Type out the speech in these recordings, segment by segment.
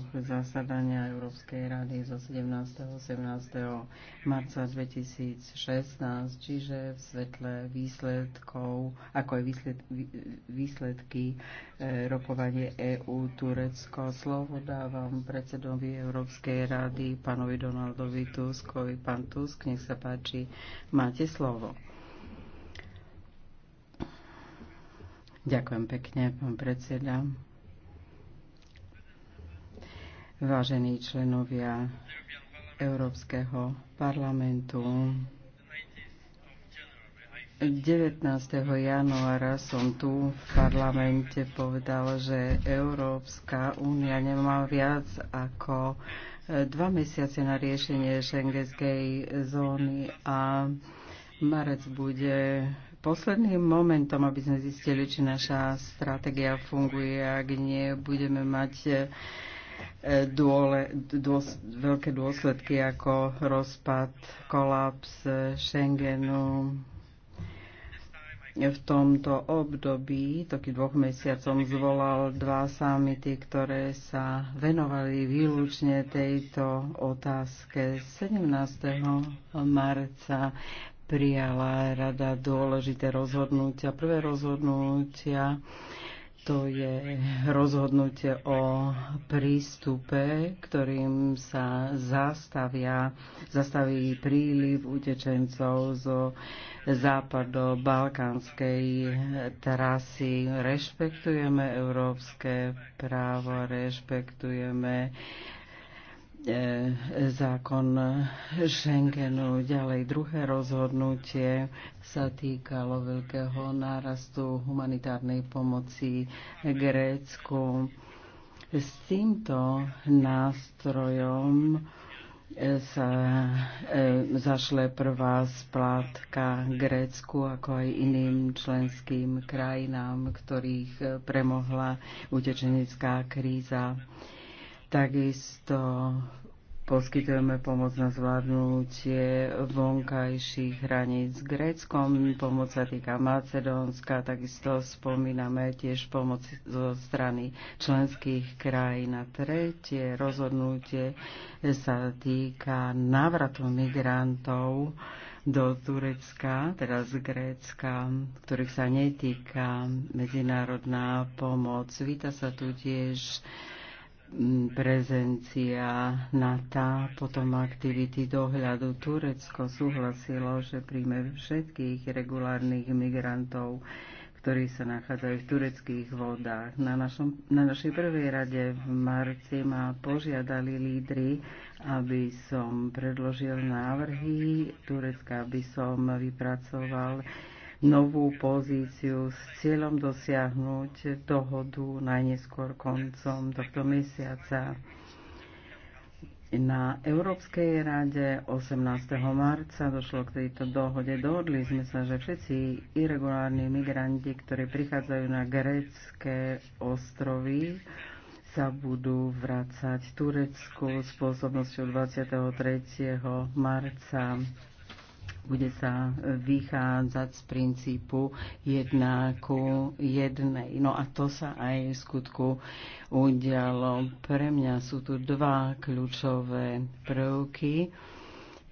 záveroch zasadania Európskej rady zo 17. 18. marca 2016, čiže v svetle výsledkov, ako aj výsled, výsledky e, rokovanie EU Turecko. Slovo dávam predsedovi Európskej rady, pánovi Donaldovi Tuskovi. Pán Tusk, nech sa páči, máte slovo. Ďakujem pekne, pán predseda vážení členovia Európskeho parlamentu. 19. januára som tu v parlamente povedal, že Európska únia nemá viac ako dva mesiace na riešenie šengenskej zóny a marec bude posledným momentom, aby sme zistili, či naša stratégia funguje. Ak nie, budeme mať dôle, dôs, veľké dôsledky ako rozpad, kolaps Schengenu. V tomto období, toky dvoch mesiacom, zvolal dva samity, ktoré sa venovali výlučne tejto otázke. 17. marca prijala rada dôležité rozhodnutia. Prvé rozhodnutia to je rozhodnutie o prístupe, ktorým sa zastavia, zastaví príliv utečencov zo západo-balkánskej trasy. Rešpektujeme európske právo, rešpektujeme E, zákon Schengenu. Ďalej druhé rozhodnutie sa týkalo veľkého nárastu humanitárnej pomoci Grécku. S týmto nástrojom e, sa e, zašle prvá splátka Grécku, ako aj iným členským krajinám, ktorých premohla utečenická kríza. Takisto Poskytujeme pomoc na zvládnutie vonkajších hraníc s Gréckom, pomoc sa týka Macedónska, takisto spomíname tiež pomoc zo strany členských krajín. A tretie rozhodnutie sa týka návratu migrantov do Turecka, teda z Grécka, ktorých sa netýka medzinárodná pomoc. Víta sa tu tiež Mm, prezencia NATO, potom aktivity dohľadu. Turecko súhlasilo, že príjme všetkých regulárnych migrantov, ktorí sa nachádzajú v tureckých vodách. Na, našom, na našej prvej rade v marci ma požiadali lídry, aby som predložil návrhy Turecka, aby som vypracoval novú pozíciu s cieľom dosiahnuť dohodu najneskôr koncom tohto mesiaca. Na Európskej rade 18. marca došlo k tejto dohode. Dohodli sme sa, že všetci irregulárni migranti, ktorí prichádzajú na grécké ostrovy, sa budú vracať v Turecku s pôsobnosťou 23. marca bude sa e, vychádzať z princípu jedná ku jednej. No a to sa aj v skutku udialo. Pre mňa sú tu dva kľúčové prvky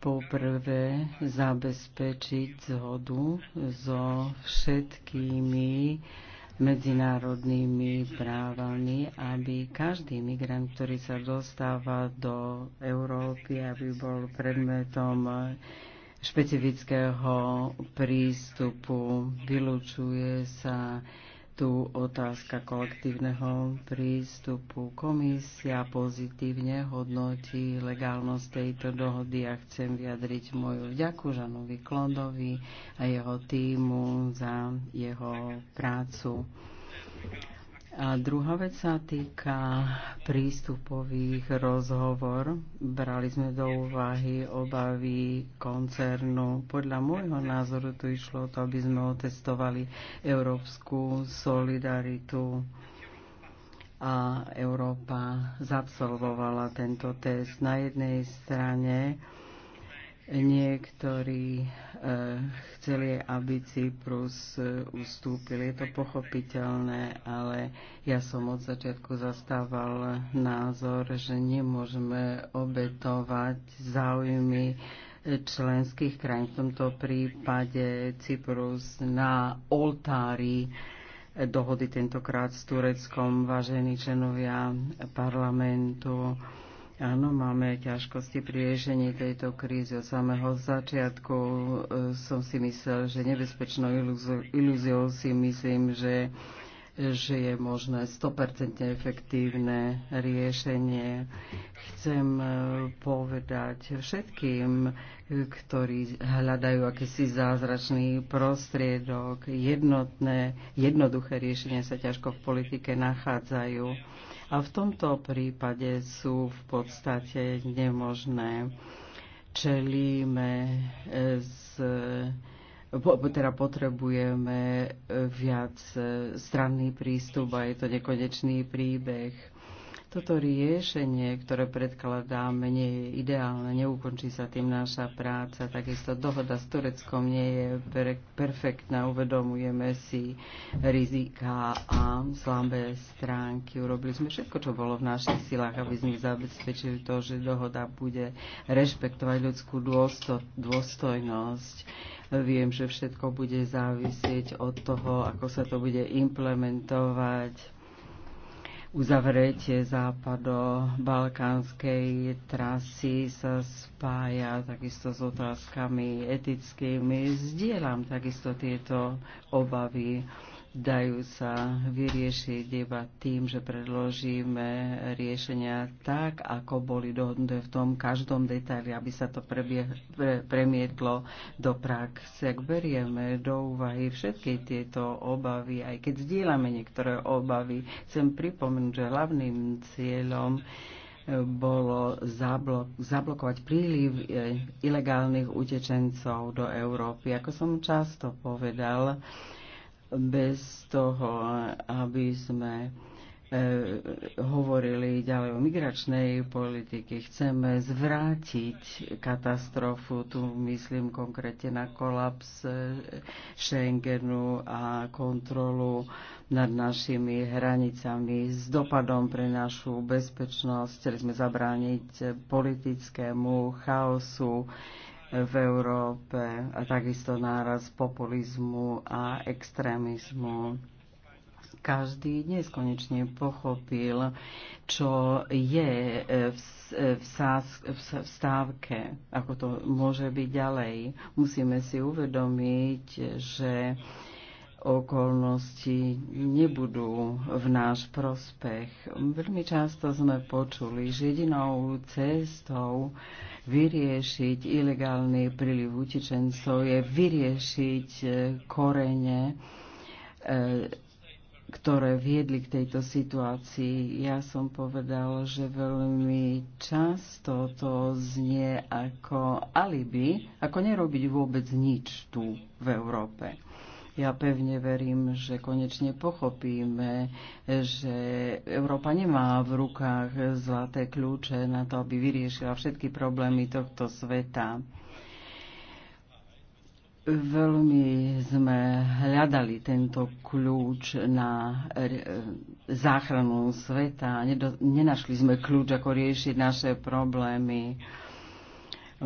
poprvé zabezpečiť zhodu so všetkými medzinárodnými právami, aby každý migrant, ktorý sa dostáva do Európy, aby bol predmetom špecifického prístupu. Vylúčuje sa tu otázka kolektívneho prístupu. Komisia pozitívne hodnotí legálnosť tejto dohody a chcem vyjadriť moju vďaku Žanovi Klodovi a jeho týmu za jeho prácu. A druhá vec sa týka prístupových rozhovor. Brali sme do úvahy obavy koncernu. Podľa môjho názoru tu išlo o to, aby sme otestovali európsku solidaritu a Európa zabsolvovala tento test. Na jednej strane Niektorí e, chceli, aby Cyprus e, ustúpil. Je to pochopiteľné, ale ja som od začiatku zastával názor, že nemôžeme obetovať záujmy členských krajín, v tomto prípade Cyprus, na oltári dohody tentokrát s Tureckom, vážení členovia parlamentu. Áno, máme ťažkosti pri riešení tejto krízy. Od samého začiatku e, som si myslel, že nebezpečnou ilúziou si myslím, že, že je možné 100% efektívne riešenie. Chcem e, povedať všetkým, ktorí hľadajú akýsi zázračný prostriedok, jednotné, jednoduché riešenia sa ťažko v politike nachádzajú a v tomto prípade sú v podstate nemožné. Čelíme z e, teda potrebujeme viac e, stranný prístup a je to nekonečný príbeh. Toto riešenie, ktoré predkladáme, nie je ideálne, neukončí sa tým naša práca. Takisto dohoda s Tureckom nie je perfektná, uvedomujeme si rizika a slabé stránky. Urobili sme všetko, čo bolo v našich silách, aby sme zabezpečili to, že dohoda bude rešpektovať ľudskú dôsto- dôstojnosť. Viem, že všetko bude závisieť od toho, ako sa to bude implementovať uzavretie západo-balkánskej trasy sa spája takisto s otázkami etickými. Zdieľam takisto tieto obavy dajú sa vyriešiť iba tým, že predložíme riešenia tak, ako boli dohodnuté v tom každom detaili, aby sa to prebie, pre, premietlo do praxe. Ak berieme do úvahy všetky tieto obavy, aj keď zdieľame niektoré obavy, chcem pripomenúť, že hlavným cieľom eh, bolo zablok- zablokovať príliv eh, ilegálnych utečencov do Európy. Ako som často povedal, bez toho, aby sme e, hovorili ďalej o migračnej politike, Chceme zvrátiť katastrofu, tu myslím konkrétne na kolaps e, Schengenu a kontrolu nad našimi hranicami s dopadom pre našu bezpečnosť. Chceli sme zabrániť politickému chaosu v Európe a takisto náraz populizmu a extrémizmu. Každý dnes konečne pochopil, čo je v, v, sás, v, v stávke, ako to môže byť ďalej. Musíme si uvedomiť, že okolnosti nebudú v náš prospech. Veľmi často sme počuli, že jedinou cestou vyriešiť ilegálny príliv utečencov je vyriešiť e, korene, e, ktoré viedli k tejto situácii. Ja som povedal, že veľmi často to znie ako alibi, ako nerobiť vôbec nič tu v Európe. Ja pevne verím, že konečne pochopíme, že Európa nemá v rukách zlaté kľúče na to, aby vyriešila všetky problémy tohto sveta. Veľmi sme hľadali tento kľúč na záchranu sveta. Nenašli sme kľúč, ako riešiť naše problémy.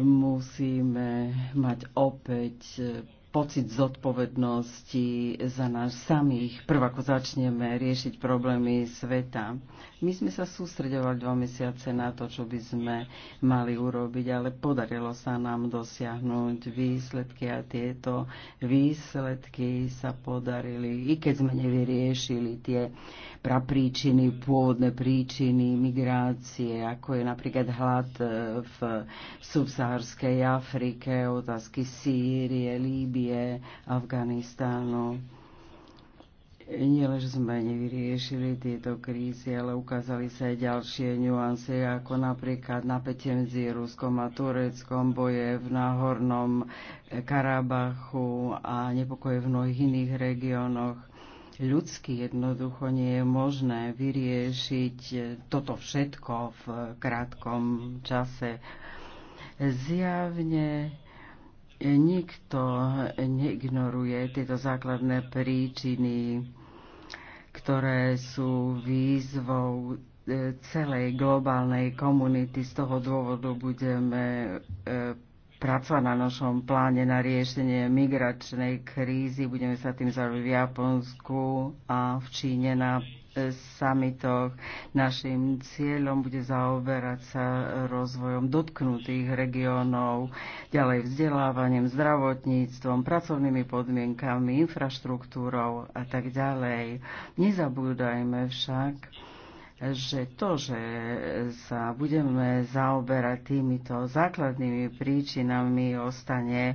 Musíme mať opäť pocit zodpovednosti za nás samých, prv ako začneme riešiť problémy sveta. My sme sa sústredovali dva mesiace na to, čo by sme mali urobiť, ale podarilo sa nám dosiahnuť výsledky a tieto výsledky sa podarili, i keď sme nevyriešili tie prapríčiny, pôvodné príčiny migrácie, ako je napríklad hlad e, v subsaharskej Afrike, otázky Sýrie, Líbie, Afganistánu len, že sme nevyriešili tieto krízy, ale ukázali sa aj ďalšie nuance, ako napríklad napätie medzi Ruskom a Tureckom, boje v Náhornom Karabachu a nepokoje v mnohých iných regiónoch. Ľudsky jednoducho nie je možné vyriešiť toto všetko v krátkom čase. Zjavne nikto neignoruje tieto základné príčiny ktoré sú výzvou e, celej globálnej komunity. Z toho dôvodu budeme e, pracovať na našom pláne na riešenie migračnej krízy. Budeme sa tým zaujíť v Japonsku a v Číne na samitoch. Našim cieľom bude zaoberať sa rozvojom dotknutých regiónov, ďalej vzdelávaním, zdravotníctvom, pracovnými podmienkami, infraštruktúrou a tak ďalej. Nezabúdajme však, že to, že sa budeme zaoberať týmito základnými príčinami, ostane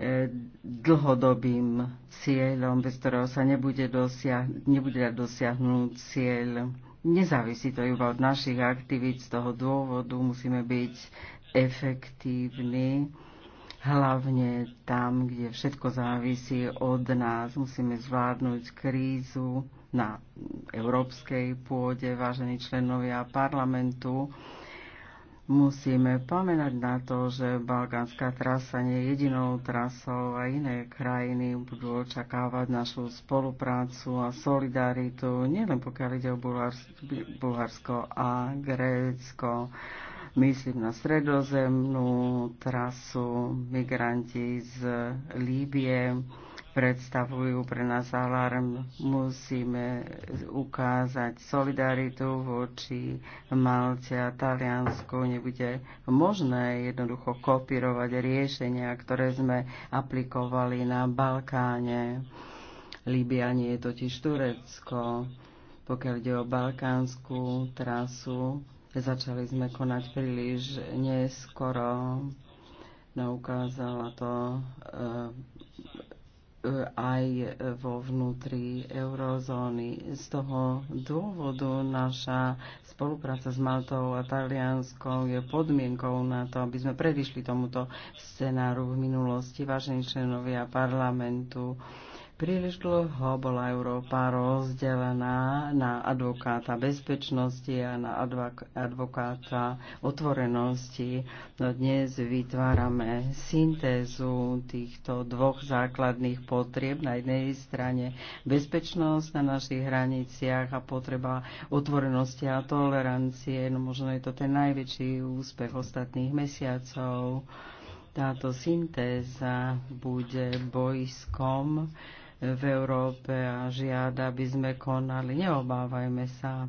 E, dlhodobým cieľom, bez ktorého sa nebude, dosiah- nebude dosiahnuť cieľ. Nezávisí to iba od našich aktivít, z toho dôvodu musíme byť efektívni, hlavne tam, kde všetko závisí od nás. Musíme zvládnuť krízu na európskej pôde, vážení členovia parlamentu Musíme pamätať na to, že balkánska trasa nie je jedinou trasou a iné krajiny budú očakávať našu spoluprácu a solidaritu, nielen pokiaľ ide o Bulharsko a Grécko. Myslím na stredozemnú trasu migranti z Líbie predstavujú pre nás alarm. Musíme ukázať solidaritu voči Malte a Taliansku. Nebude možné jednoducho kopírovať riešenia, ktoré sme aplikovali na Balkáne. Líbia nie je totiž Turecko. Pokiaľ ide o balkánsku trasu, začali sme konať príliš neskoro. No, ukázala to e, E, aj vo vnútri eurozóny. Z toho dôvodu naša spolupráca s Maltou a Talianskou je podmienkou na to, aby sme predišli tomuto scenáru v minulosti. Vážení členovia parlamentu, Príliš dlho bola Európa rozdelená na advokáta bezpečnosti a na advokáta otvorenosti. No dnes vytvárame syntézu týchto dvoch základných potrieb. Na jednej strane bezpečnosť na našich hraniciach a potreba otvorenosti a tolerancie. No možno je to ten najväčší úspech ostatných mesiacov. Táto syntéza bude bojskom v Európe a žiada, aby sme konali. Neobávajme sa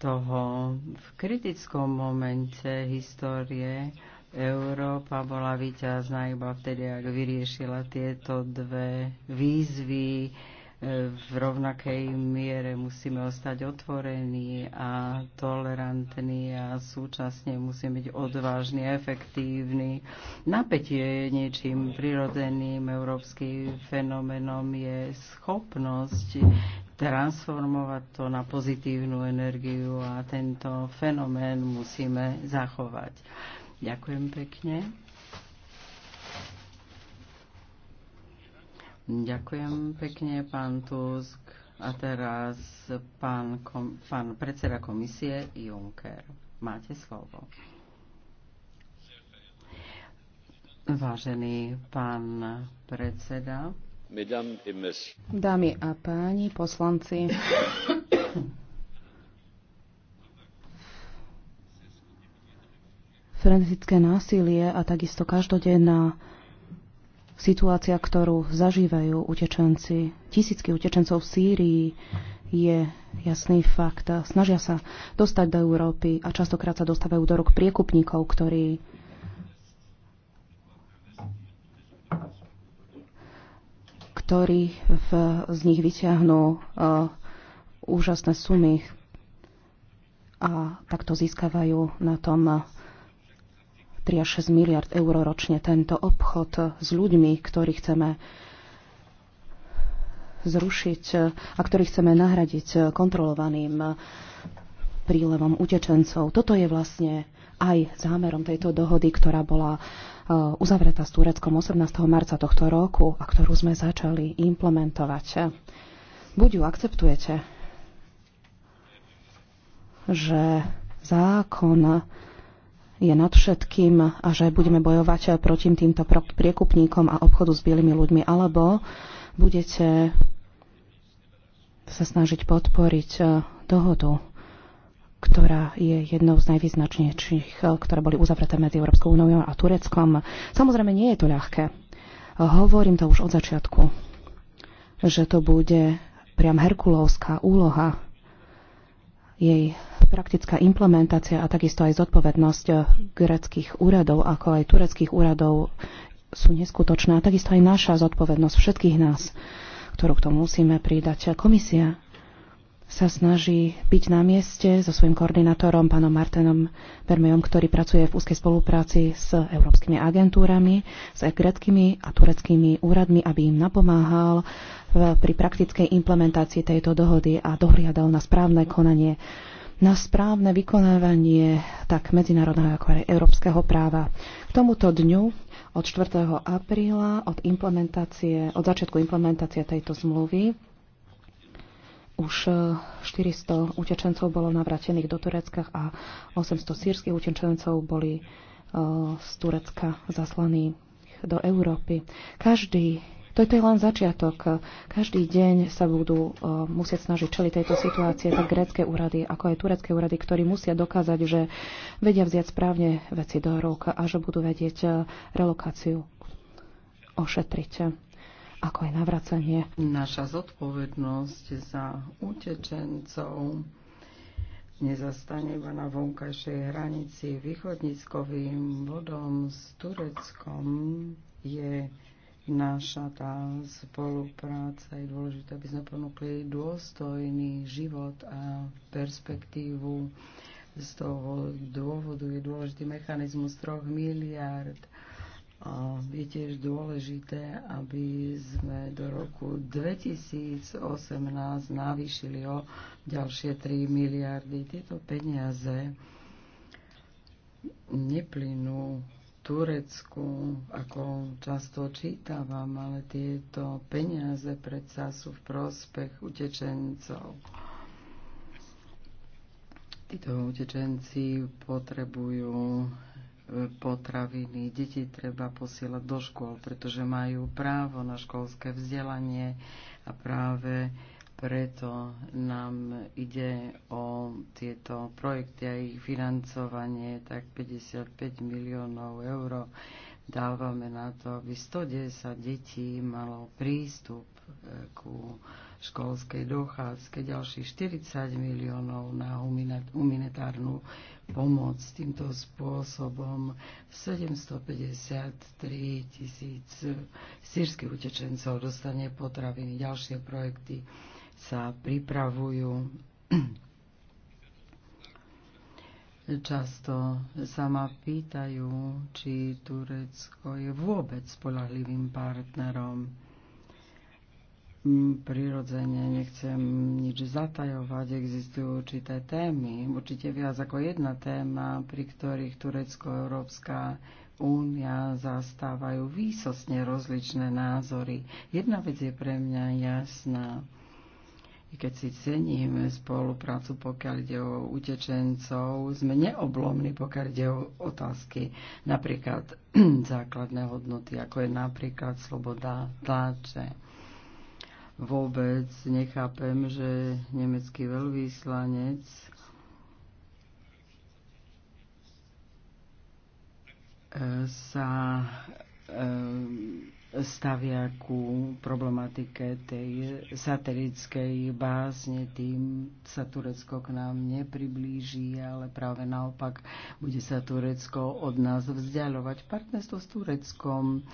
toho. V kritickom momente histórie Európa bola víťazná iba vtedy, ak vyriešila tieto dve výzvy v rovnakej miere musíme ostať otvorení a tolerantní a súčasne musíme byť odvážni a efektívni. Napätie je niečím prirodzeným európskym fenomenom je schopnosť transformovať to na pozitívnu energiu a tento fenomén musíme zachovať. Ďakujem pekne. Ďakujem pekne, pán Tusk. A teraz pán, kom, pán predseda komisie Juncker. Máte slovo. Vážený pán predseda. Dámy a páni poslanci. Frenzické násilie a takisto každodenná Situácia, ktorú zažívajú utečenci, tisícky utečencov v Sýrii, je jasný fakt. Snažia sa dostať do Európy a častokrát sa dostávajú do rúk priekupníkov, ktorí ktorí v, z nich vyťahnú uh, úžasné sumy a takto získavajú na tom 3 až 6 miliard eur ročne. Tento obchod s ľuďmi, ktorý chceme zrušiť a ktorý chceme nahradiť kontrolovaným prílevom utečencov. Toto je vlastne aj zámerom tejto dohody, ktorá bola e, uzavretá s Tureckom 18. marca tohto roku a ktorú sme začali implementovať. Buď ju akceptujete, že zákon je nad všetkým a že budeme bojovať proti týmto priekupníkom a obchodu s bielými ľuďmi, alebo budete sa snažiť podporiť e, dohodu, ktorá je jednou z najvýznačnejších, e, ktoré boli uzavreté medzi Európskou úniou a Tureckom. Samozrejme, nie je to ľahké. Hovorím to už od začiatku, že to bude priam herkulovská úloha jej praktická implementácia a takisto aj zodpovednosť eh, greckých úradov, ako aj tureckých úradov sú neskutočná. A takisto aj naša zodpovednosť všetkých nás, ktorú k tomu musíme pridať. Komisia sa snaží byť na mieste so svojím koordinátorom, pánom Martinom Bermejom, ktorý pracuje v úzkej spolupráci s európskymi agentúrami, s greckými a tureckými úradmi, aby im napomáhal v, pri praktickej implementácii tejto dohody a dohliadal na správne konanie na správne vykonávanie tak medzinárodného ako aj európskeho práva. K tomuto dňu od 4. apríla od, implementácie, od začiatku implementácie tejto zmluvy už 400 e, utečencov bolo navrátených do Turecka a 800 sírskych utečencov boli e, z Turecka zaslaní do Európy. Každý, to je len začiatok, každý deň sa budú e, musieť snažiť čeliť tejto situácie tak grécké úrady, ako aj turecké úrady, ktorí musia dokázať, že vedia vziať správne veci do rúk a že budú vedieť relokáciu ošetriť ako aj navracanie. Naša zodpovednosť za utečencov nezastane iba na vonkajšej hranici východníckovým vodom s Tureckom je naša tá spolupráca. Je dôležité, aby sme ponúkli dôstojný život a perspektívu. Z toho dôvodu je dôležitý mechanizmus troch miliárd je tiež dôležité, aby sme do roku 2018 navýšili o ďalšie 3 miliardy. Tieto peniaze neplynú Turecku, ako často čítavam, ale tieto peniaze predsa sú v prospech utečencov. Títo utečenci potrebujú potraviny. Deti treba posielať do škôl, pretože majú právo na školské vzdelanie a práve preto nám ide o tieto projekty a ich financovanie, tak 55 miliónov eur dávame na to, aby 110 detí malo prístup eh, ku školskej dochádzke, ďalších 40 miliónov na humanitárnu pomoc. Týmto spôsobom 753 tisíc sírskych utečencov dostane potraviny. Ďalšie projekty sa pripravujú. Často sa ma pýtajú, či Turecko je vôbec spolahlivým partnerom prirodzene nechcem nič zatajovať, existujú určité témy, určite viac ako jedna téma, pri ktorých Turecko-Európska únia zastávajú výsostne rozličné názory. Jedna vec je pre mňa jasná. I keď si ceníme spoluprácu, pokiaľ ide o utečencov, sme neoblomní, pokiaľ ide o otázky napríklad základné hodnoty, ako je napríklad sloboda tlače vôbec nechápem, že nemecký veľvyslanec sa eh, stavia ku problematike tej satirickej básne, tým sa Turecko k nám nepriblíži, ale práve naopak bude sa Turecko od nás vzdialovať. Partnerstvo s Tureckom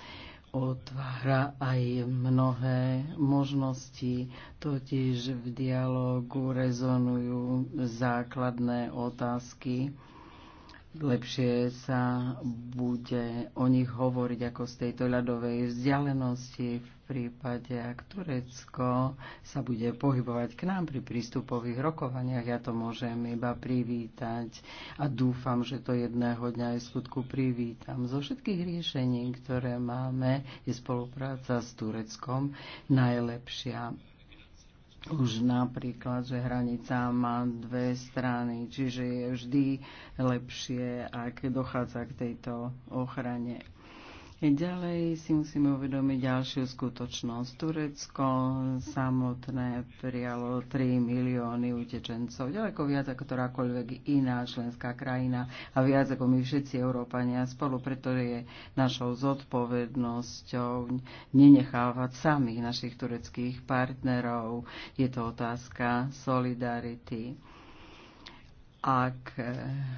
otvára aj mnohé možnosti, totiž v dialogu rezonujú základné otázky, lepšie sa bude o nich hovoriť ako z tejto ľadovej vzdialenosti v prípade, ak Turecko sa bude pohybovať k nám pri prístupových rokovaniach. Ja to môžem iba privítať a dúfam, že to jedného dňa aj skutku privítam. Zo všetkých riešení, ktoré máme, je spolupráca s Tureckom najlepšia už napríklad, že hranica má dve strany, čiže je vždy lepšie, ak dochádza k tejto ochrane Ďalej si musíme uvedomiť ďalšiu skutočnosť. Turecko samotné prijalo 3 milióny utečencov, ďaleko viac ako ktorákoľvek iná členská krajina a viac ako my všetci Európania spolu, preto je našou zodpovednosťou nenechávať samých našich tureckých partnerov. Je to otázka solidarity ak eh,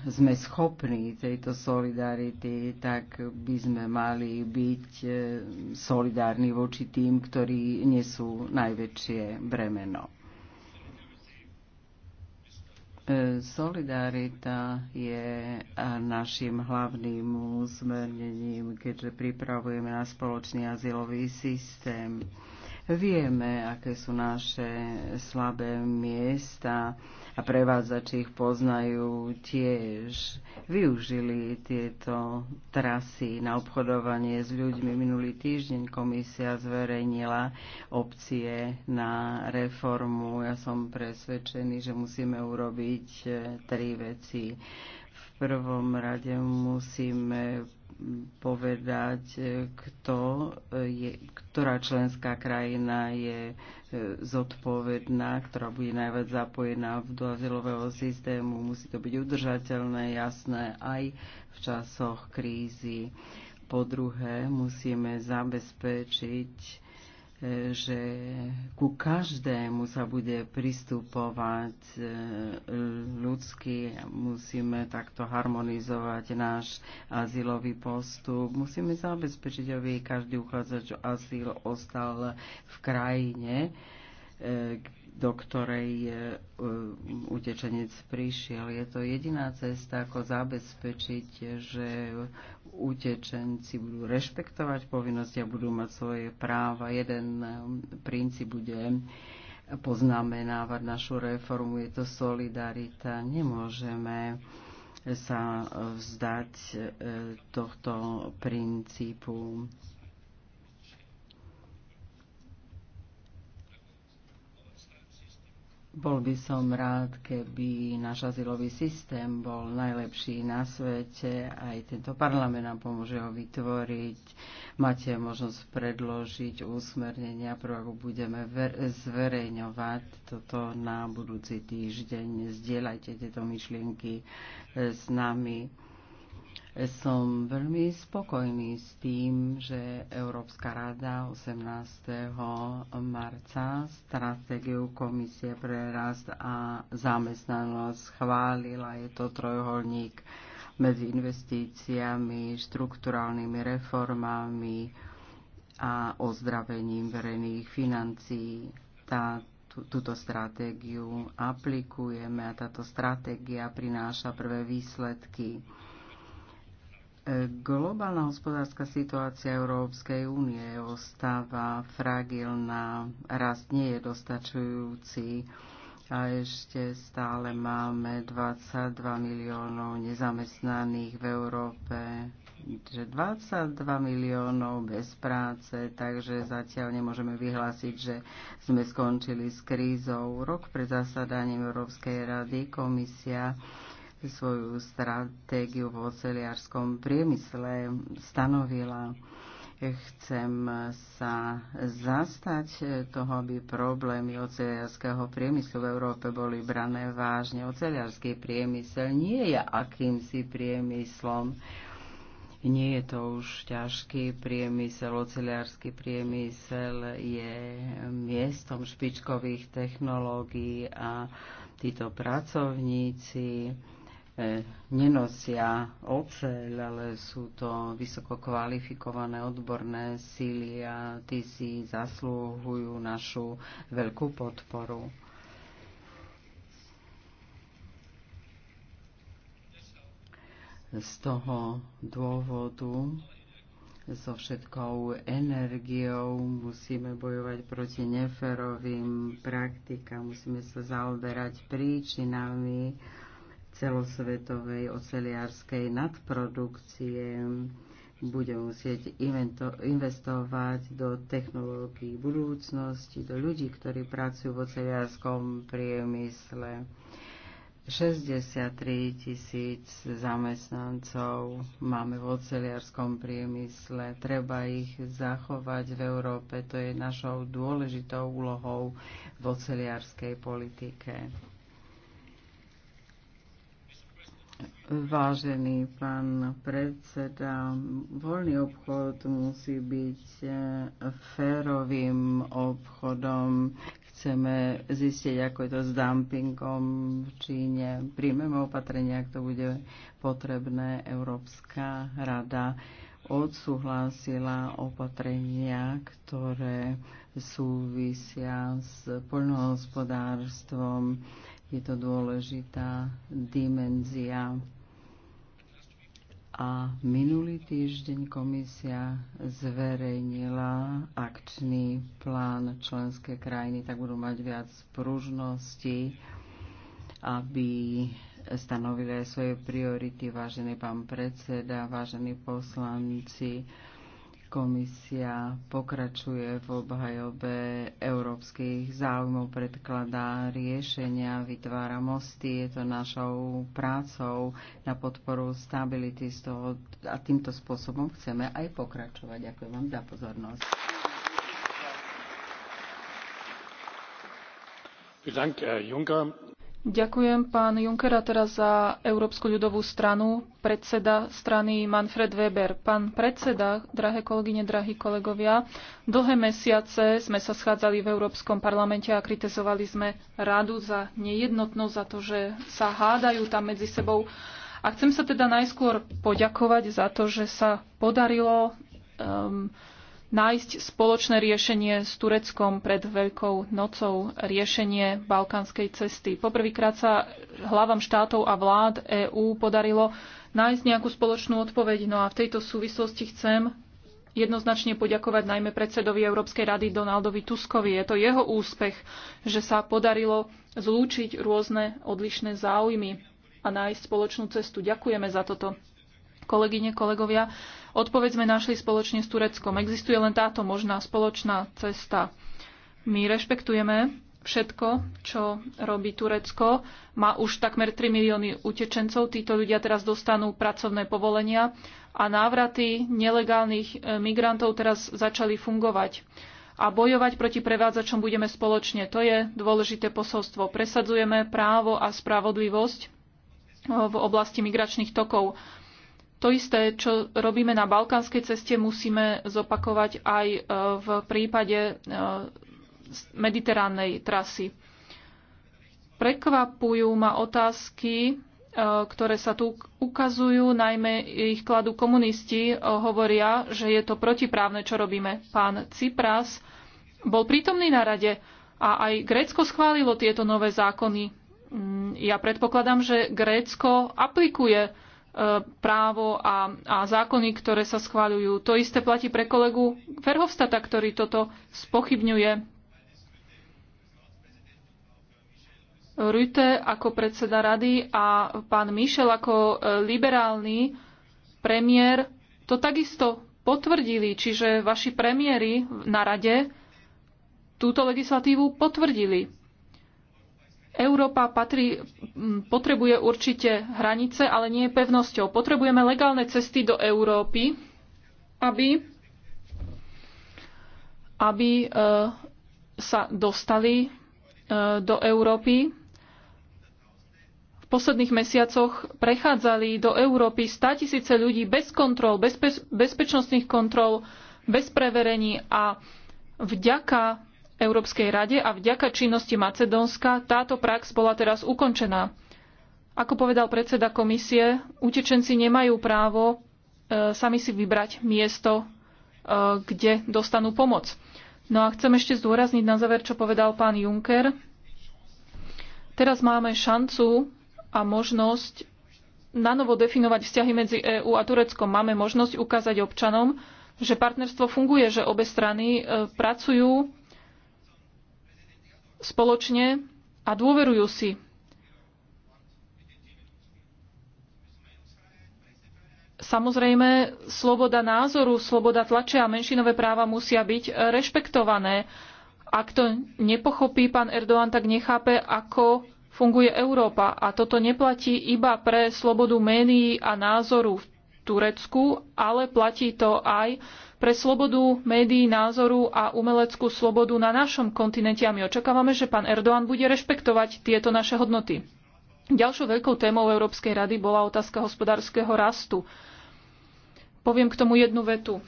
sme schopní tejto solidarity, tak by sme mali byť eh, solidárni voči tým, ktorí nesú najväčšie bremeno. Eh, solidarita je našim hlavným usmernením, keďže pripravujeme na spoločný azylový systém. Vieme, aké sú naše slabé miesta a prevádzači ich poznajú tiež. Využili tieto trasy na obchodovanie s ľuďmi. Minulý týždeň komisia zverejnila opcie na reformu. Ja som presvedčený, že musíme urobiť eh, tri veci. V prvom rade musíme povedať, e, kto je, ktorá členská krajina je e, zodpovedná, ktorá bude najviac zapojená do azylového systému. Musí to byť udržateľné, jasné aj v časoch krízy. Po druhé, musíme zabezpečiť E, že ku každému sa bude pristupovať e, ľudsky, musíme takto harmonizovať náš azylový postup, musíme zabezpečiť, aby každý uchádzač o azyl ostal v krajine, e, do ktorej e, utečenec prišiel. Je to jediná cesta, ako zabezpečiť, že utečenci budú rešpektovať povinnosti a budú mať svoje práva. Jeden e, princíp bude poznamenávať našu reformu, je to solidarita. Nemôžeme sa vzdať e, tohto princípu Bol by som rád, keby náš azylový systém bol najlepší na svete. Aj tento parlament nám pomôže ho vytvoriť. Máte možnosť predložiť úsmernenia, ako budeme zverejňovať toto na budúci týždeň. Zdieľajte tieto myšlienky s nami som veľmi spokojný s tým, že Európska rada 18. marca stratégiu Komisie pre rast a zamestnanosť schválila. Je to trojholník medzi investíciami, štrukturálnymi reformami a ozdravením verejných financií. Tá túto stratégiu aplikujeme a táto stratégia prináša prvé výsledky. Globálna hospodárska situácia Európskej únie ostáva fragilná, rast nie je dostačujúci a ešte stále máme 22 miliónov nezamestnaných v Európe, že 22 miliónov bez práce, takže zatiaľ nemôžeme vyhlásiť, že sme skončili s krízou. Rok pred zasadaním Európskej rady komisia svoju stratégiu v oceliarskom priemysle stanovila. Chcem sa zastať toho, aby problémy oceliarského priemyslu v Európe boli brané vážne. Oceliarský priemysel nie je akýmsi priemyslom. Nie je to už ťažký priemysel, Oceliarský priemysel je miestom špičkových technológií a títo pracovníci E, nenosia oceľ, ale sú to vysoko kvalifikované odborné síly a tí si zaslúhujú našu veľkú podporu. Z toho dôvodu so všetkou energiou, musíme bojovať proti neferovým praktikám, musíme sa zaoberať príčinami celosvetovej oceliárskej nadprodukcie. Bude musieť investovať do technológií budúcnosti, do ľudí, ktorí pracujú v oceliárskom priemysle. 63 tisíc zamestnancov máme v oceliarskom priemysle. Treba ich zachovať v Európe. To je našou dôležitou úlohou v oceliarskej politike. Vážený pán predseda, voľný obchod musí byť e, férovým obchodom. Chceme zistiť, ako je to s dumpingom v Číne. Príjmeme opatrenia, ak to bude potrebné. Európska rada odsúhlasila opatrenia, ktoré súvisia s poľnohospodárstvom. Je to dôležitá dimenzia a minulý týždeň komisia zverejnila akčný plán členské krajiny, tak budú mať viac pružnosti, aby stanovili aj svoje priority, vážený pán predseda, vážení poslanci. Komisia pokračuje v obhajobe európskych záujmov, predkladá riešenia, vytvára mosty. Je to našou prácou na podporu stability z toho, a týmto spôsobom chceme aj pokračovať. Ďakujem vám za pozornosť. Ďakujem, Juncker. Ďakujem pán Juncker a teraz za Európsku ľudovú stranu, predseda strany Manfred Weber. Pán predseda, drahé kolegyne, drahí kolegovia, dlhé mesiace sme sa schádzali v Európskom parlamente a kritizovali sme radu za nejednotnosť, za to, že sa hádajú tam medzi sebou. A chcem sa teda najskôr poďakovať za to, že sa podarilo um, nájsť spoločné riešenie s Tureckom pred Veľkou nocou, riešenie balkánskej cesty. Poprvýkrát sa hlavám štátov a vlád EÚ podarilo nájsť nejakú spoločnú odpoveď. No a v tejto súvislosti chcem jednoznačne poďakovať najmä predsedovi Európskej rady Donaldovi Tuskovi. Je to jeho úspech, že sa podarilo zlúčiť rôzne odlišné záujmy a nájsť spoločnú cestu. Ďakujeme za toto. Kolegyne, kolegovia, Odpoveď sme našli spoločne s Tureckom. Existuje len táto možná spoločná cesta. My rešpektujeme všetko, čo robí Turecko. Má už takmer 3 milióny utečencov. Títo ľudia teraz dostanú pracovné povolenia a návraty nelegálnych e, migrantov teraz začali fungovať. A bojovať proti prevádzačom budeme spoločne. To je dôležité posolstvo. Presadzujeme právo a spravodlivosť e, v oblasti migračných tokov. To isté, čo robíme na balkánskej ceste, musíme zopakovať aj e, v prípade e, mediteránnej trasy. Prekvapujú ma otázky, e, ktoré sa tu ukazujú, najmä ich kladú komunisti, hovoria, že je to protiprávne, čo robíme. Pán Cipras bol prítomný na rade a aj Grécko schválilo tieto nové zákony. Mm, ja predpokladám, že Grécko aplikuje E, právo a, a zákony, ktoré sa schváľujú. To isté platí pre kolegu Ferhovstata, ktorý toto spochybňuje. Rüte ako predseda rady a pán Michel ako e, liberálny premiér to takisto potvrdili, čiže vaši premiéry na rade túto legislatívu potvrdili. Európa patrí, potrebuje určite hranice, ale nie je pevnosťou. Potrebujeme legálne cesty do Európy, aby, aby e, sa dostali e, do Európy. V posledných mesiacoch prechádzali do Európy 100 tisíce ľudí bez kontrol, bez bezpečnostných kontrol, bez preverení a vďaka Európskej rade a vďaka činnosti Macedónska táto prax bola teraz ukončená. Ako povedal predseda komisie, utečenci nemajú právo e, sami si vybrať miesto, e, kde dostanú pomoc. No a chcem ešte zdôrazniť na záver, čo povedal pán Juncker. Teraz máme šancu a možnosť nanovo definovať vzťahy medzi EÚ a Tureckom. Máme možnosť ukázať občanom, že partnerstvo funguje, že obe strany e, pracujú spoločne a dôverujú si. Samozrejme, sloboda názoru, sloboda tlače a menšinové práva musia byť rešpektované. Ak to nepochopí pán Erdoğan, tak nechápe, ako funguje Európa. A toto neplatí iba pre slobodu médií a názoru v Turecku, ale platí to aj pre slobodu médií, názoru a umeleckú slobodu na našom kontinente a my očakávame, že pán Erdoğan bude rešpektovať tieto naše hodnoty. Ďalšou veľkou témou Európskej rady bola otázka hospodárskeho rastu. Poviem k tomu jednu vetu.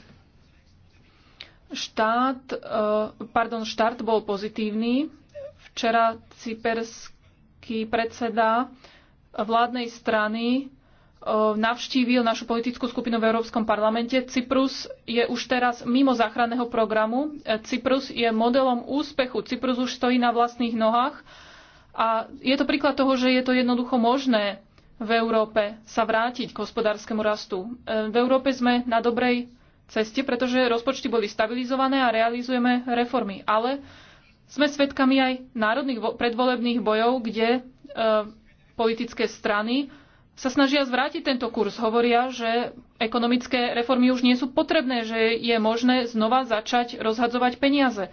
Štát, e, pardon, štart bol pozitívny. Včera cyperský predseda vládnej strany E, navštívil našu politickú skupinu v Európskom parlamente. Cyprus je už teraz mimo záchranného programu. E, Cyprus je modelom úspechu. Cyprus už stojí na vlastných nohách. A je to príklad toho, že je to jednoducho možné v Európe sa vrátiť k hospodárskemu rastu. E, v Európe sme na dobrej ceste, pretože rozpočty boli stabilizované a realizujeme reformy. Ale sme svedkami aj národných predvolebných bojov, kde politické strany sa snažia zvrátiť tento kurz. Hovoria, že ekonomické reformy už nie sú potrebné, že je možné znova začať rozhadzovať peniaze. E,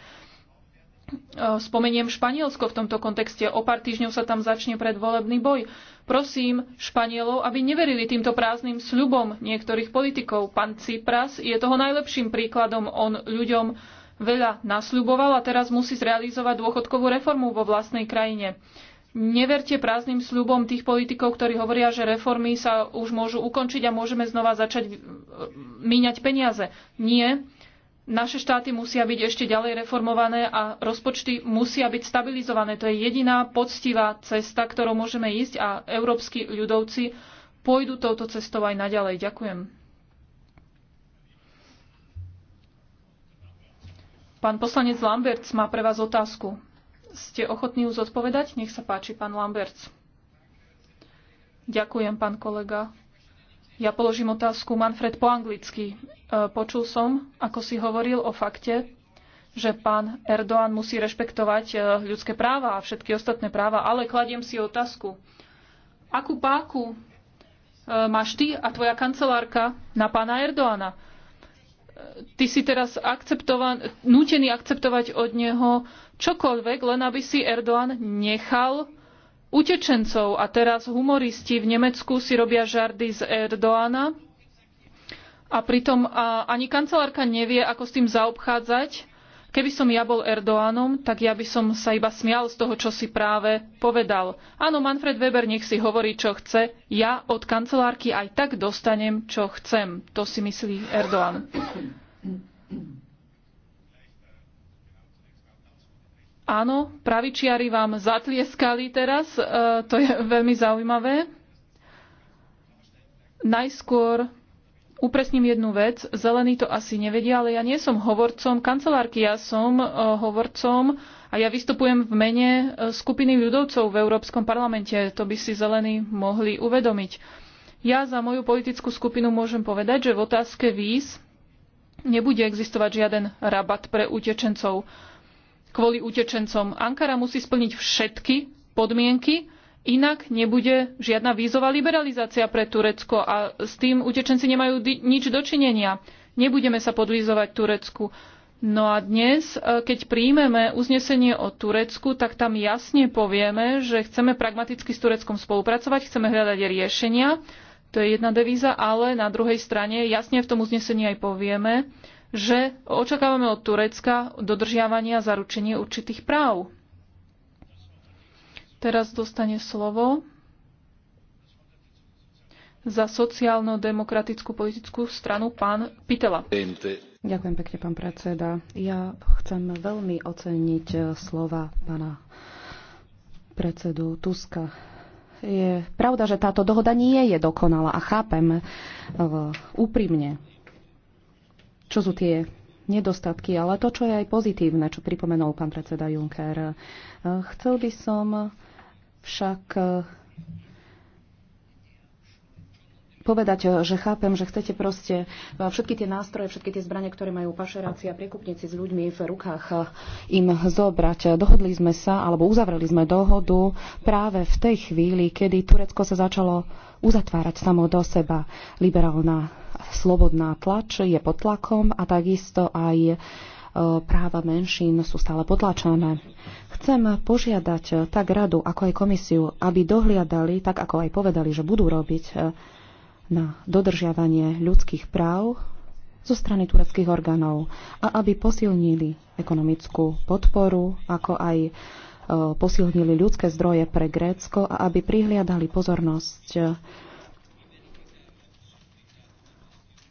spomeniem Španielsko v tomto kontexte. O pár týždňov sa tam začne predvolebný boj. Prosím Španielov, aby neverili týmto prázdnym sľubom niektorých politikov. Pán Cipras je toho najlepším príkladom. On ľuďom veľa nasľuboval a teraz musí zrealizovať dôchodkovú reformu vo vlastnej krajine. Neverte prázdnym sľubom tých politikov, ktorí hovoria, že reformy sa už môžu ukončiť a môžeme znova začať e, míňať peniaze. Nie. Naše štáty musia byť ešte ďalej reformované a rozpočty musia byť stabilizované. To je jediná poctivá cesta, ktorou môžeme ísť a európsky ľudovci pôjdu touto cestou aj naďalej. Ďakujem. Pán poslanec Lamberts má pre vás otázku. Ste ochotní ju zodpovedať? Nech sa páči, pán Lamberts. Ďakujem, pán kolega. Ja položím otázku Manfred po anglicky. E, počul som, ako si hovoril o fakte, že pán Erdoğan musí rešpektovať e, ľudské práva a všetky ostatné práva, ale kladiem si otázku. Akú páku e, máš ty a tvoja kancelárka na pána Erdoána? ty si teraz akceptovan, nútený akceptovať od neho čokoľvek, len aby si Erdoğan nechal utečencov. A teraz humoristi v Nemecku si robia žardy z Erdoána a pritom ani kancelárka nevie, ako s tým zaobchádzať Keby som ja bol Erdoánom, tak ja by som sa iba smial z toho, čo si práve povedal. Áno, Manfred Weber nech si hovorí, čo chce. Ja od kancelárky aj tak dostanem, čo chcem. To si myslí Erdoán. Áno, pravičiari vám zatlieskali teraz, e, to je veľmi zaujímavé. Najskôr upresním jednu vec. Zelení to asi nevedia, ale ja nie som hovorcom kancelárky, ja som e, hovorcom a ja vystupujem v mene e, skupiny ľudovcov v Európskom parlamente. To by si zelení mohli uvedomiť. Ja za moju politickú skupinu môžem povedať, že v otázke víz nebude existovať žiaden rabat pre utečencov. Kvôli utečencom Ankara musí splniť všetky podmienky, Inak nebude žiadna vízová liberalizácia pre Turecko a s tým utečenci nemajú nič dočinenia. Nebudeme sa podvízovať Turecku. No a dnes, e, keď príjmeme uznesenie o Turecku, tak tam jasne povieme, že chceme pragmaticky s Tureckom spolupracovať, chceme hľadať riešenia. To je jedna devíza, ale na druhej strane jasne v tom uznesení aj povieme, že očakávame od Turecka dodržiavanie a zaručenie určitých práv. Teraz dostane slovo za sociálno-demokratickú politickú stranu pán Pitela. Ďakujem pekne, pán predseda. Ja chcem veľmi oceniť slova pána predsedu Tuska. Je pravda, že táto dohoda nie je dokonalá a chápem e, úprimne, čo sú tie nedostatky, ale to, čo je aj pozitívne, čo pripomenul pán predseda Juncker. E, chcel by som však e, povedať, e, že chápem, že chcete proste e, všetky tie nástroje, všetky tie zbranie, ktoré majú pašeráci a priekupníci s ľuďmi v rukách, im zobrať. Dohodli sme sa, alebo uzavreli sme dohodu práve v tej chvíli, kedy Turecko sa začalo uzatvárať samo do seba. Liberálna slobodná tlač je pod tlakom a takisto aj E, práva menšín sú stále potlačané. Chcem požiadať tak radu, ako aj komisiu, aby dohliadali, tak ako aj povedali, že budú robiť e, na dodržiavanie ľudských práv zo strany tureckých orgánov a aby posilnili ekonomickú podporu, ako aj e, posilnili ľudské zdroje pre Grécko a aby prihliadali pozornosť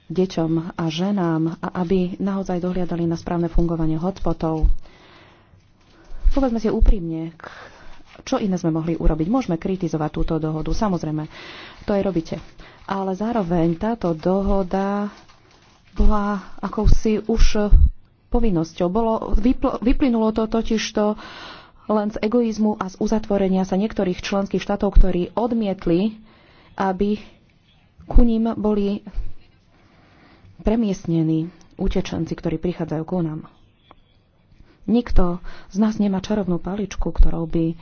deťom a ženám a aby naozaj dohliadali na správne fungovanie hotspotov. Povedzme si úprimne, čo iné sme mohli urobiť? Môžeme kritizovať túto dohodu, samozrejme, to aj robíte. Ale zároveň táto dohoda bola akousi už povinnosťou. Bolo, vypl, vyplynulo to totiž to len z egoizmu a z uzatvorenia sa niektorých členských štátov, ktorí odmietli, aby ku ním boli premiestnení utečenci, ktorí prichádzajú ku nám. Nikto z nás nemá čarovnú paličku, ktorou by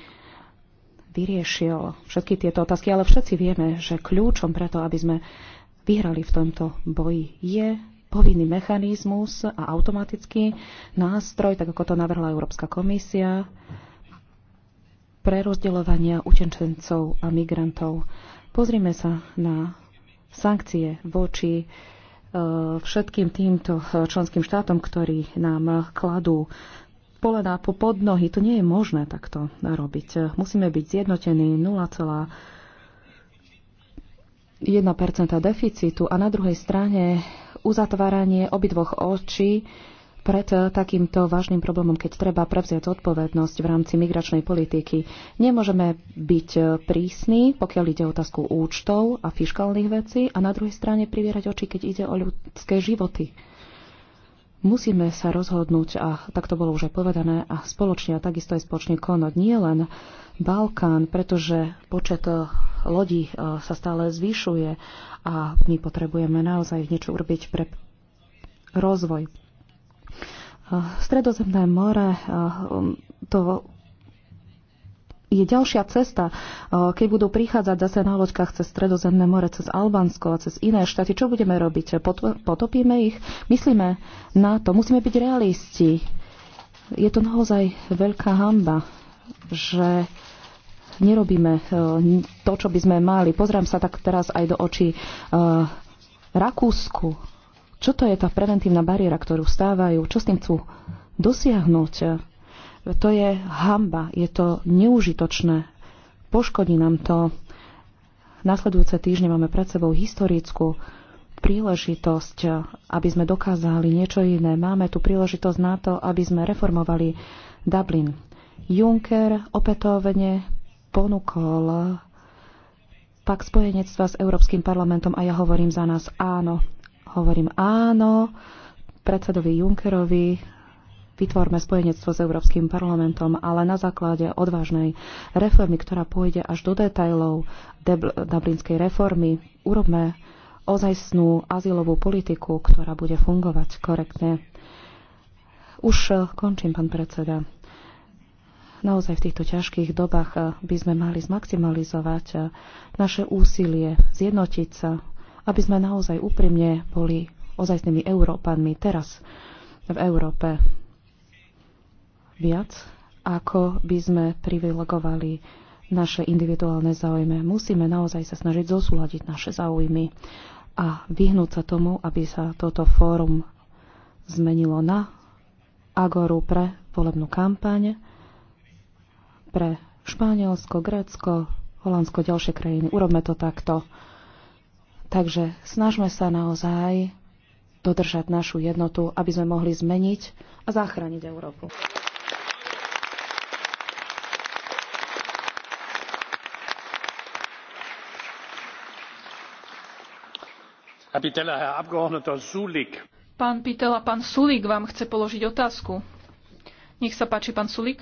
vyriešil všetky tieto otázky, ale všetci vieme, že kľúčom preto, aby sme vyhrali v tomto boji, je povinný mechanizmus a automatický nástroj, tak ako to navrhla Európska komisia, prerozdeľovania utečencov a migrantov. Pozrime sa na sankcie voči všetkým týmto eh, členským štátom, ktorí nám eh, kladú polená po podnohy. To nie je možné takto robiť. Musíme byť zjednotení 0,1% deficitu a na druhej strane uzatváranie obidvoch očí pred eh, takýmto vážnym problémom, keď treba prevziať odpovednosť v rámci migračnej politiky. Nemôžeme byť eh, prísni, pokiaľ ide o otázku účtov a fiskálnych vecí a na druhej strane privierať oči, keď ide o ľudské životy. Musíme sa rozhodnúť, a tak to bolo už aj povedané, a spoločne, a takisto aj spoločne konať. Nie len Balkán, pretože počet eh, lodí sa stále zvyšuje a my potrebujeme naozaj niečo urobiť pre rozvoj Stredozemné more eh, um, to je ďalšia cesta, eh, keď budú prichádzať zase na loďkách cez Stredozemné more, cez Albánsko a cez iné štáty. Čo budeme robiť? Potopíme ich? Myslíme na to. Musíme byť realisti. Je to naozaj veľká hamba, že nerobíme eh, to, čo by sme mali. Pozriem sa tak teraz aj do očí Rakúsku čo to je tá preventívna bariéra, ktorú stávajú? Čo s tým chcú dosiahnuť? To je hamba, je to neužitočné. Poškodí nám to. Nasledujúce týždne máme pred sebou historickú príležitosť, aby sme dokázali niečo iné. Máme tu príležitosť na to, aby sme reformovali Dublin. Juncker opätovne ponúkol pak spojenectva s Európskym parlamentom a ja hovorím za nás áno. Hovorím áno predsedovi Junckerovi, vytvorme spojenectvo s Európskym parlamentom, ale na základe odvážnej reformy, ktorá pôjde až do detajlov dublinskej reformy, urobme ozajstnú azylovú politiku, ktorá bude fungovať korektne. Už eh, končím, pán predseda. Naozaj v týchto ťažkých dobách eh, by sme mali zmaximalizovať eh, naše úsilie, zjednotiť sa, aby sme naozaj úprimne boli ozajstnými Európanmi teraz v Európe viac, ako by sme privilegovali naše individuálne záujmy. Musíme naozaj sa snažiť zosúľadiť naše záujmy a vyhnúť sa tomu, aby sa toto fórum zmenilo na agoru pre volebnú kampaň, pre Španielsko, Grécko, Holandsko, ďalšie krajiny. Urobme to takto. Takže snažme sa naozaj dodržať našu jednotu, aby sme mohli zmeniť a zachrániť Európu. Pán Pitela, pán Sulík vám chce položiť otázku. Nech sa páči, pán Sulik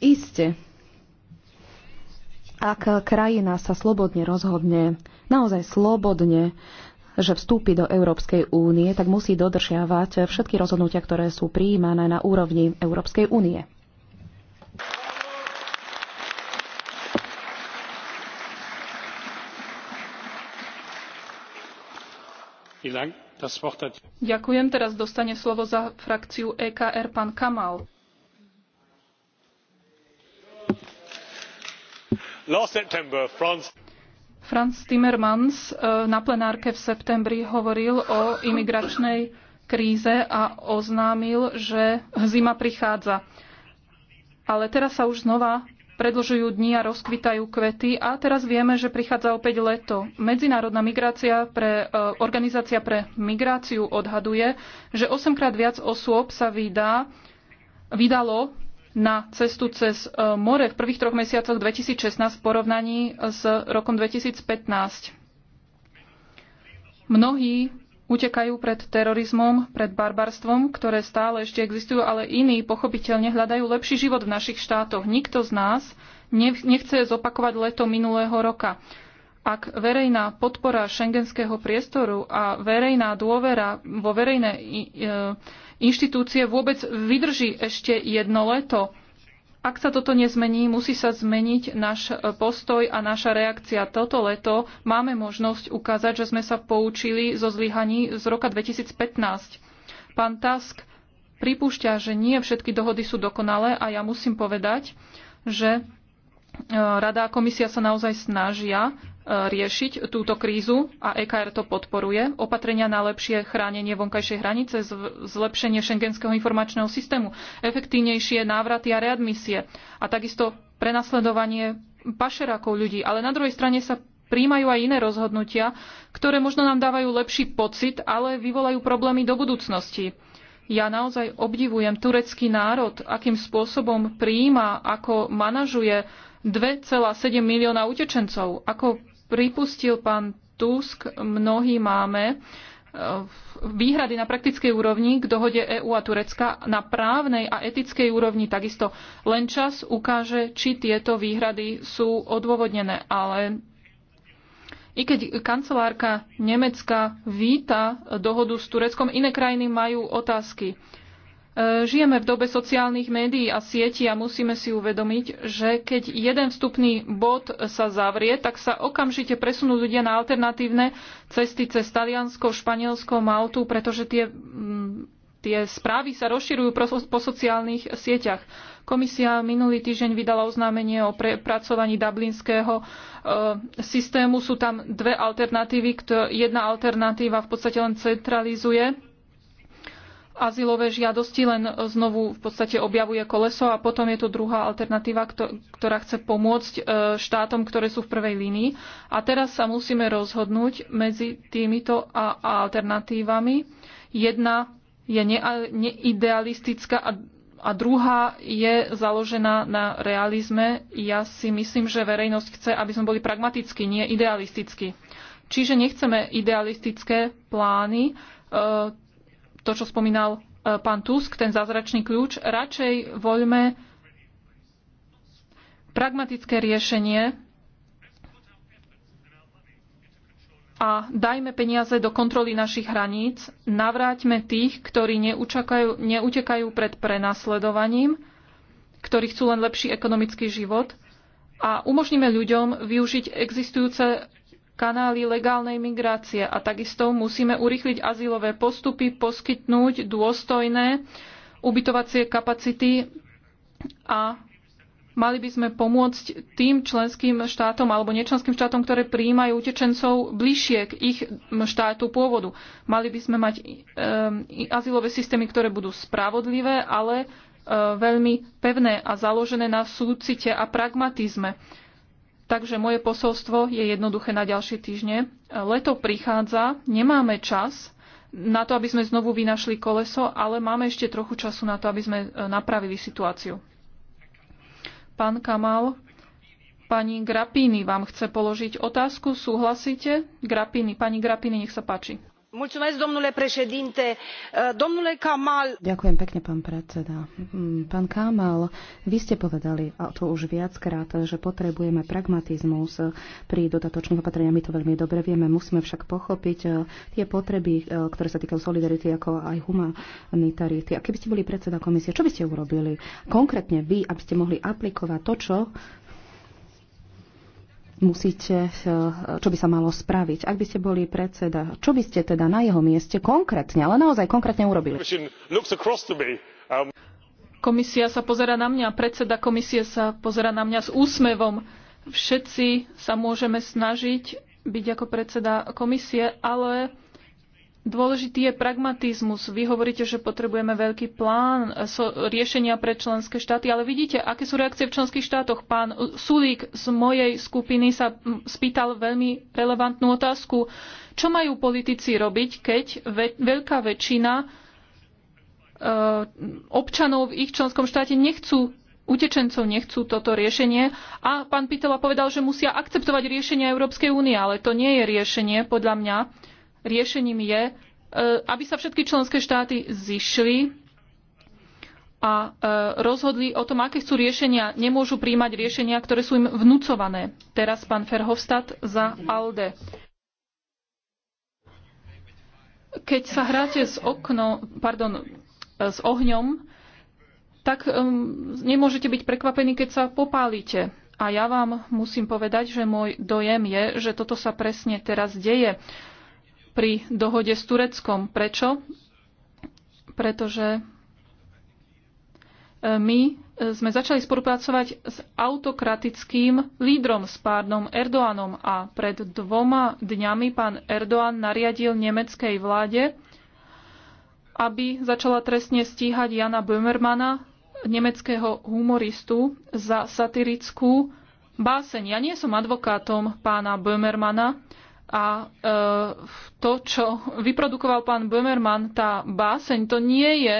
Iste, ak krajina sa slobodne rozhodne, naozaj slobodne, že vstúpi do Európskej únie, tak musí dodržiavať všetky rozhodnutia, ktoré sú prijímané na úrovni Európskej únie. Ďakujem. Teraz dostane slovo za frakciu EKR pán Kamal. Franz Timmermans eh, na plenárke v septembri hovoril o imigračnej kríze a oznámil, že zima prichádza. Ale teraz sa už znova predlžujú dni a rozkvitajú kvety a teraz vieme, že prichádza opäť leto. Medzinárodná migrácia pre, e, organizácia pre migráciu odhaduje, že 8 krát viac osôb sa vydá, vydalo na cestu cez e, more v prvých troch mesiacoch 2016 v porovnaní s rokom 2015. Mnohí Utekajú pred terorizmom, pred barbarstvom, ktoré stále ešte existujú, ale iní pochopiteľne hľadajú lepší život v našich štátoch. Nikto z nás nechce zopakovať leto minulého roka. Ak verejná podpora šengenského priestoru a verejná dôvera vo verejné e, inštitúcie vôbec vydrží ešte jedno leto, ak sa toto nezmení, musí sa zmeniť náš e, postoj a naša reakcia. Toto leto máme možnosť ukázať, že sme sa poučili zo zlyhaní z roka 2015. Pán Tusk pripúšťa, že nie všetky dohody sú dokonalé a ja musím povedať, že e, Rada a komisia sa naozaj snažia riešiť túto krízu a EKR to podporuje. Opatrenia na lepšie chránenie vonkajšej hranice, zlepšenie šengenského informačného systému, efektívnejšie návraty a readmisie a takisto prenasledovanie pašerákov ľudí. Ale na druhej strane sa príjmajú aj iné rozhodnutia, ktoré možno nám dávajú lepší pocit, ale vyvolajú problémy do budúcnosti. Ja naozaj obdivujem turecký národ, akým spôsobom príjima, ako manažuje 2,7 milióna utečencov, ako pripustil pán Tusk, mnohí máme e, výhrady na praktickej úrovni k dohode EÚ a Turecka na právnej a etickej úrovni takisto. Len čas ukáže, či tieto výhrady sú odôvodnené, ale i keď kancelárka Nemecka víta dohodu s Tureckom, iné krajiny majú otázky. E, žijeme v dobe sociálnych médií a sietí a musíme si uvedomiť, že keď jeden vstupný bod sa zavrie, tak sa okamžite presunú ľudia na alternatívne cesty cez Taliansko, Španielsko, Maltu, pretože tie, mm, tie správy sa rozširujú po sociálnych sieťach. Komisia minulý týždeň vydala oznámenie o prepracovaní dublinského e, systému. Sú tam dve alternatívy. Jedna alternatíva v podstate len centralizuje azylové žiadosti len znovu v podstate objavuje koleso a potom je to druhá alternatíva, ktorá chce pomôcť e, štátom, ktoré sú v prvej línii. A teraz sa musíme rozhodnúť medzi týmito a alternatívami. Jedna je neidealistická a a druhá je založená na realizme. Ja si myslím, že verejnosť chce, aby sme boli pragmatickí, nie idealistickí. Čiže nechceme idealistické plány, e, to, čo spomínal e, pán Tusk, ten zázračný kľúč, radšej voľme pragmatické riešenie a dajme peniaze do kontroly našich hraníc, navráťme tých, ktorí neučakajú, neutekajú pred prenasledovaním, ktorí chcú len lepší ekonomický život a umožníme ľuďom využiť existujúce kanály legálnej migrácie a takisto musíme urýchliť azylové postupy, poskytnúť dôstojné ubytovacie kapacity a mali by sme pomôcť tým členským štátom alebo nečlenským štátom, ktoré prijímajú utečencov bližšie k ich štátu pôvodu. Mali by sme mať e, azylové systémy, ktoré budú spravodlivé, ale ehm, veľmi pevné a založené na súcite a pragmatizme. Takže moje posolstvo je jednoduché na ďalšie týždne. Leto prichádza, nemáme čas na to, aby sme znovu vynašli koleso, ale máme ešte trochu času na to, aby sme e, napravili situáciu. Pán Kamal, pani Grapini vám chce položiť otázku. Súhlasíte? Grapini, pani Grapini, nech sa páči domnule președinte uh, domnule kamall ďakujem pekne pán predseda mm, pán kamall vy ste povedali a to už viackrát že potrebujeme pragmatizmus pri dodatočných opatreniach my to veľmi dobre vieme musíme však pochopiť uh, tie potreby uh, ktoré sa týkajú solidarity ako aj humanitarity a keby ste boli predseda komisie čo by ste urobili konkrétne vy aby ste mohli aplikovať to čo musíte, eh, čo by sa malo spraviť. Ak by ste boli predseda, čo by ste teda na jeho mieste konkrétne, ale naozaj konkrétne urobili? Um, Komisia sa pozera na mňa, predseda komisie sa pozera na mňa s úsmevom. Všetci sa môžeme snažiť byť ako predseda komisie, ale Dôležitý je pragmatizmus. Vy hovoríte, že potrebujeme veľký plán eh, so, riešenia pre členské štáty, ale vidíte, aké sú reakcie v členských štátoch. Pán eh, Sulík z mojej skupiny sa hm, spýtal veľmi relevantnú otázku. Čo majú politici robiť, keď ve- veľká väčšina e, občanov v ich členskom štáte nechcú utečencov nechcú toto riešenie a pán Pitela povedal, že musia akceptovať riešenia Európskej únie, ale to nie je riešenie podľa mňa riešením je, e, aby sa všetky členské štáty zišli a e, rozhodli o tom, aké sú riešenia. Nemôžu príjmať riešenia, ktoré sú im vnúcované. Teraz pán Ferhofstadt za ALDE. Keď sa hráte s, okno, pardon, e, s ohňom, tak um, nemôžete byť prekvapení, keď sa popálite. A ja vám musím povedať, že môj dojem je, že toto sa presne teraz deje. Uh, pri dohode s Tureckom. Prečo? Pretože e, my e, sme začali spolupracovať s autokratickým lídrom, s pánom Erdoánom a pred dvoma dňami pán Erdoán nariadil nemeckej vláde, aby začala trestne stíhať Jana Böhmermana, nemeckého humoristu, za satirickú báseň. Ja nie som advokátom pána Böhmermana, a e, to, čo vyprodukoval pán Bömerman, tá báseň, to nie je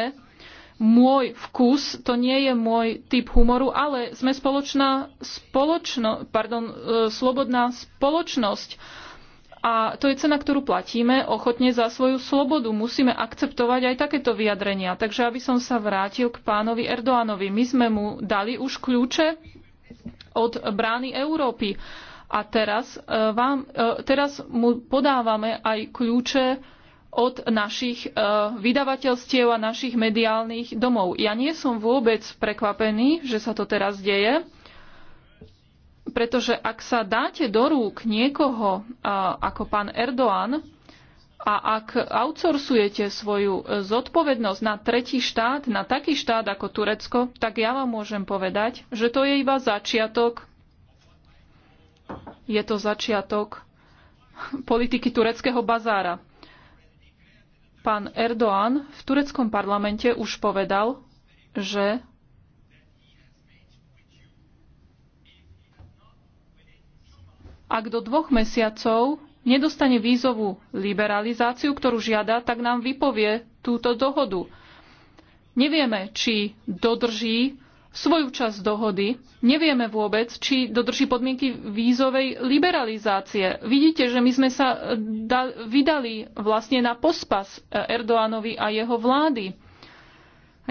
môj vkus, to nie je môj typ humoru, ale sme spoločná spoločno, pardon, e, slobodná spoločnosť. A to je cena, ktorú platíme ochotne za svoju slobodu. Musíme akceptovať aj takéto vyjadrenia. Takže aby som sa vrátil k pánovi Erdoánovi. My sme mu dali už kľúče od brány Európy. A teraz, e, vám, e, teraz mu podávame aj kľúče od našich e, vydavateľstiev a našich mediálnych domov. Ja nie som vôbec prekvapený, že sa to teraz deje, pretože ak sa dáte do rúk niekoho ako pán Erdoğan a ak outsourcujete svoju zodpovednosť na tretí štát, na taký štát ako Turecko, tak ja vám môžem povedať, že to je iba začiatok je to začiatok politiky tureckého bazára. Pán Erdoğan v tureckom parlamente už povedal, že ak do dvoch mesiacov nedostane vízovú liberalizáciu, ktorú žiada, tak nám vypovie túto dohodu. Nevieme, či dodrží svoju časť dohody. Nevieme vôbec, či dodrží podmienky vízovej liberalizácie. Vidíte, že my sme sa e, da- vydali vlastne na pospas e, Erdoánovi a jeho vlády.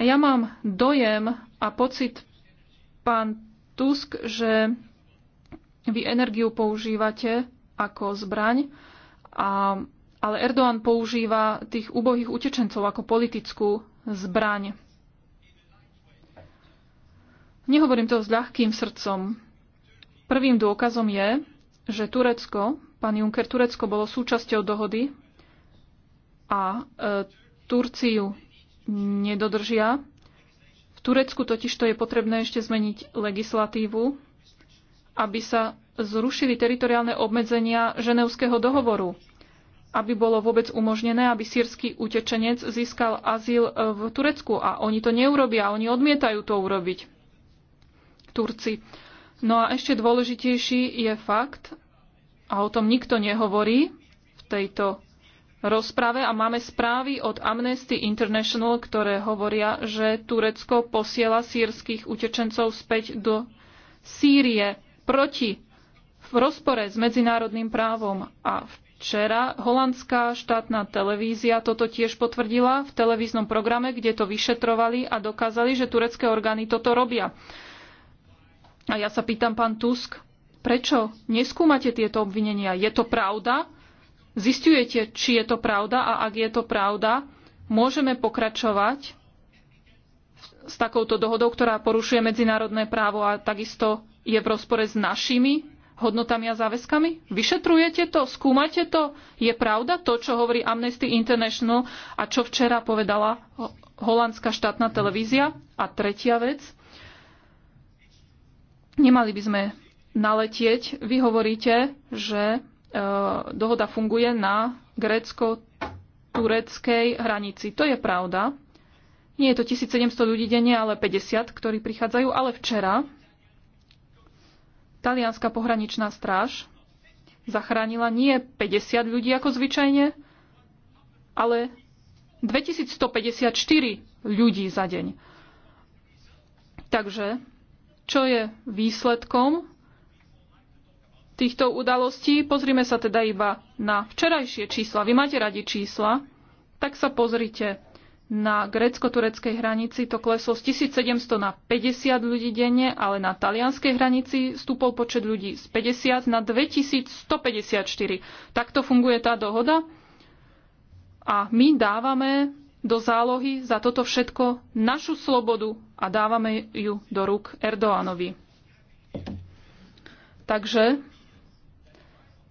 A ja mám dojem a pocit, pán Tusk, že vy energiu používate ako zbraň, a, ale Erdoğan používa tých ubohých utečencov ako politickú zbraň. Nehovorím to s ľahkým srdcom. Prvým dôkazom je, že Turecko, pán Juncker, Turecko bolo súčasťou dohody a e, Turciu nedodržia. V Turecku totiž to je potrebné ešte zmeniť legislatívu, aby sa zrušili teritoriálne obmedzenia Ženevského dohovoru, aby bolo vôbec umožnené, aby sírsky utečenec získal azyl e, v Turecku. A oni to neurobia, oni odmietajú to urobiť. Turci. No a ešte dôležitejší je fakt, a o tom nikto nehovorí v tejto rozprave a máme správy od Amnesty International, ktoré hovoria, že Turecko posiela sírskych utečencov späť do Sýrie proti v rozpore s medzinárodným právom. A včera holandská štátna televízia toto tiež potvrdila v televíznom programe, kde to vyšetrovali a dokázali, že turecké orgány toto robia. A ja sa pýtam, pán Tusk, prečo neskúmate tieto obvinenia? Je to pravda? Zistujete, či je to pravda a ak je to pravda, môžeme pokračovať s takouto dohodou, ktorá porušuje medzinárodné právo a takisto je v rozpore s našimi hodnotami a záväzkami? Vyšetrujete to? Skúmate to? Je pravda to, čo hovorí Amnesty International a čo včera povedala holandská štátna televízia? A tretia vec – Nemali by sme naletieť. Vy hovoríte, že e, dohoda funguje na grécko-tureckej hranici. To je pravda. Nie je to 1700 ľudí denne, ale 50, ktorí prichádzajú. Ale včera talianská pohraničná stráž zachránila nie 50 ľudí ako zvyčajne, ale 2154 ľudí za deň. Takže čo je výsledkom týchto udalostí. Pozrime sa teda iba na včerajšie čísla. Vy máte radi čísla, tak sa pozrite na grécko-tureckej hranici to kleslo z 1700 na 50 ľudí denne, ale na talianskej hranici stúpol počet ľudí z 50 na 2154. Takto funguje tá dohoda. A my dávame do zálohy za toto všetko našu slobodu, a dávame ju do rúk Erdoánovi. Takže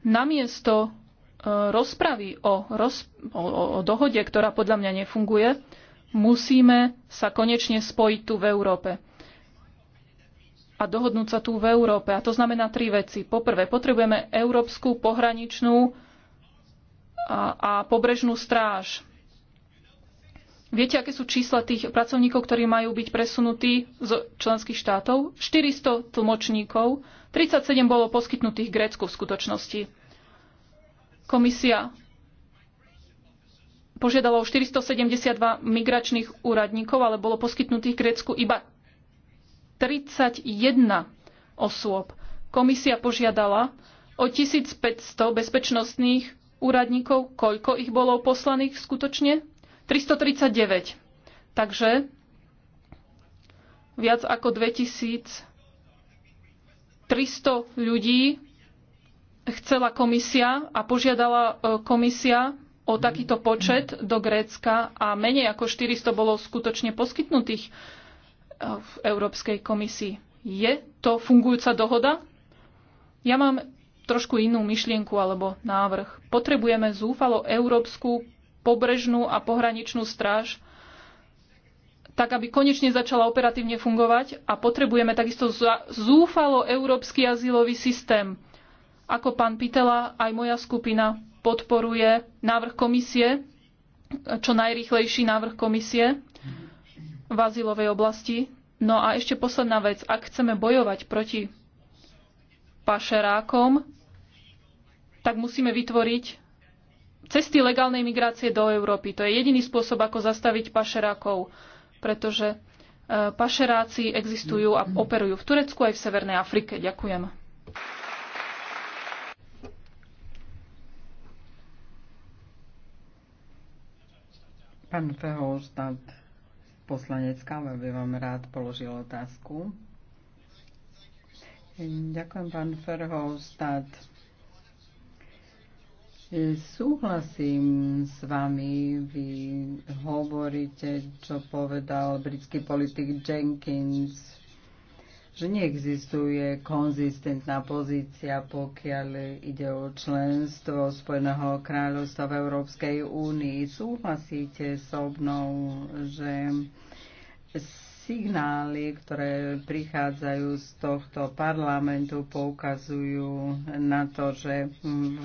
namiesto e, rozpravy o, roz, o, o dohode, ktorá podľa mňa nefunguje, musíme sa konečne spojiť tu v Európe a dohodnúť sa tu v Európe. A to znamená tri veci. Poprvé, potrebujeme európsku pohraničnú a, a pobrežnú stráž. Viete, aké sú čísla tých pracovníkov, ktorí majú byť presunutí z členských štátov? 400 tlmočníkov, 37 bolo poskytnutých Grécku v skutočnosti. Komisia požiadala o 472 migračných úradníkov, ale bolo poskytnutých Grécku iba 31 osôb. Komisia požiadala o 1500 bezpečnostných úradníkov. Koľko ich bolo poslaných skutočne? 339. Takže viac ako 2300 ľudí chcela komisia a požiadala e, komisia o takýto počet do Grécka a menej ako 400 bolo skutočne poskytnutých e, v Európskej komisii. Je to fungujúca dohoda? Ja mám trošku inú myšlienku alebo návrh. Potrebujeme zúfalo európsku pobrežnú a pohraničnú stráž, tak aby konečne začala operatívne fungovať a potrebujeme takisto zúfalo európsky azylový systém. Ako pán Pitela, aj moja skupina podporuje návrh komisie, čo najrychlejší návrh komisie v azylovej oblasti. No a ešte posledná vec. Ak chceme bojovať proti pašerákom, tak musíme vytvoriť cesty legálnej migrácie do Európy. To je jediný spôsob, ako zastaviť pašerákov, pretože e, pašeráci existujú a operujú v Turecku aj v Severnej Afrike. Ďakujem. Pán Feholštát, poslanecká, by vám rád položil otázku. Ďakujem, pán Ferhovstad. E, súhlasím s vami, vy hovoríte, čo povedal britský politik Jenkins, že neexistuje konzistentná pozícia, pokiaľ ide o členstvo Spojeného kráľovstva v Európskej únii. Súhlasíte so mnou, že signály, ktoré prichádzajú z tohto parlamentu, poukazujú na to, že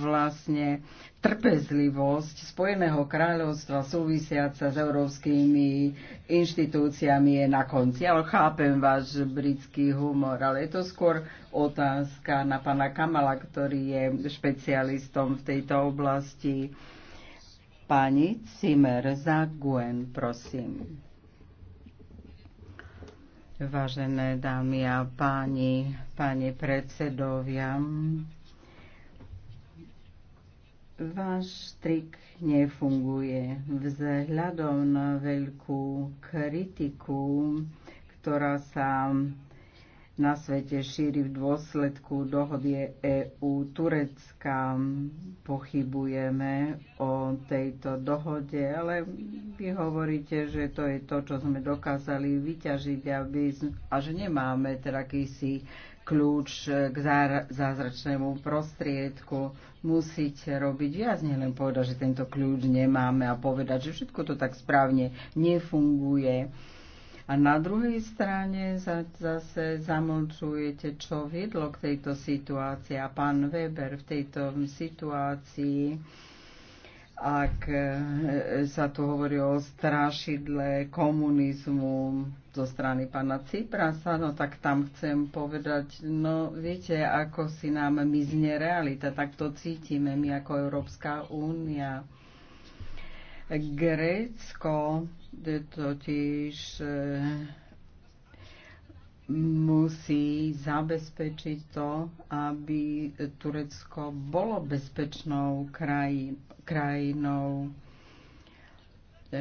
vlastne trpezlivosť Spojeného kráľovstva súvisiaca s európskymi inštitúciami je na konci. Ale chápem váš britský humor, ale je to skôr otázka na pána Kamala, ktorý je špecialistom v tejto oblasti. Pani Cimer za Gwen, prosím. Vážené dámy a páni, páni predsedovia, váš trik nefunguje. Vzhľadom na veľkú kritiku, ktorá sa na svete šíri v dôsledku dohody EU-Turecka. Pochybujeme o tejto dohode, ale vy hovoríte, že to je to, čo sme dokázali vyťažiť aby, a že nemáme teda akýsi kľúč k zázračnému prostriedku. Musíte robiť viac, nielen povedať, že tento kľúč nemáme a povedať, že všetko to tak správne nefunguje a na druhej strane zase zamlčujete, čo viedlo k tejto situácii. A pán Weber v tejto situácii ak e, sa tu hovorí o strašidle komunizmu zo strany pána Ciprasa, no tak tam chcem povedať, no viete, ako si nám mizne realita, tak to cítime my ako Európska únia. Grécko totiž e, musí zabezpečiť to, aby Turecko bolo bezpečnou krajinou.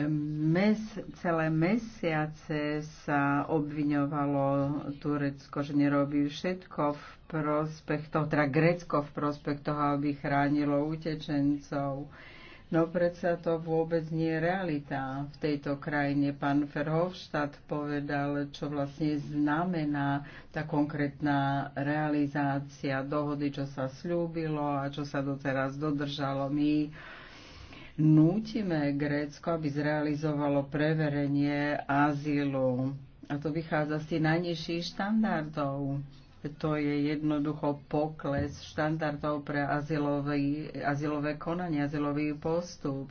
Mes, celé mesiace sa obviňovalo Turecko, že nerobí všetko v prospech toho, teda Grécko v prospech toho, aby chránilo utečencov. No predsa to vôbec nie je realita v tejto krajine. Pán Ferhovštát povedal, čo vlastne znamená tá konkrétna realizácia dohody, čo sa slúbilo a čo sa doteraz dodržalo. My nútime Grécko, aby zrealizovalo preverenie azylu. A to vychádza z tých najnižších štandardov to je jednoducho pokles štandardov pre azylový, azylové konanie, azylový postup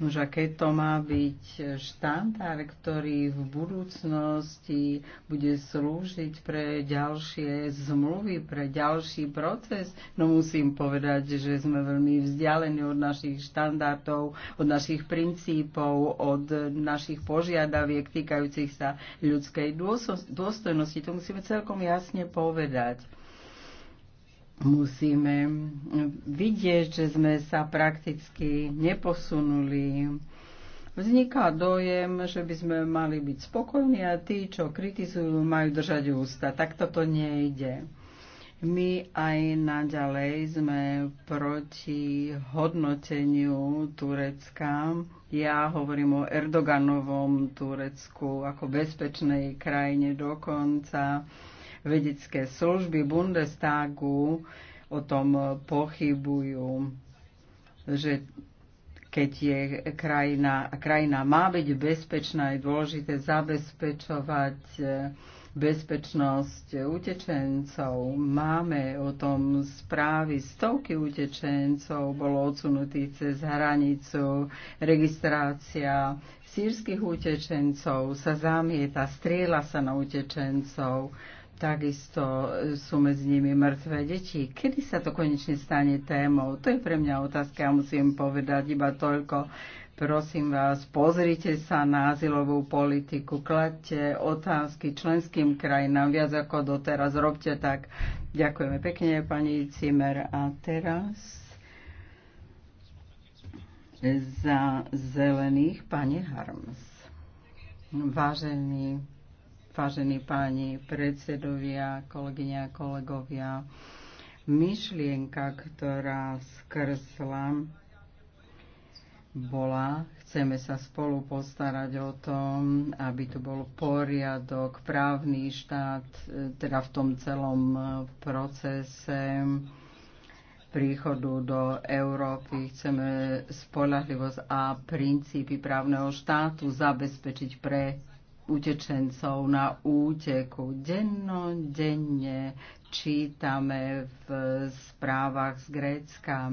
že aké to má byť štandard, ktorý v budúcnosti bude slúžiť pre ďalšie zmluvy, pre ďalší proces? No musím povedať, že sme veľmi vzdialení od našich štandardov, od našich princípov, od našich požiadaviek týkajúcich sa ľudskej dôstojnosti. To musíme celkom jasne povedať musíme vidieť, že sme sa prakticky neposunuli. Vzniká dojem, že by sme mali byť spokojní a tí, čo kritizujú, majú držať ústa. Tak toto nejde. My aj naďalej sme proti hodnoteniu Turecka. Ja hovorím o Erdoganovom Turecku ako bezpečnej krajine dokonca. konca vedecké služby Bundestagu o tom pochybujú, že keď je krajina, krajina má byť bezpečná, je dôležité zabezpečovať eh, bezpečnosť utečencov. Máme o tom správy. Stovky utečencov bolo odsunutých cez hranicu. Registrácia sírskych utečencov sa zamieta, strieľa sa na utečencov. Takisto sú medzi nimi mŕtvé deti. Kedy sa to konečne stane témou? To je pre mňa otázka. Ja musím povedať iba toľko. Prosím vás, pozrite sa na azylovú politiku, kladte otázky členským krajinám viac ako doteraz. Robte tak. Ďakujeme pekne, pani Cimer. A teraz za zelených, pani Harms. Vážený vážení páni predsedovia, kolegyne a kolegovia. Myšlienka, ktorá skrsla, bola, chceme sa spolu postarať o tom, aby tu bol poriadok, právny štát, teda v tom celom procese príchodu do Európy. Chceme spolahlivosť a princípy právneho štátu zabezpečiť pre utečencov na úteku. denne čítame v správach z Grécka.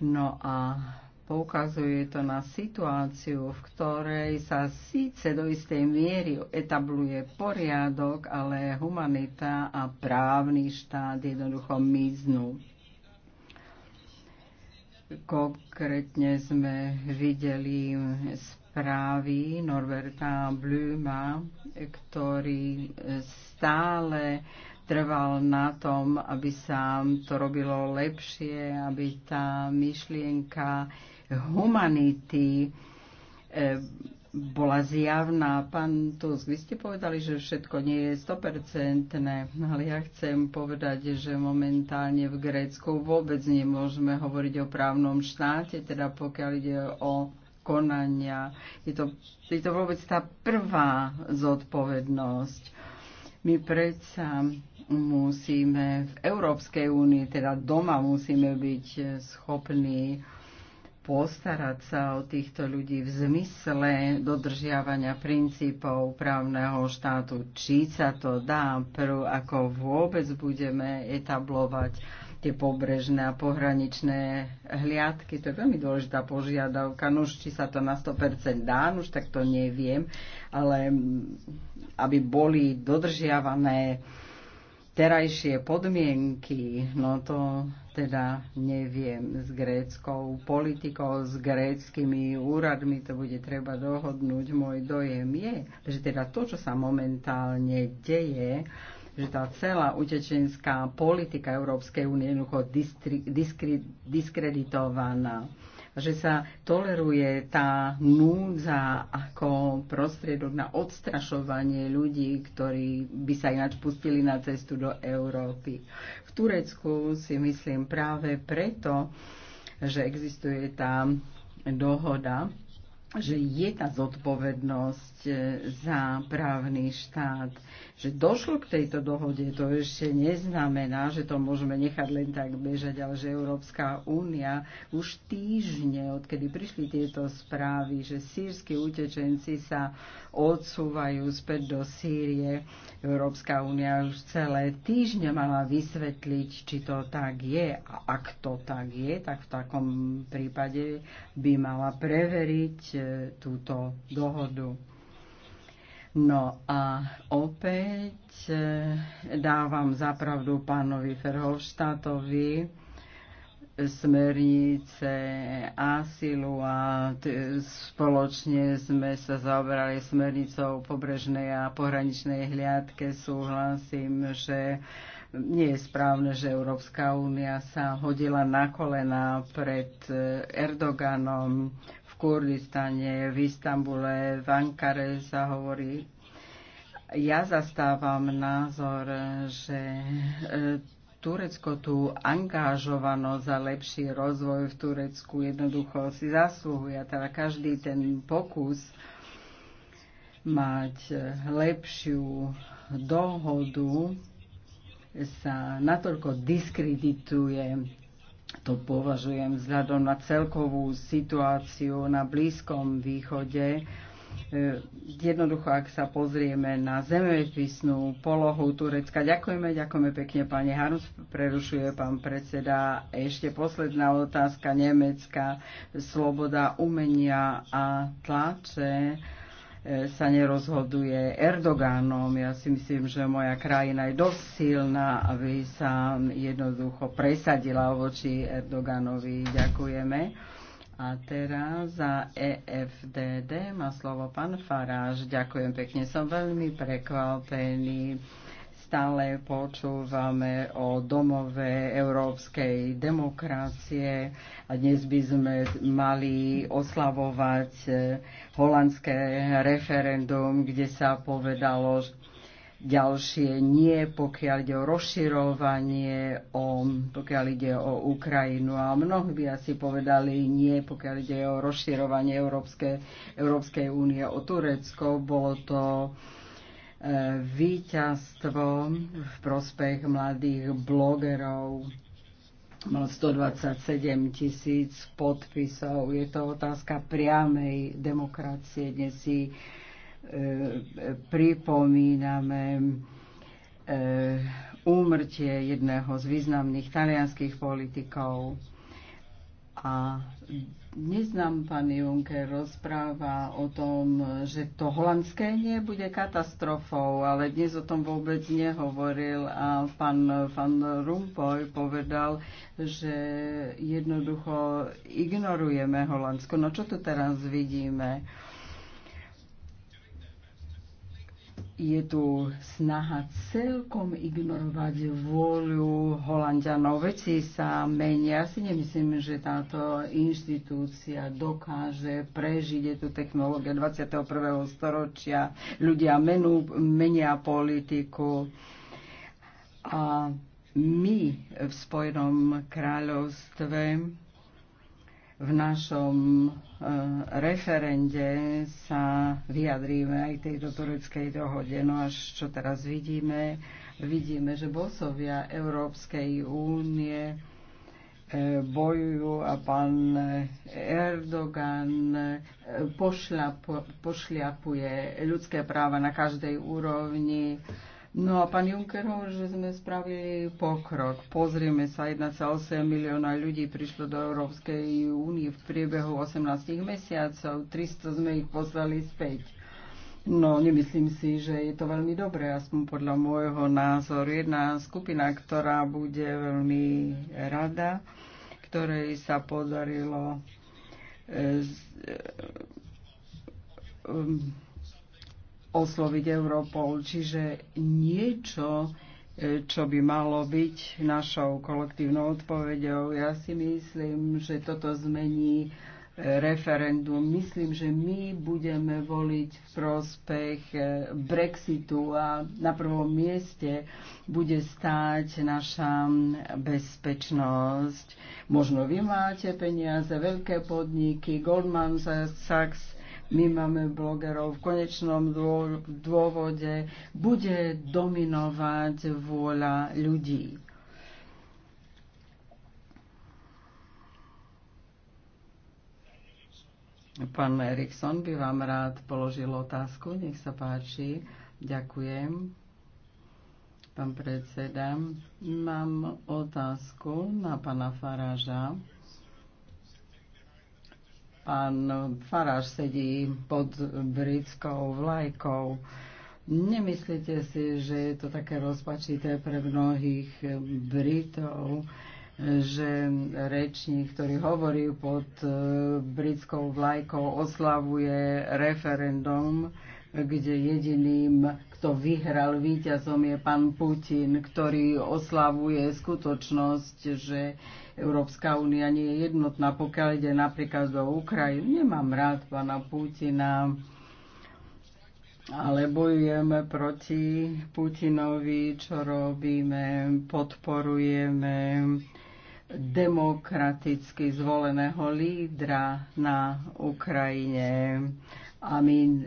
No a poukazuje to na situáciu, v ktorej sa síce do istej miery etabluje poriadok, ale humanita a právny štát jednoducho miznú. Konkrétne sme videli správy Norberta Blüma, ktorý stále trval na tom, aby sa to robilo lepšie, aby tá myšlienka humanity eh, bola zjavná. Pán Tusk, vy ste povedali, že všetko nie je stopercentné, ale ja chcem povedať, že momentálne v Grécku vôbec nemôžeme hovoriť o právnom štáte, teda pokiaľ ide o konania. Je to, je to vôbec tá prvá zodpovednosť. My predsa musíme v Európskej únii, teda doma musíme byť schopní postarať sa o týchto ľudí v zmysle dodržiavania princípov právneho štátu. Či sa to dá, prv ako vôbec budeme etablovať tie pobrežné a pohraničné hliadky. To je veľmi dôležitá požiadavka. No už či sa to na 100% dá, no už tak to neviem, ale mm, aby boli dodržiavané terajšie podmienky, no to teda neviem, s gréckou politikou, s gréckými úradmi to bude treba dohodnúť. Môj dojem je, že teda to, čo sa momentálne deje, že tá celá utečenská politika Európskej únie je jednoducho diskreditovaná že sa toleruje tá núdza ako prostriedok na odstrašovanie ľudí, ktorí by sa ináč pustili na cestu do Európy. V Turecku si myslím práve preto, že existuje tá dohoda, že je tá zodpovednosť za právny štát že došlo k tejto dohode, to ešte neznamená, že to môžeme nechať len tak bežať, ale že Európska únia už týždne, odkedy prišli tieto správy, že sírsky utečenci sa odsúvajú späť do Sýrie, Európska únia už celé týždne mala vysvetliť, či to tak je. A ak to tak je, tak v takom prípade by mala preveriť e, túto dohodu. No a opäť eh, dávam zapravdu pánovi Ferhovštátovi smernice asilu a spoločne sme sa zaoberali smernicou pobrežnej a pohraničnej hliadke. Súhlasím, že nie je správne, že Európska únia sa hodila na kolena pred eh, Erdoganom. Kurdistane, v Istambule, v Ankare sa hovorí. Ja zastávam názor, že e, Turecko tú angažovanosť za lepší rozvoj v Turecku jednoducho si zaslúhuje. Teda každý ten pokus mať e, lepšiu dohodu sa natoľko diskredituje to považujem vzhľadom na celkovú situáciu na Blízkom východe. E, jednoducho, ak sa pozrieme na zemepisnú polohu Turecka. Ďakujeme, ďakujeme pekne, pani Harus, prerušuje pán predseda. Ešte posledná otázka, Nemecka, sloboda umenia a tlače E, sa nerozhoduje Erdogánom. Ja si myslím, že moja krajina je dosť silná, aby sa jednoducho presadila voči Erdoganovi. Ďakujeme. A teraz za EFDD má slovo pán Faráž. Ďakujem pekne, som veľmi prekvapený Stále počúvame o domove európskej demokracie a dnes by sme mali oslavovať e, holandské referendum, kde sa povedalo ďalšie nie, pokiaľ ide o rozširovanie, o, pokiaľ ide o Ukrajinu. A mnohí by asi povedali nie, pokiaľ ide o rozširovanie Európske, Európskej únie o Turecko. Bolo to víťazstvo v prospech mladých blogerov. Mal 127 tisíc podpisov. Je to otázka priamej demokracie. Dnes si e, pripomíname e, úmrtie jedného z významných talianských politikov a dnes nám pán Juncker rozpráva o tom, že to holandské nie bude katastrofou, ale dnes o tom vôbec nehovoril a pán Van Rumpoj povedal, že jednoducho ignorujeme Holandsko. No čo tu teraz vidíme? je tu snaha celkom ignorovať vôľu Holandianov. Veci sa menia. Ja si nemyslím, že táto inštitúcia dokáže prežiť. Je tu technológia 21. storočia. Ľudia menú, menia politiku. A my v Spojenom kráľovstve v našom Eh, referende sa vyjadríme aj tejto tureckej dohode. No až čo teraz vidíme, vidíme, že bosovia Európskej únie eh, bojujú a pán Erdogan eh, pošľapuje ľudské práva na každej úrovni. No a pán Juncker hovorí, že sme spravili pokrok. Pozrieme sa, 1,8 milióna ľudí prišlo do Európskej únie v priebehu 18 mesiacov, 300 sme ich poslali späť. No, nemyslím si, že je to veľmi dobré, aspoň podľa môjho názoru. Jedna skupina, ktorá bude veľmi rada, ktorej sa podarilo e, e, e, osloviť Europol. Čiže niečo, e, čo by malo byť našou kolektívnou odpoveďou. Ja si myslím, že toto zmení e, referendum. Myslím, že my budeme voliť v prospech e, Brexitu a na prvom mieste bude stáť naša bezpečnosť. Možno vy máte peniaze, veľké podniky, Goldman Sachs, my máme blogerov, v konečnom dôvode bude dominovať vôľa ľudí. Pán Erikson by vám rád položil otázku, nech sa páči. Ďakujem. Pán predseda, mám otázku na pána Faráža pán Faráš sedí pod britskou vlajkou. Nemyslíte si, že je to také rozpačité pre mnohých Britov, že rečník, ktorý hovorí pod e, britskou vlajkou, oslavuje referendum, kde jediným, kto vyhral víťazom, je pán Putin, ktorý oslavuje skutočnosť, že Európska únia nie je jednotná, pokiaľ ide napríklad do Ukrajiny. Nemám rád pána Putina, ale bojujeme proti Putinovi, čo robíme, podporujeme demokraticky zvoleného lídra na Ukrajine a my e,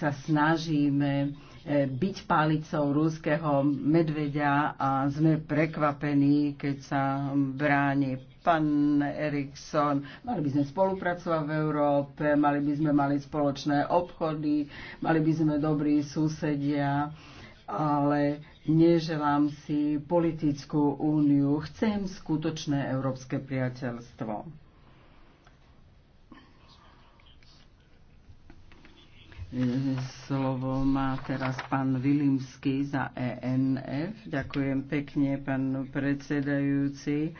sa snažíme E, byť pálicou rúského medvedia a sme prekvapení, keď sa bráni pán Erikson. Mali by sme spolupracovať v Európe, mali by sme mali spoločné obchody, mali by sme dobrí susedia, ale neželám si politickú úniu. Chcem skutočné európske priateľstvo. Slovo má teraz pán Vilimsky za ENF. Ďakujem pekne, pán predsedajúci.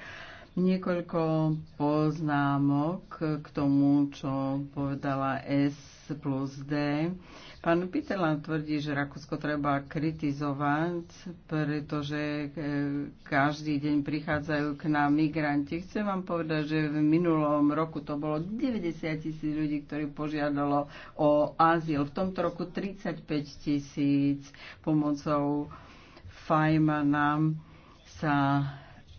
Niekoľko poznámok k tomu, čo povedala S plus D. Pán Pitelan tvrdí, že Rakúsko treba kritizovať, pretože e, každý deň prichádzajú k nám migranti. Chcem vám povedať, že v minulom roku to bolo 90 tisíc ľudí, ktorí požiadalo o azyl. V tomto roku 35 tisíc pomocou Fajmana sa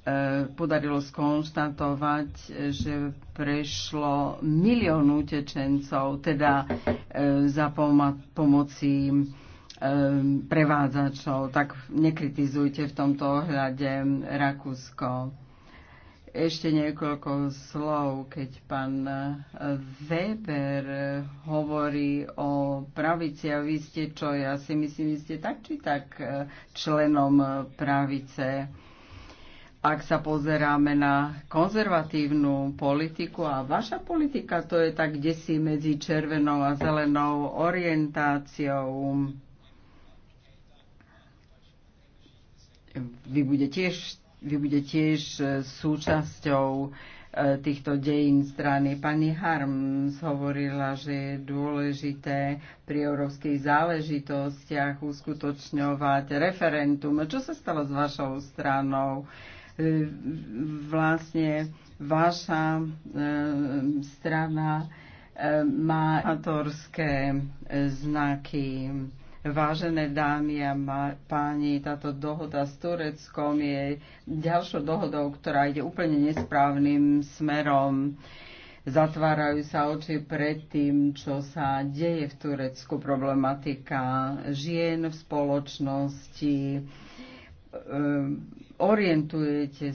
Eh, podarilo skonštatovať, že prešlo milión utečencov, teda eh, za pomoci eh, prevádzačov. Tak nekritizujte v tomto ohľade Rakúsko. Ešte niekoľko slov, keď pán Weber hovorí o pravici a vy ste čo, ja si myslím, vy ste tak či tak členom pravice ak sa pozeráme na konzervatívnu politiku a vaša politika to je tak desi medzi červenou a zelenou orientáciou. Vy bude tiež, vy bude tiež e, súčasťou e, týchto dejín strany. Pani Harms hovorila, že je dôležité pri európskych záležitostiach uskutočňovať referendum. Čo sa stalo s vašou stranou? E, vlastne vaša e, strana e, má autorské znaky. Vážené dámy a páni, táto dohoda s Tureckom je ďalšou dohodou, ktorá ide úplne nesprávnym smerom. Zatvárajú sa oči pred tým, čo sa deje v Turecku, problematika žien v spoločnosti, orientujete,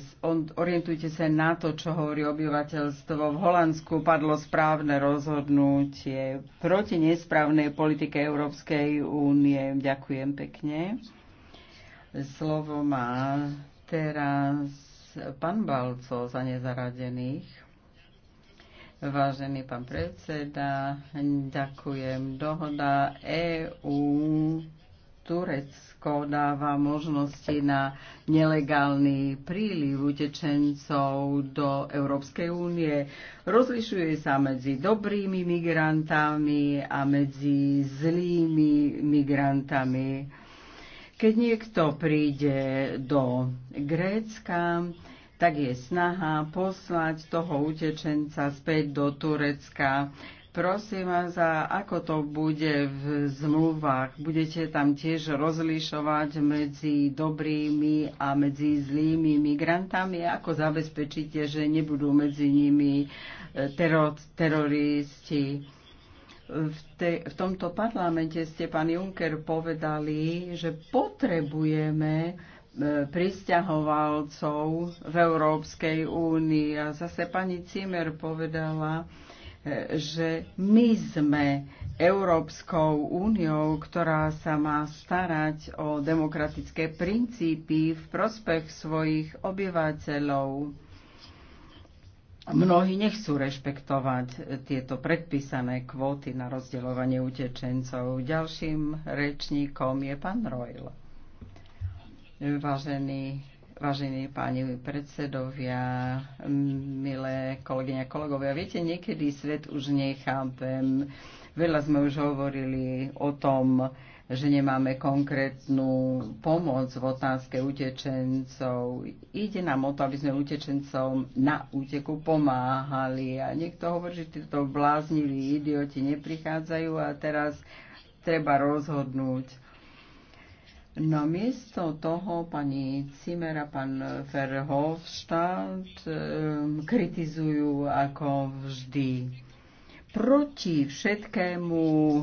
orientujte sa na to, čo hovorí obyvateľstvo. V Holandsku padlo správne rozhodnutie proti nesprávnej politike Európskej únie. Ďakujem pekne. Slovo má teraz pán Balco za nezaradených. Vážený pán predseda, ďakujem. Dohoda EÚ Turecko dáva možnosti na nelegálny príliv utečencov do Európskej únie. Rozlišuje sa medzi dobrými migrantami a medzi zlými migrantami. Keď niekto príde do Grécka, tak je snaha poslať toho utečenca späť do Turecka. Prosím vás, a ako to bude v zmluvách? Budete tam tiež rozlišovať medzi dobrými a medzi zlými migrantami? Ako zabezpečíte, že nebudú medzi nimi e, teror, teroristi? V, te, v tomto parlamente ste, pán Juncker, povedali, že potrebujeme e, pristahovalcov v Európskej únii. A zase pani Cimer povedala, že my sme Európskou úniou, ktorá sa má starať o demokratické princípy v prospech svojich obyvateľov. Mnohí nechcú rešpektovať tieto predpísané kvóty na rozdeľovanie utečencov. Ďalším rečníkom je pán Royl. Vážený Vážení páni predsedovia, milé kolegyne a kolegovia, viete, niekedy svet už nechápem. Veľa sme už hovorili o tom, že nemáme konkrétnu pomoc v otázke utečencov. Ide nám o to, aby sme utečencom na úteku pomáhali. A niekto hovorí, že títo bláznili idioti neprichádzajú a teraz treba rozhodnúť Namiesto no, toho pani Cimer a pán Verhofstadt ehm, kritizujú ako vždy. Proti všetkému e, ehm,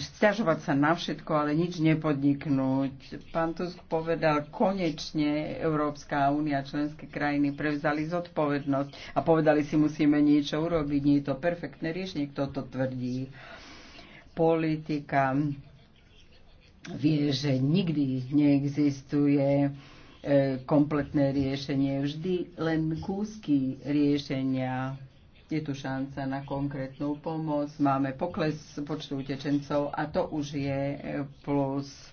stiažovať sa na všetko, ale nič nepodniknúť. Pán Tusk povedal, konečne Európska únia členské krajiny prevzali zodpovednosť a povedali si, musíme niečo urobiť. Nie je to perfektné riešenie, kto to tvrdí. Politika vie, že nikdy neexistuje e, kompletné riešenie, vždy len kúsky riešenia. Je tu šanca na konkrétnu pomoc, máme pokles počtu utečencov a to už je e, plus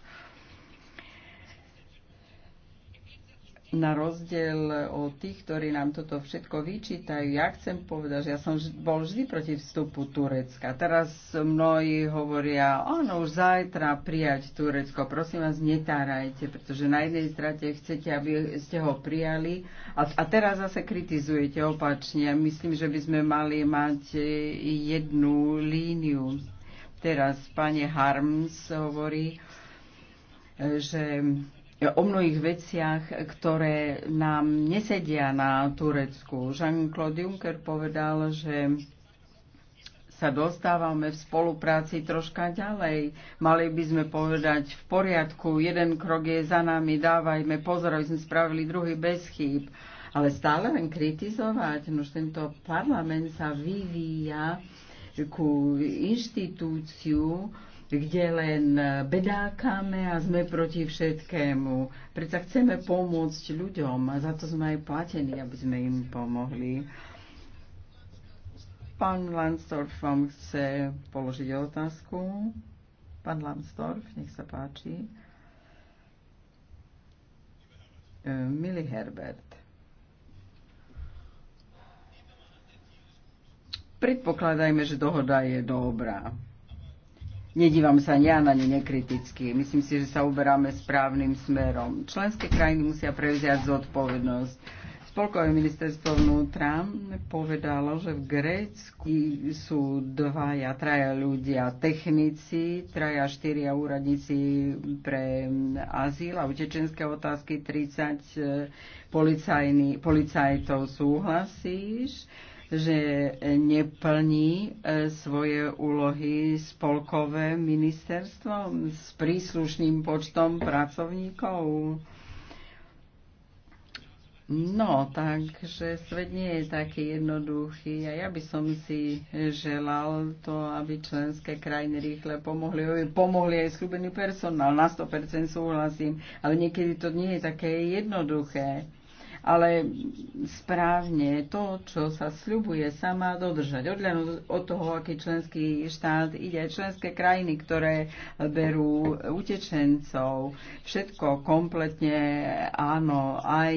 na rozdiel od tých, ktorí nám toto všetko vyčítajú, ja chcem povedať, že ja som bol vždy proti vstupu Turecka. Teraz mnohí hovoria, áno, už zajtra prijať Turecko. Prosím vás, netárajte, pretože na jednej strate chcete, aby ste ho prijali a, a teraz zase kritizujete opačne. Ja myslím, že by sme mali mať jednu líniu. Teraz pani Harms hovorí, že o mnohých veciach, ktoré nám nesedia na Turecku. Jean-Claude Juncker povedal, že sa dostávame v spolupráci troška ďalej. Mali by sme povedať v poriadku, jeden krok je za nami, dávajme pozor, aby sme spravili druhý bez chýb. Ale stále len kritizovať, nož tento parlament sa vyvíja ku inštitúciu, kde len bedákame a sme proti všetkému. Preto chceme pomôcť ľuďom a za to sme aj platení, aby sme im pomohli. Pán Lansdorf vám chce položiť otázku. Pán Lansdorf, nech sa páči. E, Milý Herbert, predpokladajme, že dohoda je dobrá. Nedívam sa ja na ne nekriticky. Myslím si, že sa uberáme správnym smerom. Členské krajiny musia prevziať zodpovednosť. Spolkové ministerstvo vnútra povedalo, že v Grécku sú dvaja, traja ľudia, technici, traja, štyria úradníci pre azyl a utečenské otázky, 30 eh, policajtov súhlasíš že neplní e, svoje úlohy spolkové ministerstvo s príslušným počtom pracovníkov. No, takže svet nie je taký jednoduchý a ja by som si želal to, aby členské krajiny rýchle pomohli, aby pomohli aj slúbený personál, na 100% súhlasím, ale niekedy to nie je také jednoduché ale správne to, čo sa sľubuje, sa má dodržať. Odľanú od toho, aký členský štát ide, aj členské krajiny, ktoré berú utečencov, všetko kompletne, áno, aj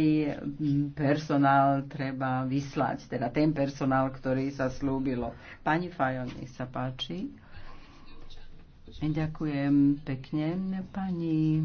personál treba vyslať, teda ten personál, ktorý sa slúbilo. Pani Fajon, nech sa páči. Ďakujem pekne, pani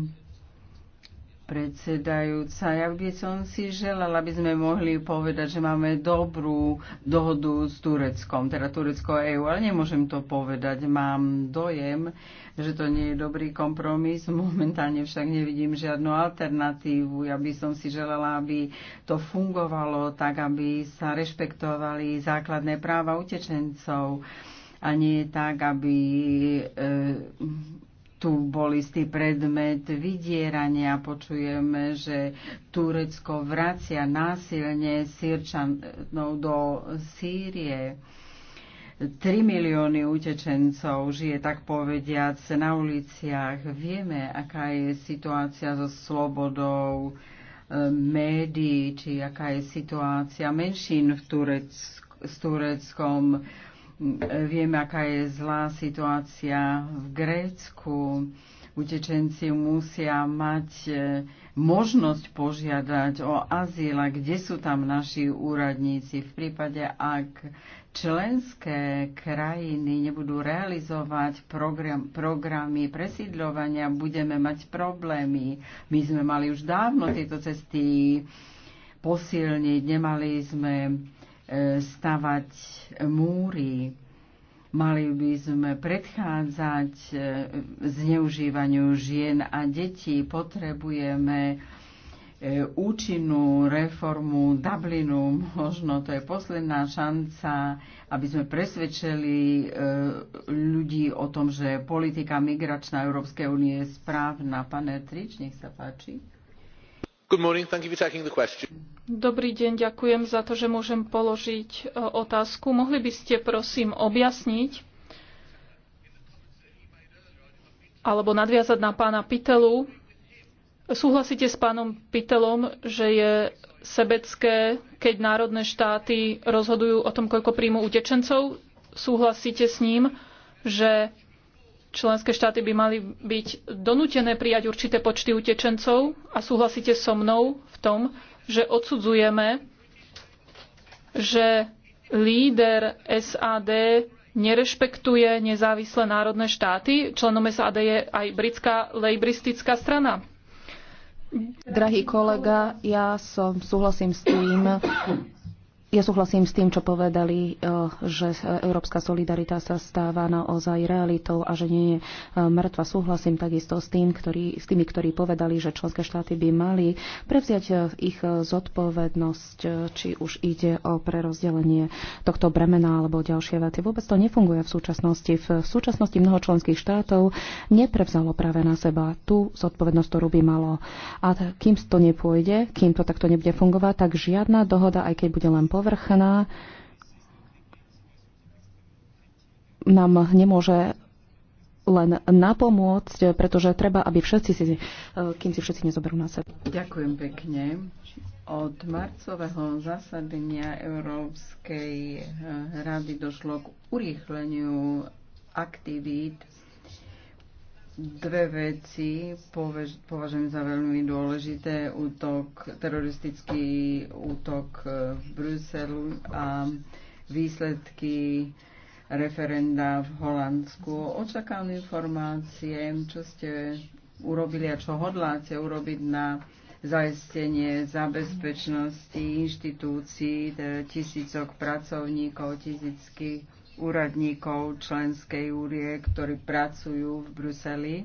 predsedajúca. Ja by som si želala, aby sme mohli povedať, že máme dobrú dohodu s Tureckom, teda Turecko a EU, ale nemôžem to povedať. Mám dojem, že to nie je dobrý kompromis. Momentálne však nevidím žiadnu alternatívu. Ja by som si želala, aby to fungovalo tak, aby sa rešpektovali základné práva utečencov a nie tak, aby e, tu bol istý predmet vydierania. Počujeme, že Turecko vracia násilne Sýrčanov do Sýrie. 3 milióny utečencov žije, tak povediac, na uliciach. Vieme, aká je situácia so slobodou eh, médií, či aká je situácia menšín v Turecku s Tureckom. Vieme, aká je zlá situácia v Grécku. Utečenci musia mať e, možnosť požiadať o azyl, a kde sú tam naši úradníci. V prípade, ak členské krajiny nebudú realizovať program, programy presídľovania, budeme mať problémy. My sme mali už dávno tieto cesty posilniť, nemali sme stavať múry, mali by sme predchádzať e, zneužívaniu žien a detí, potrebujeme e, účinnú reformu Dublinu. Možno to je posledná šanca, aby sme presvedčili e, ľudí o tom, že politika migračná Európskej únie je správna. Pane Trič, nech sa páči. Good morning. Thank you for taking the question. Dobrý deň, ďakujem za to, že môžem položiť e, otázku. Mohli by ste prosím objasniť alebo nadviazať na pána Pitelu. Súhlasíte s pánom Pitelom, že je sebecké, keď národné štáty rozhodujú o tom, koľko príjmu utečencov? Súhlasíte s ním, že členské štáty by mali byť donútené prijať určité počty utečencov a súhlasíte so mnou v tom, že odsudzujeme, že líder SAD nerešpektuje nezávislé národné štáty. Členom SAD je aj britská lejbristická strana. Drahý kolega, ja som súhlasím s tým, ja súhlasím s tým, čo povedali, eh, že európska solidarita sa stáva naozaj realitou a že nie je eh, mŕtva. Súhlasím takisto s, tým, ktorý, s tými, ktorí povedali, že členské štáty by mali prevziať eh, ich zodpovednosť, či už ide o prerozdelenie tohto bremena alebo ďalšie veci. Vôbec to nefunguje v súčasnosti. V súčasnosti mnoho členských štátov neprevzalo práve na seba tú zodpovednosť, ktorú by malo. A kým to nepôjde, kým to takto nebude fungovať, tak žiadna dohoda, aj keď bude len po povrchná nám nemôže len napomôcť, pretože treba, aby všetci si, kým si všetci nezoberú na seba. Ďakujem pekne. Od marcového zasadenia Európskej eh, rady došlo k urýchleniu aktivít dve veci považujem za veľmi dôležité. Útok, teroristický útok e, v Bruselu a výsledky referenda v Holandsku. Očakám informácie, čo ste urobili a čo hodláte urobiť na zaistenie zabezpečnosti inštitúcií, teda tisícok pracovníkov, tisícky úradníkov členskej úrie, ktorí pracujú v Bruseli.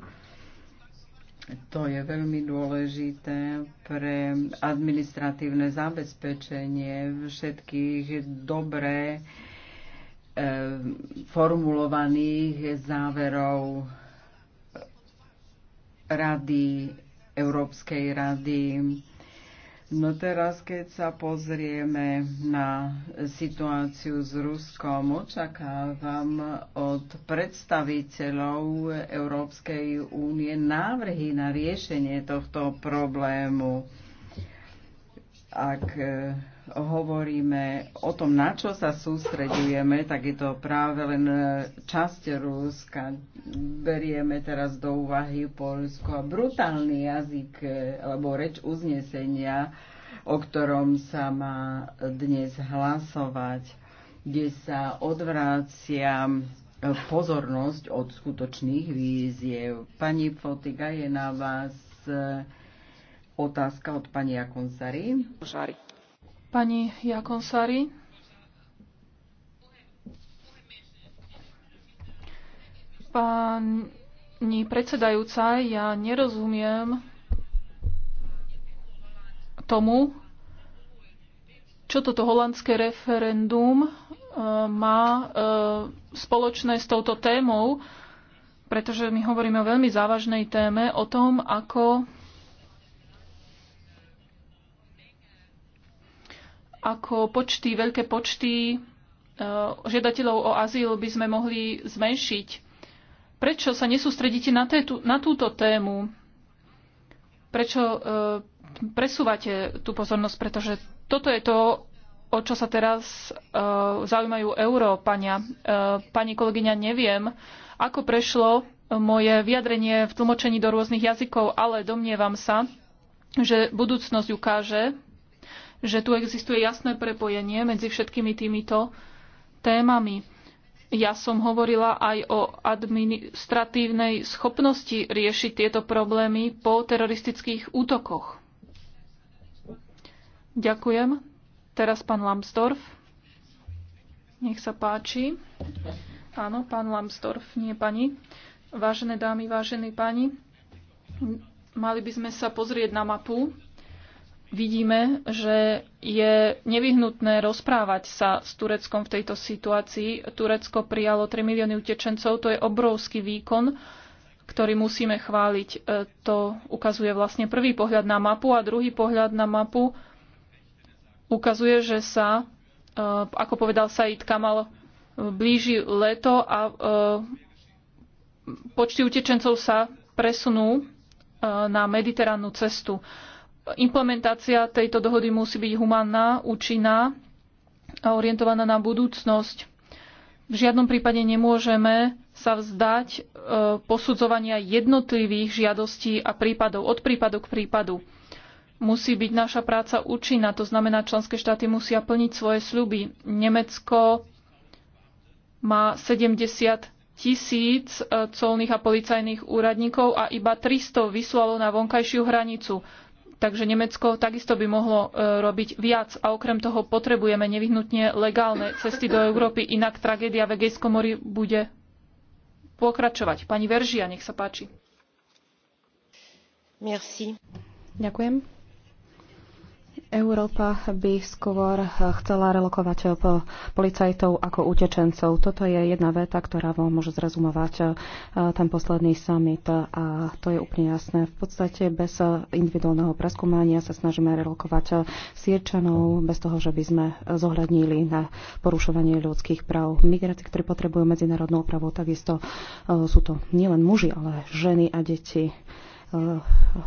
To je veľmi dôležité pre administratívne zabezpečenie všetkých dobre eh, formulovaných záverov Rady, Európskej rady No teraz, keď sa pozrieme na situáciu s Ruskom, očakávam od predstaviteľov Európskej únie návrhy na riešenie tohto problému. Ak hovoríme o tom, na čo sa sústredujeme, tak je to práve len e, časť Ruska. Berieme teraz do úvahy Polsko a brutálny jazyk e, alebo reč uznesenia, o ktorom sa má dnes hlasovať, kde sa odvrácia pozornosť od skutočných víziev. Pani Fotiga, je na vás e, otázka od pani Akonsary. Pani Jakonsari. Pani predsedajúca, ja nerozumiem tomu, čo toto holandské referendum e, má e, spoločné s touto témou, pretože my hovoríme o veľmi závažnej téme, o tom, ako ako počty, veľké počty e, žiadateľov o azyl by sme mohli zmenšiť. Prečo sa nesústredíte na, tétu, na túto tému? Prečo uh, presúvate tú pozornosť? Pretože toto je to, o čo sa teraz uh, zaujímajú Európania. Uh, pani kolegyňa, neviem, ako prešlo moje vyjadrenie v tlmočení do rôznych jazykov, ale domnievam sa, že budúcnosť ukáže, že tu existuje jasné prepojenie medzi všetkými týmito témami. Ja som hovorila aj o administratívnej schopnosti riešiť tieto problémy po teroristických útokoch. Ďakujem. Teraz pán Lambsdorff. Nech sa páči. Áno, pán Lambsdorff, nie pani. Vážené dámy, vážení páni, mali by sme sa pozrieť na mapu vidíme, že je nevyhnutné rozprávať sa s Tureckom v tejto situácii. Turecko prijalo 3 milióny utečencov, to je obrovský výkon, ktorý musíme chváliť. E, to ukazuje vlastne prvý pohľad na mapu a druhý pohľad na mapu ukazuje, že sa, e, ako povedal Said Kamal, e, blíži leto a počty utečencov sa presunú na mediteránnu cestu implementácia tejto dohody musí byť humanná, účinná a orientovaná na budúcnosť. V žiadnom prípade nemôžeme sa vzdať e, posudzovania jednotlivých žiadostí a prípadov od prípadu k prípadu. Musí byť naša práca účinná, to znamená, členské štáty musia plniť svoje sľuby. Nemecko má 70 tisíc e, colných a policajných úradníkov a iba 300 vyslalo na vonkajšiu hranicu. Takže Nemecko takisto by mohlo e, robiť viac a okrem toho potrebujeme nevyhnutne legálne cesty do Európy, inak tragédia v Egejskom mori bude pokračovať. Pani Veržia, nech sa páči. Merci. Ďakujem. Európa by skôr chcela relokovať eh, policajtov ako utečencov. Toto je jedna veta, ktorá vám môže zrezumovať eh, ten posledný summit a to je úplne jasné. V podstate bez eh, individuálneho preskúmania sa snažíme relokovať sírčanov bez toho, že by sme zohľadnili na porušovanie ľudských práv. Migráci, ktorí potrebujú medzinárodnú opravu, takisto sú to nielen muži, ale ženy a deti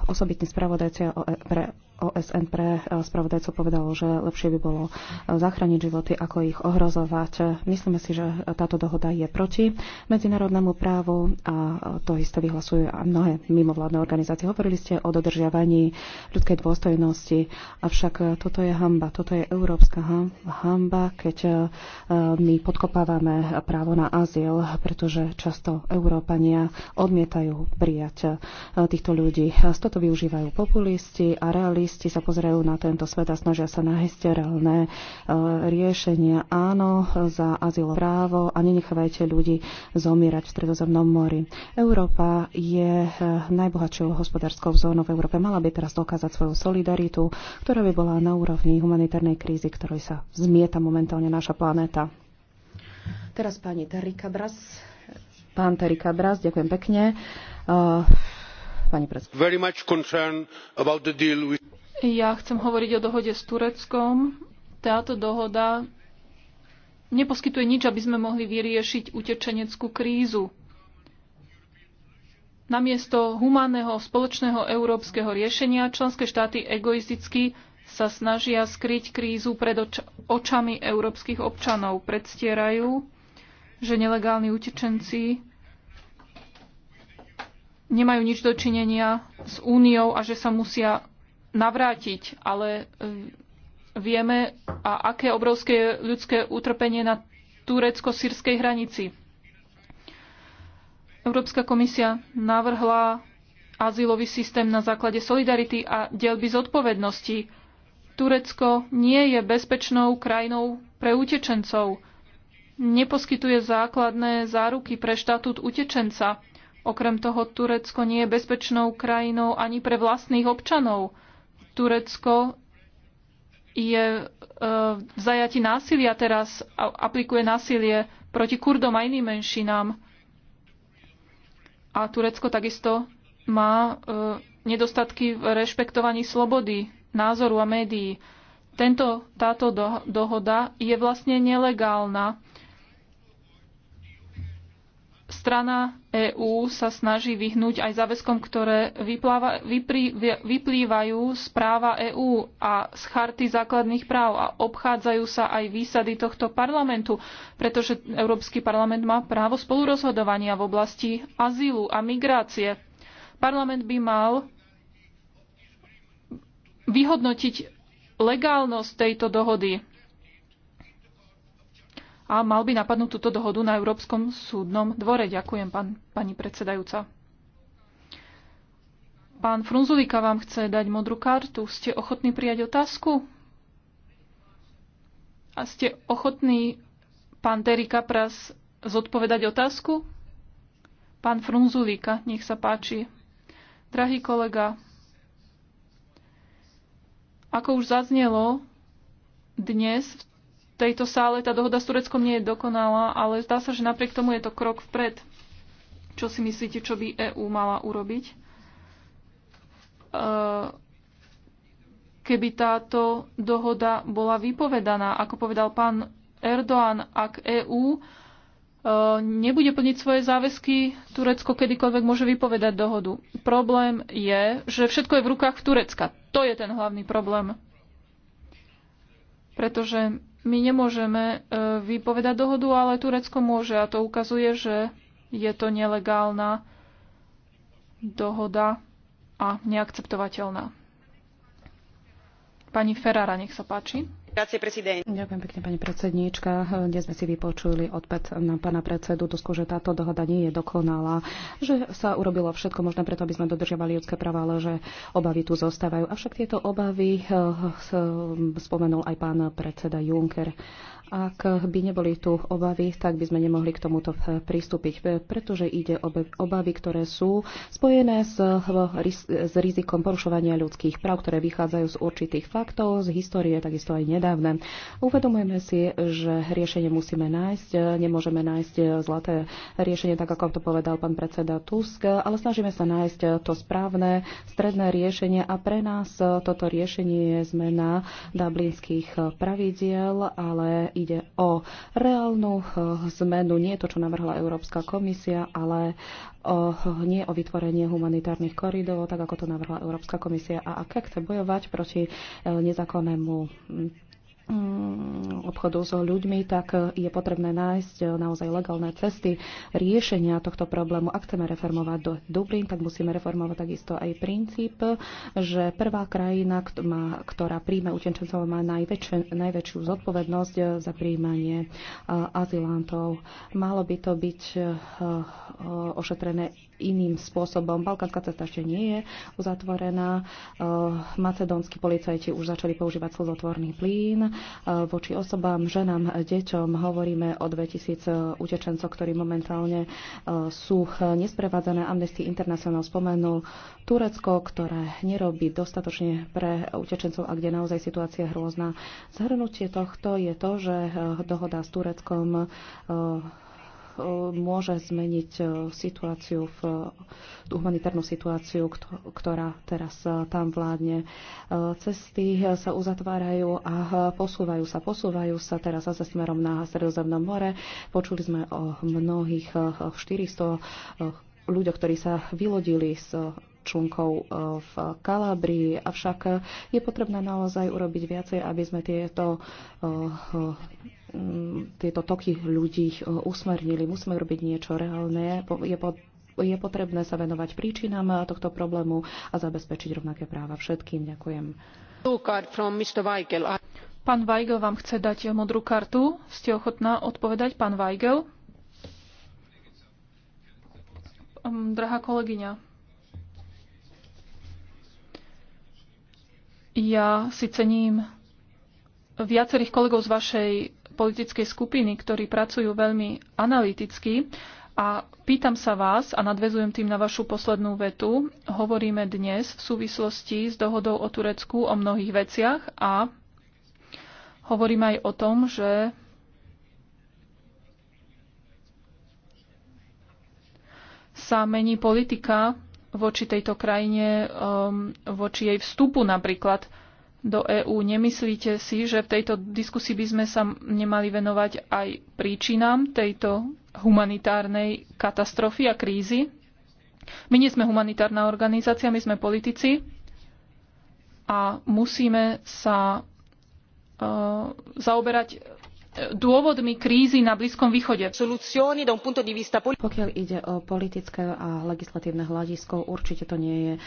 Osobitní spravodajcia e- pre OSN pre eh, spravodajcov povedalo, že lepšie by bolo eh, zachrániť životy, ako ich ohrozovať. Myslíme si, že táto dohoda je proti medzinárodnému právu a eh, to isté vyhlasujú aj mnohé mimovládne organizácie. Hovorili ste o dodržiavaní ľudskej dôstojnosti, avšak toto je hamba, toto je európska hamba, keď my podkopávame právo na azyl, pretože často Európania odmietajú prijať týchto ľudí. Z toto využívajú populisti a realisti ateisti sa pozerajú na tento svet a snažia sa nájsť reálne e, riešenia. Áno, za azylo právo a nenechávajte ľudí zomierať v Stredozemnom mori. Európa je e, najbohatšou hospodárskou zónou v Európe. Mala by teraz dokázať svoju solidaritu, ktorá by bola na úrovni humanitárnej krízy, ktorej sa zmieta momentálne naša planéta. Teraz pani Tarika Bras. Pán Tarika Bras, ďakujem pekne. Uh, pani predsedajúca ja chcem hovoriť o dohode s Tureckom. Táto dohoda neposkytuje nič, aby sme mohli vyriešiť utečeneckú krízu. Namiesto humánneho spoločného európskeho riešenia členské štáty egoisticky sa snažia skryť krízu pred oč- očami európskych občanov. Predstierajú, že nelegálni utečenci nemajú nič dočinenia s úniou a že sa musia navrátiť, ale e, vieme, a aké obrovské ľudské utrpenie na turecko-sírskej hranici. Európska komisia navrhla azylový systém na základe solidarity a delby zodpovednosti. Turecko nie je bezpečnou krajinou pre utečencov. Neposkytuje základné záruky pre štatút utečenca. Okrem toho Turecko nie je bezpečnou krajinou ani pre vlastných občanov. Turecko je e, v zajati násilia teraz, aplikuje násilie proti Kurdom a iným menšinám. A Turecko takisto má e, nedostatky v rešpektovaní slobody, názoru a médií. Tento, táto dohoda je vlastne nelegálna strana EÚ sa snaží vyhnúť aj záväzkom, ktoré vypláva, vyprí, vyplývajú z práva EÚ a z charty základných práv a obchádzajú sa aj výsady tohto parlamentu, pretože Európsky parlament má právo spolurozhodovania v oblasti azylu a migrácie. Parlament by mal vyhodnotiť legálnosť tejto dohody a mal by napadnúť túto dohodu na Európskom súdnom dvore. Ďakujem, pán, pani predsedajúca. Pán Frunzulika vám chce dať modrú kartu. Ste ochotní prijať otázku? A ste ochotní, pán Terry Pras, zodpovedať otázku? Pán Frunzulika, nech sa páči. Drahý kolega, ako už zaznelo, dnes v tejto sále. Tá dohoda s Tureckom nie je dokonalá, ale zdá sa, že napriek tomu je to krok vpred. Čo si myslíte, čo by EÚ mala urobiť? E, keby táto dohoda bola vypovedaná, ako povedal pán Erdoğan, ak EÚ e, nebude plniť svoje záväzky, Turecko kedykoľvek môže vypovedať dohodu. Problém je, že všetko je v rukách Turecka. To je ten hlavný problém. Pretože my nemôžeme e, vypovedať dohodu, ale Turecko môže a to ukazuje, že je to nelegálna dohoda a neakceptovateľná. Pani Ferrara, nech sa páči. Ďakujem pekne, pani predsedníčka. Dnes sme si vypočuli odpäť na pána predsedu Tusku, že táto dohoda nie je dokonalá, že sa urobilo všetko možné preto, aby sme dodržiavali ľudské práva, ale že obavy tu zostávajú. Avšak tieto obavy eh, eh, spomenul aj pán predseda Juncker. Ak by neboli tu obavy, tak by sme nemohli k tomuto eh, pristúpiť, pretože ide o obavy, ktoré sú spojené s, s rizikom porušovania ľudských práv, ktoré vychádzajú z určitých faktov, z histórie, takisto aj nedá správne. Uvedomujeme si, že riešenie musíme nájsť. Nemôžeme nájsť eh, zlaté riešenie, tak ako to povedal pán predseda Tusk, ale snažíme sa nájsť eh, to správne, stredné riešenie a pre nás eh, toto riešenie je zmena dublinských pravidiel, ale ide o reálnu zmenu. Nie to, čo navrhla Európska komisia, ale o, nie o vytvorenie humanitárnych koridorov, tak ako to navrhla Európska komisia. A ak chce bojovať proti nezákonnému hm, Mm, obchodu s ľuďmi, tak eh, je potrebné nájsť eh, naozaj legálne cesty riešenia tohto problému. Ak chceme reformovať do Dublin, tak musíme reformovať takisto aj princíp, že prvá krajina, ktorá príjme utečencov, má najväčšiu, najväčšiu zodpovednosť eh, za príjmanie azylantov. Malo by to byť ošetrené iným spôsobom. Balkánska cesta ešte nie je uzatvorená. E, macedónsky policajti už začali používať slzotvorný plyn e, voči osobám, ženám, deťom. Hovoríme o 2000 e, utečencov, ktorí momentálne sú nesprevádzané. Amnesty International spomenul Turecko, ktoré nerobí dostatočne pre utečencov a kde naozaj situácia je hrôzna. Zhrnutie tohto je to, že dohoda s Tureckom môže zmeniť e, situáciu v tú humanitárnu situáciu, ktorá teraz e, tam vládne. E, cesty sa uzatvárajú a posúvajú sa, posúvajú sa teraz zase smerom na Stredozemnom more. Počuli sme o mnohých 400 ľuďoch, ktorí sa vylodili z člunkov e, v Kalabrii, avšak je potrebné naozaj urobiť viacej, aby sme tieto e, tieto toky ľudí e, usmernili. Musíme robiť niečo reálne. Je, pod je potrebné sa venovať príčinám tohto problému a zabezpečiť rovnaké práva všetkým. Ďakujem. Pán Weigel vám chce dať modrú kartu. Ste ochotná odpovedať, pán Weigel? Drahá kolegyňa, Ja si cením viacerých kolegov z vašej politickej skupiny, ktorí pracujú veľmi analyticky. A pýtam sa vás, a nadvezujem tým na vašu poslednú vetu, hovoríme dnes v súvislosti s dohodou o Turecku o mnohých veciach a hovoríme aj o tom, že sa mení politika voči tejto krajine, um, voči jej vstupu napríklad do EÚ. Nemyslíte si, že v tejto diskusii by sme sa nemali venovať aj príčinám tejto humanitárnej katastrofy a krízy? My nie sme humanitárna organizácia, my sme politici a musíme sa uh, zaoberať dôvodmi krízy na Blízkom východe. Pokiaľ ide o politické a legislatívne hľadisko, určite to nie je eh, eh,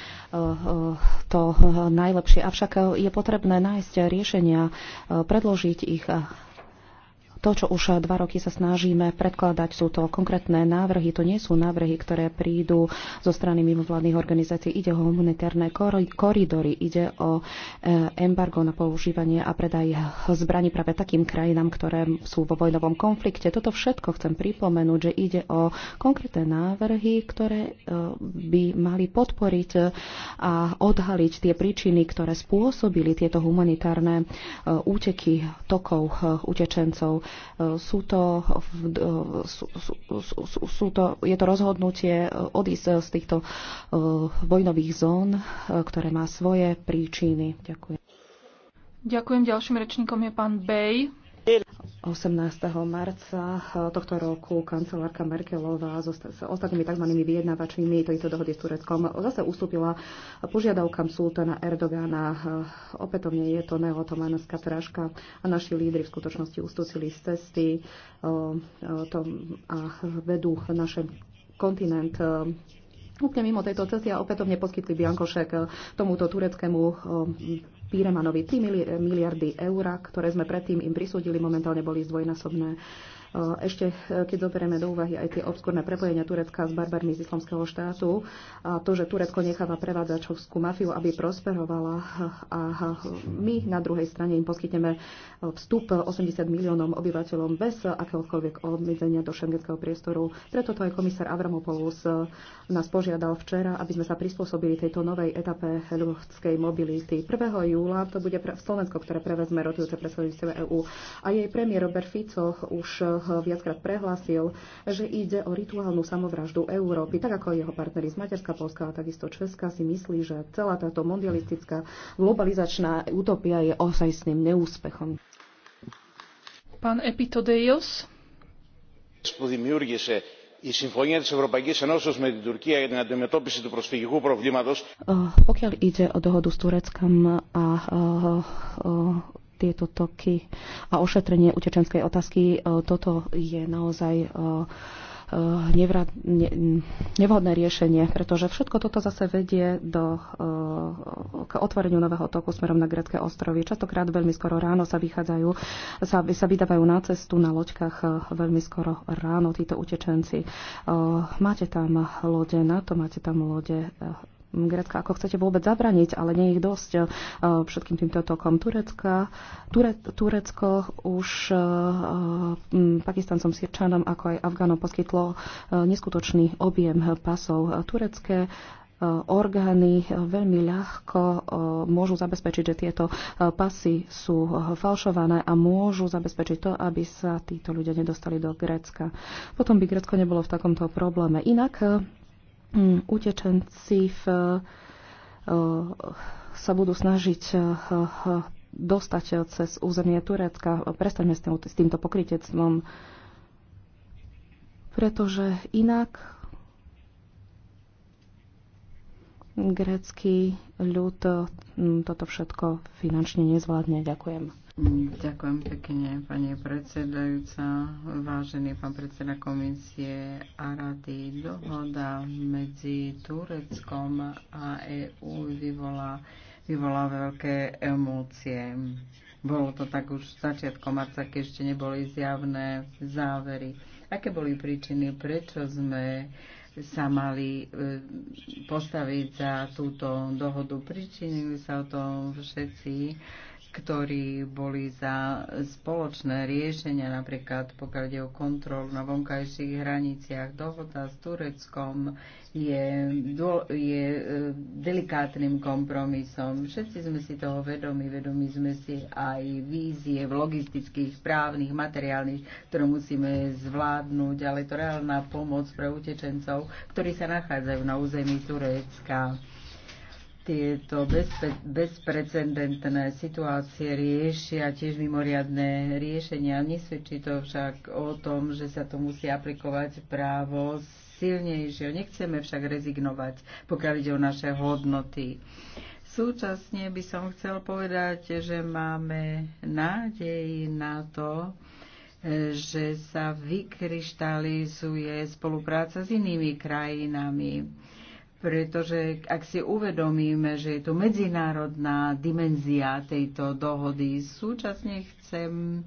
to eh, najlepšie. Avšak je potrebné nájsť riešenia, predložiť ich to, čo už dva roky sa snažíme predkladať, sú to konkrétne návrhy. To nie sú návrhy, ktoré prídu zo strany mimovládnych organizácií. Ide o humanitárne koridory, ide o eh, embargo na používanie a predaj zbraní práve takým krajinám, ktoré sú vo vojnovom konflikte. Toto všetko chcem pripomenúť, že ide o konkrétne návrhy, ktoré eh, by mali podporiť eh, a odhaliť tie príčiny, ktoré spôsobili tieto humanitárne úteky tokov utečencov. Sú to, sú, sú, sú to, je to rozhodnutie e, odísť z týchto e, vojnových zón, e, ktoré má svoje príčiny. Ďakujem. Ďakujem. Ďalším rečníkom je pán Bej. 18. marca eh, tohto roku kancelárka Merkelová s ostatnými tzv. vyjednávačmi tejto dohody s Tureckom zase ustúpila požiadavkám sultana Erdogana. Eh, opätovne je to neotománska tražka a naši lídry v skutočnosti ustúpili z cesty eh, a vedú naš kontinent úplne mimo tejto cesty a opätovne poskytli Biankošek tomuto tureckému Píremanovi 3 miliardy eur, ktoré sme predtým im prisúdili, momentálne boli zdvojnásobné Eh, ešte eh, keď zoberieme do úvahy aj tie obskúrne prepojenia Turecka s barbarmi z islamského štátu, a to, že Turecko necháva prevádzačovskú mafiu, aby prosperovala eh, a my na druhej strane im poskytneme vstup 80 miliónom obyvateľom bez akéhokoľvek obmedzenia do šengenského priestoru. Preto to aj komisár Avramopoulos nás požiadal včera, aby sme sa prispôsobili tejto novej etape ľudskej mobility. 1. júla to bude Slovensko, ktoré prevezme rotujúce predsedníctvo EÚ. A jej premiér Robert Fico už médiách eh, viackrát prehlásil, že ide o rituálnu samovraždu Európy, tak ako jeho partnery z Maďarska, Polska a takisto Česka si myslí, že celá táto mondialistická globalizačná utopia je osajstným neúspechom. Pán Epitodeios. Η συμφωνία της Ευρωπαϊκής Ενώσεως με την Τουρκία για την αντιμετώπιση του προσφυγικού προβλήματος. Pokiaľ ide o dohodu s Tureckom a tieto toky a ošetrenie utečenskej otázky. E, toto je naozaj e, e, nevhodné riešenie, pretože všetko toto zase vedie do, k otvoreniu nového toku smerom na grecké ostrovy. Častokrát veľmi skoro ráno sa vychádzajú, sa, sa vydávajú na cestu na loďkách veľmi skoro ráno títo utečenci. Máte tam lode, na to máte tam lode Grécka, ako chcete vôbec zabraniť, ale nie ich dosť e, všetkým týmto tokom. Turecka, Ture, Turecko už e, e, Pakistancom, Sirčanom, ako aj Afgánom poskytlo neskutočný objem pasov. Turecké orgány veľmi ľahko môžu zabezpečiť, že tieto pasy sú falšované a môžu zabezpečiť to, aby sa títo ľudia nedostali do Grécka. Potom by Grécko nebolo v takomto probléme. Inak Mm, utečenci v, eh, eh, sa budú snažiť eh, dostať cez územie Turecka. Prestaňme s, tým, s týmto pokrytectvom, pretože inak grécky ľud toto všetko finančne nezvládne. Ďakujem. Ďakujem pekne, pani predsedajúca, vážený pán predseda komisie a rady. Dohoda medzi Tureckom a EÚ vyvolá, vyvolá veľké emócie. Bolo to tak už začiatkom marca, keď ešte neboli zjavné závery. Aké boli príčiny, prečo sme sa mali e, postaviť za túto dohodu. Pričinili sa o tom všetci ktorí boli za spoločné riešenia, napríklad pokiaľ ide o kontrol na vonkajších hraniciach. Dohoda s Tureckom je, je e, delikátnym kompromisom. Všetci sme si toho vedomi, vedomi sme si aj vízie v logistických, právnych, materiálnych, ktoré musíme zvládnuť, ale to reálna pomoc pre utečencov, ktorí sa nachádzajú na území Turecka tieto bezpe- bezprecedentné situácie riešia tiež mimoriadné riešenia. Nesvedčí to však o tom, že sa to musí aplikovať právo silnejšie. Nechceme však rezignovať, pokiaľ ide o naše hodnoty. Súčasne by som chcel povedať, že máme nádej na to, že sa vykryštalizuje spolupráca s inými krajinami pretože ak si uvedomíme, že je tu medzinárodná dimenzia tejto dohody, súčasne chcem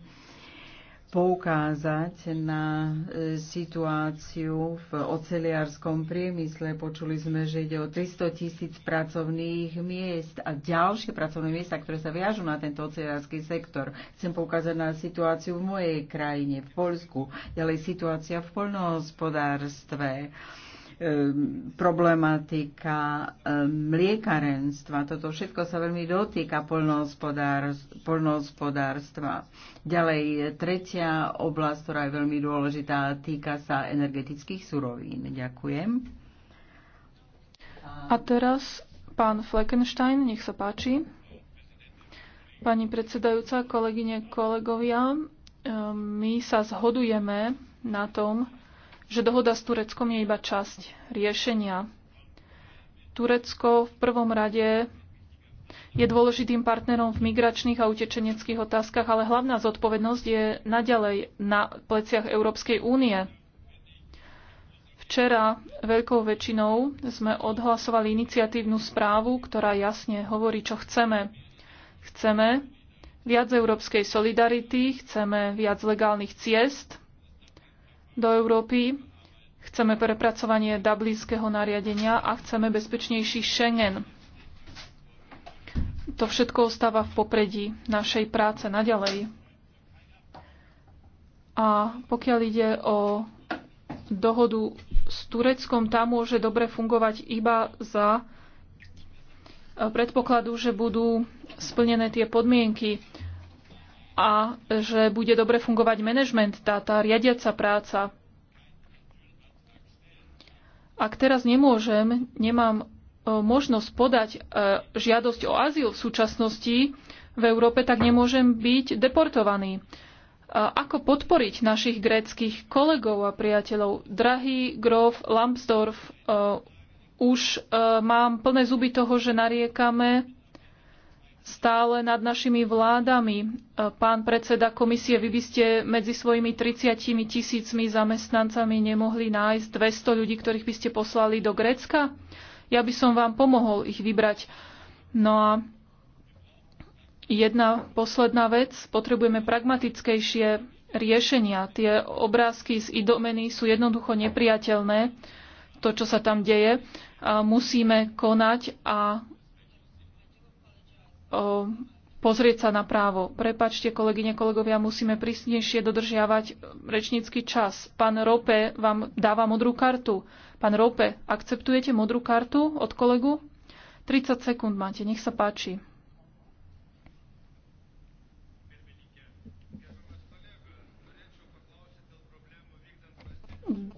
poukázať na e, situáciu v oceliarskom priemysle. Počuli sme, že ide o 300 tisíc pracovných miest a ďalšie pracovné miesta, ktoré sa viažú na tento oceliarský sektor. Chcem poukázať na situáciu v mojej krajine, v Polsku, ďalej situácia v poľnohospodárstve problematika mliekarenstva. Toto všetko sa veľmi dotýka poľnohospodárstva. Ďalej e, tretia oblasť, ktorá je veľmi dôležitá, týka sa energetických surovín. Ďakujem. A teraz pán Fleckenstein, nech sa páči. Pani predsedajúca, kolegyne, kolegovia, my sa zhodujeme na tom, že dohoda s Tureckom je iba časť riešenia. Turecko v prvom rade je dôležitým partnerom v migračných a utečeneckých otázkach, ale hlavná zodpovednosť je naďalej na pleciach Európskej únie. Včera veľkou väčšinou sme odhlasovali iniciatívnu správu, ktorá jasne hovorí, čo chceme. Chceme viac európskej solidarity, chceme viac legálnych ciest, do Európy, chceme prepracovanie dublinského nariadenia a chceme bezpečnejší Schengen. To všetko ostáva v popredí našej práce naďalej. A pokiaľ ide o dohodu s Tureckom, tá môže dobre fungovať iba za predpokladu, že budú splnené tie podmienky a že bude dobre fungovať manažment, tá, tá riadiaca práca. Ak teraz nemôžem, nemám e, možnosť podať e, žiadosť o azyl v súčasnosti v Európe, tak nemôžem byť deportovaný. E, ako podporiť našich gréckých kolegov a priateľov? Drahý Grof Lambsdorff, už mám plné zuby toho, že nariekame stále nad našimi vládami. E, pán predseda komisie, vy by ste medzi svojimi 30 tisícmi zamestnancami nemohli nájsť 200 ľudí, ktorých by ste poslali do Grécka? Ja by som vám pomohol ich vybrať. No a jedna posledná vec. Potrebujeme pragmatickejšie riešenia. Tie obrázky z idomeny sú jednoducho nepriateľné. To, čo sa tam deje, musíme konať a pozrieť sa na právo. Prepačte, kolegyne, kolegovia, musíme prísnejšie dodržiavať rečnícky čas. Pán Rope vám dáva modrú kartu. Pán Rope, akceptujete modrú kartu od kolegu? 30 sekúnd máte, nech sa páči.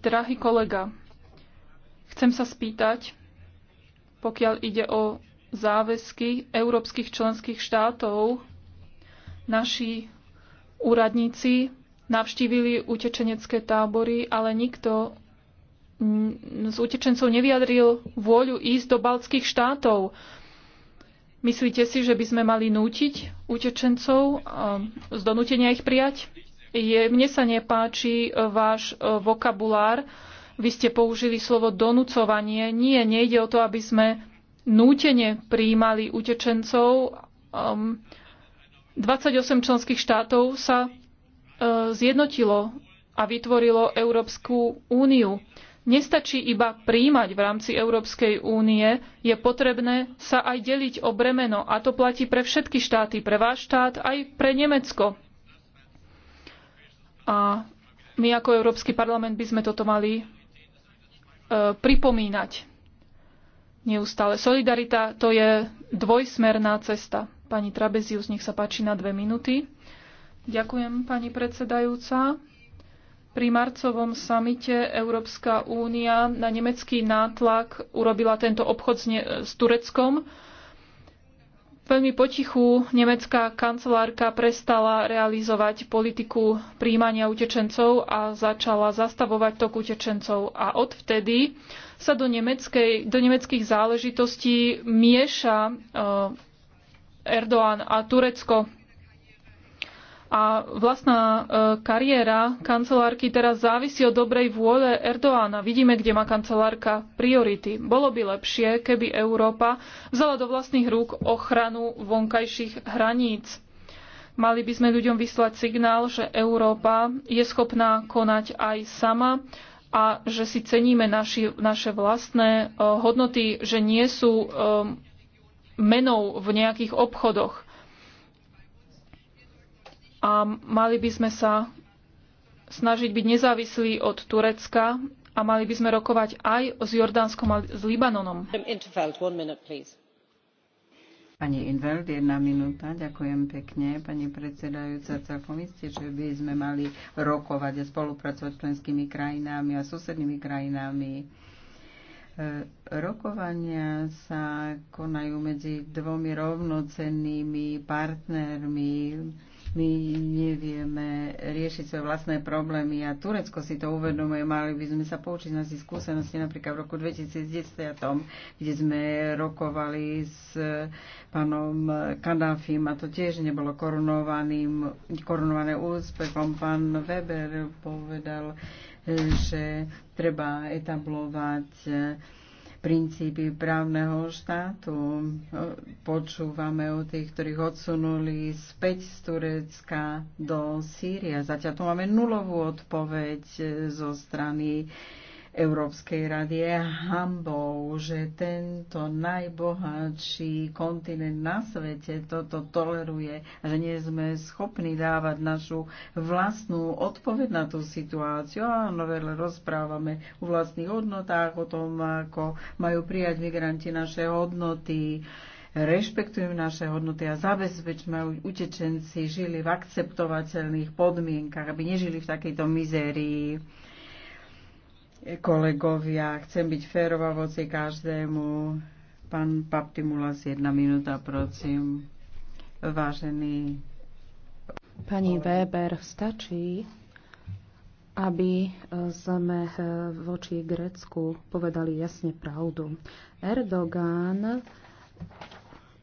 Drahý kolega, chcem sa spýtať, pokiaľ ide o záväzky európskych členských štátov. Naši úradníci navštívili utečenecké tábory, ale nikto z utečencov nevyjadril vôľu ísť do baltských štátov. Myslíte si, že by sme mali nútiť utečencov um, z donútenia ich prijať? Je, mne sa nepáči uh, váš uh, vokabulár. Vy ste použili slovo donúcovanie. Nie, nejde o to, aby sme nútene príjmali utečencov. 28 um, členských štátov sa uh, zjednotilo a vytvorilo Európsku úniu. Nestačí iba príjmať v rámci Európskej únie, je potrebné sa aj deliť o bremeno a to platí pre všetky štáty, pre váš štát aj pre Nemecko. A my ako Európsky parlament by sme toto mali e, pripomínať neustále. Solidarita to je dvojsmerná cesta. Pani Trabezius, nech sa páči na dve minúty. Ďakujem, pani predsedajúca. Pri marcovom samite Európska únia na nemecký nátlak urobila tento obchod s, ne- s Tureckom. Veľmi potichu nemecká kancelárka prestala realizovať politiku príjmania utečencov a začala zastavovať tok utečencov. A odvtedy sa do, nemeckej, do nemeckých záležitostí mieša eh, Erdoğan a Turecko. A vlastná eh, kariéra kancelárky teraz závisí od dobrej vôle Erdoána. Vidíme, kde má kancelárka priority. Bolo by lepšie, keby Európa vzala do vlastných rúk ochranu vonkajších hraníc. Mali by sme ľuďom vyslať signál, že Európa je schopná konať aj sama a že si ceníme naši, naše vlastné e, hodnoty, že nie sú e, menou v nejakých obchodoch. A mali by sme sa snažiť byť nezávislí od Turecka a mali by sme rokovať aj s Jordánskom a s Libanonom. Interfeld, one minute, please. Pani Inveld, jedna minúta. Ďakujem pekne. Pani predsedajúca, celkom isté, že by sme mali rokovať a spolupracovať s členskými krajinami a susednými krajinami. E, rokovania sa konajú medzi dvomi rovnocennými partnermi. My nevieme riešiť svoje vlastné problémy a Turecko si to uvedomuje. Mali by sme sa poučiť na si skúsenosti napríklad v roku 2010, kde sme rokovali s pánom Kadáfim a to tiež nebolo korunovaným korunované úspechom. Pán Weber povedal, že treba etablovať eh, princípy právneho štátu. Počúvame o tých, ktorých odsunuli späť z Turecka do Sýria. Zatiaľ tu máme nulovú odpoveď eh, zo strany Európskej rady. Je hambou, že tento najbohatší kontinent na svete toto toleruje a že nie sme schopní dávať našu vlastnú odpoveď na tú situáciu. A veľa rozprávame o vlastných hodnotách, o tom, ako majú prijať migranti naše hodnoty rešpektujú naše hodnoty a zabezpečme, aby utečenci žili v akceptovateľných podmienkach, aby nežili v takejto mizérii kolegovia. Chcem byť férová voci každému. Pán Paptimulas, jedna minúta, prosím. Vážený. Pani Weber, stačí, aby sme voči Grécku povedali jasne pravdu. Erdogan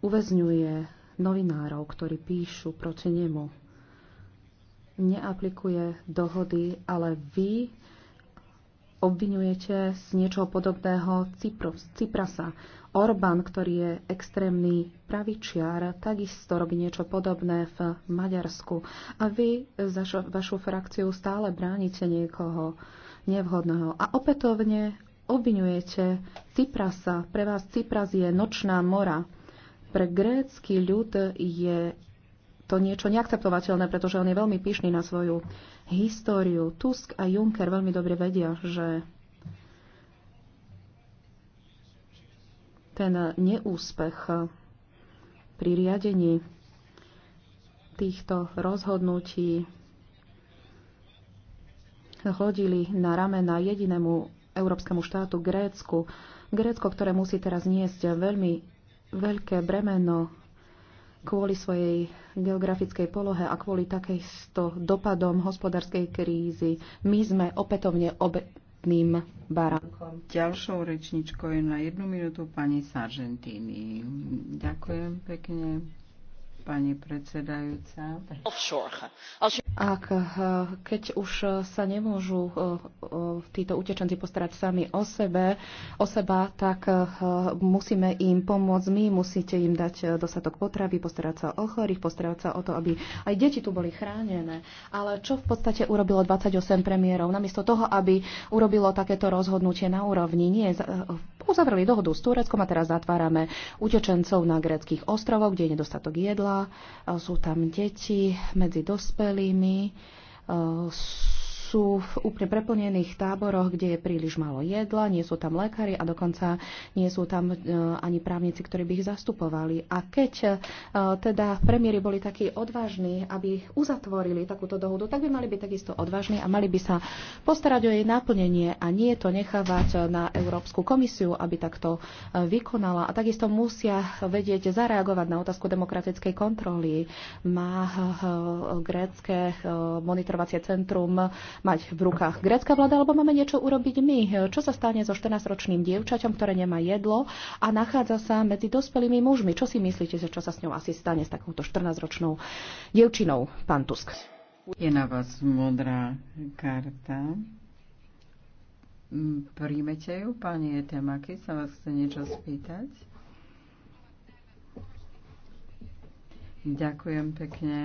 uväzňuje novinárov, ktorí píšu proti nemu. Neaplikuje dohody, ale vy obvinujete z niečoho podobného Cyprus, Cyprasa. Orbán, ktorý je extrémny pravičiar, takisto robí niečo podobné v Maďarsku. A vy za vašu frakciu stále bránite niekoho nevhodného. A opätovne obvinujete Cyprasa. Pre vás Cypras je nočná mora. Pre grécky ľud je to niečo neakceptovateľné, pretože on je veľmi pyšný na svoju históriu. Tusk a Juncker veľmi dobre vedia, že ten neúspech pri riadení týchto rozhodnutí hodili na ramena jedinému európskemu štátu Grécku. Grécko, ktoré musí teraz niesť veľmi veľké bremeno kvôli svojej geografickej polohe a kvôli takejsto dopadom hospodárskej krízy my sme opätovne obetným baránkom. Ďalšou rečničkou je na jednu minútu pani Sargentini. Ďakujem pekne pani predsedajúca. Ak, eh, keď už sa nemôžu eh, eh, títo utečenci postarať sami o, sebe, o seba, tak musíme im pomôcť my, musíte im dať dostatok potravy, postarať sa o chorých, postarať sa o to, aby aj deti tu boli chránené. Ale čo v podstate urobilo 28 premiérov? Namiesto toho, aby urobilo takéto rozhodnutie na úrovni, nie uzavreli dohodu s Tureckom a teraz zatvárame utečencov na gréckých ostrovoch, kde je nedostatok jedla, sú tam deti medzi dospelými, sú v úplne preplnených táboroch, kde je príliš málo jedla, nie sú tam lekári a dokonca nie sú tam e, ani právnici, ktorí by ich zastupovali. A keď e, teda premiéry boli takí odvážni, aby uzatvorili takúto dohodu, tak by mali byť takisto odvážni a mali by sa postarať o jej naplnenie a nie to nechávať na Európsku komisiu, aby takto e, vykonala. A takisto musia vedieť zareagovať na otázku demokratickej kontroly. Má grécké monitorovacie centrum mať v rukách grécka vláda, alebo máme niečo urobiť my. Čo sa stane so 14-ročným dievčaťom, ktoré nemá jedlo a nachádza sa medzi dospelými mužmi? Čo si myslíte, že čo sa s ňou asi stane s takouto 14-ročnou dievčinou, pán Tusk? Je na vás modrá karta. Príjmete ju, pani Etemaki, sa vás chce niečo spýtať? Ďakujem pekne.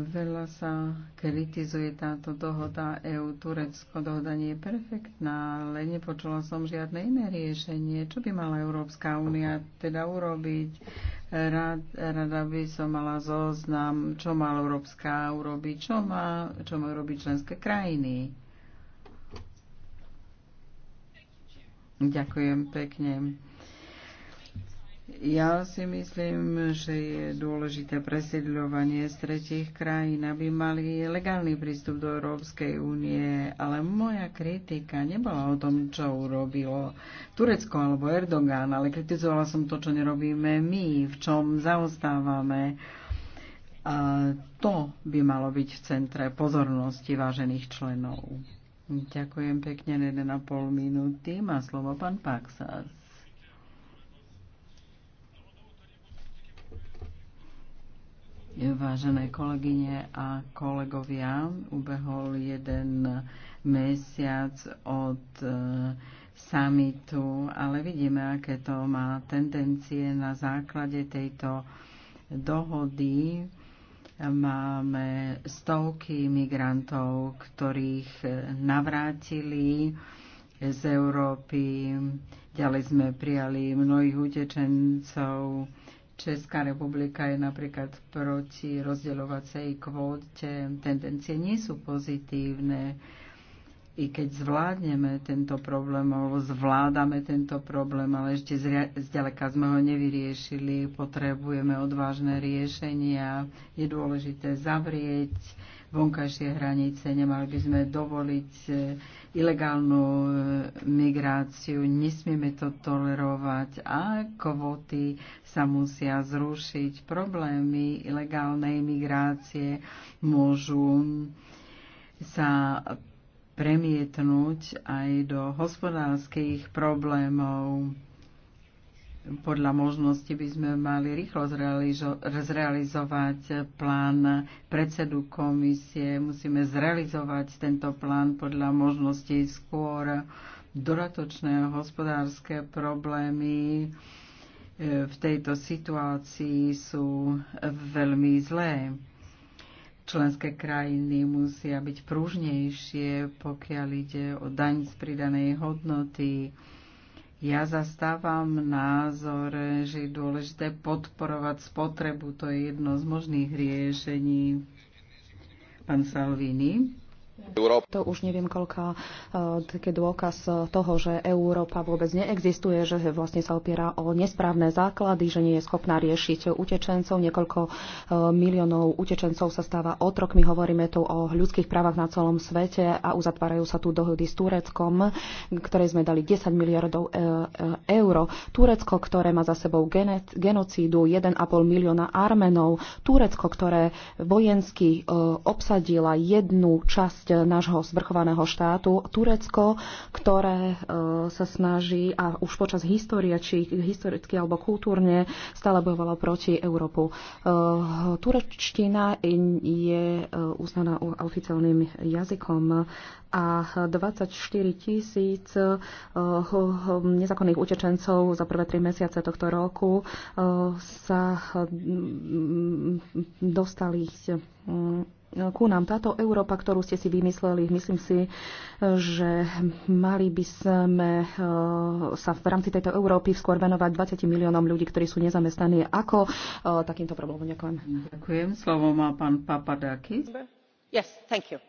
Veľa sa kritizuje táto dohoda EU-Turecko. Dohoda nie je perfektná, ale nepočula som žiadne iné riešenie. Čo by mala Európska únia teda urobiť? Rad, rada by som mala zoznam, čo má Európska urobiť, čo, má, čo má urobiť členské krajiny. Ďakujem pekne. Ja si myslím, že je dôležité presiedľovanie z tretich krajín, aby mali legálny prístup do Európskej únie, ale moja kritika nebola o tom, čo urobilo Turecko alebo Erdogan, ale kritizovala som to, čo nerobíme my, v čom zaostávame. A to by malo byť v centre pozornosti vážených členov. Ďakujem pekne, 1,5 minúty. Má slovo pán Paxas. Vážené kolegyne a kolegovia, ubehol jeden mesiac od e, samitu, ale vidíme, aké to má tendencie na základe tejto dohody. Máme stovky migrantov, ktorých e, navrátili z Európy. Ďalej sme prijali mnohých utečencov Česká republika je napríklad proti rozdeľovacej kvóte. Tendencie nie sú pozitívne. I keď zvládneme tento problém, alebo zvládame tento problém, ale ešte zďaleka sme ho nevyriešili, potrebujeme odvážne riešenia. Je dôležité zavrieť vonkajšie hranice, nemali by sme dovoliť e, ilegálnu e, migráciu, nesmieme to tolerovať a kvóty sa musia zrušiť. Problémy ilegálnej migrácie môžu sa premietnúť aj do hospodárskych problémov podľa možnosti by sme mali rýchlo zrealizovať plán predsedu komisie. Musíme zrealizovať tento plán podľa možnosti skôr Doratočné hospodárske problémy e, v tejto situácii sú veľmi zlé. Členské krajiny musia byť pružnejšie, pokiaľ ide o daň z pridanej hodnoty ja zastávam názor, že je dôležité podporovať spotrebu. To je jedno z možných riešení. Pán Salvini. To už neviem, koľko e, taký dôkaz toho, že Európa vôbec neexistuje, že vlastne sa opiera o nesprávne základy, že nie je schopná riešiť utečencov. Niekoľko e, miliónov utečencov sa stáva otrokmi. Hovoríme tu o ľudských právach na celom svete a uzatvárajú sa tu dohody s Tureckom, ktoré sme dali 10 miliardov e, eur. Turecko, ktoré má za sebou genocídu 1,5 milióna Armenov. Turecko, ktoré vojensky obsadila jednu časť Eh, nášho zvrchovaného štátu. Turecko, ktoré eh, sa snaží a už počas histórie, či historicky alebo kultúrne, stále bojovalo proti Európu. Eh, turečtina je uznaná oficiálnym jazykom a 24 tisíc nezákonných utečencov za prvé tri mesiace tohto roku sa hm, dostali hm, ku nám. Táto Európa, ktorú ste si vymysleli, myslím si, že mali by sme eh, sa v rámci tejto Európy skôr venovať 20 miliónom ľudí, ktorí sú nezamestnaní. Ako eh, takýmto problémom? Ďakujem. Ďakujem. Slovo má pán Papadakis. Yes, thank you.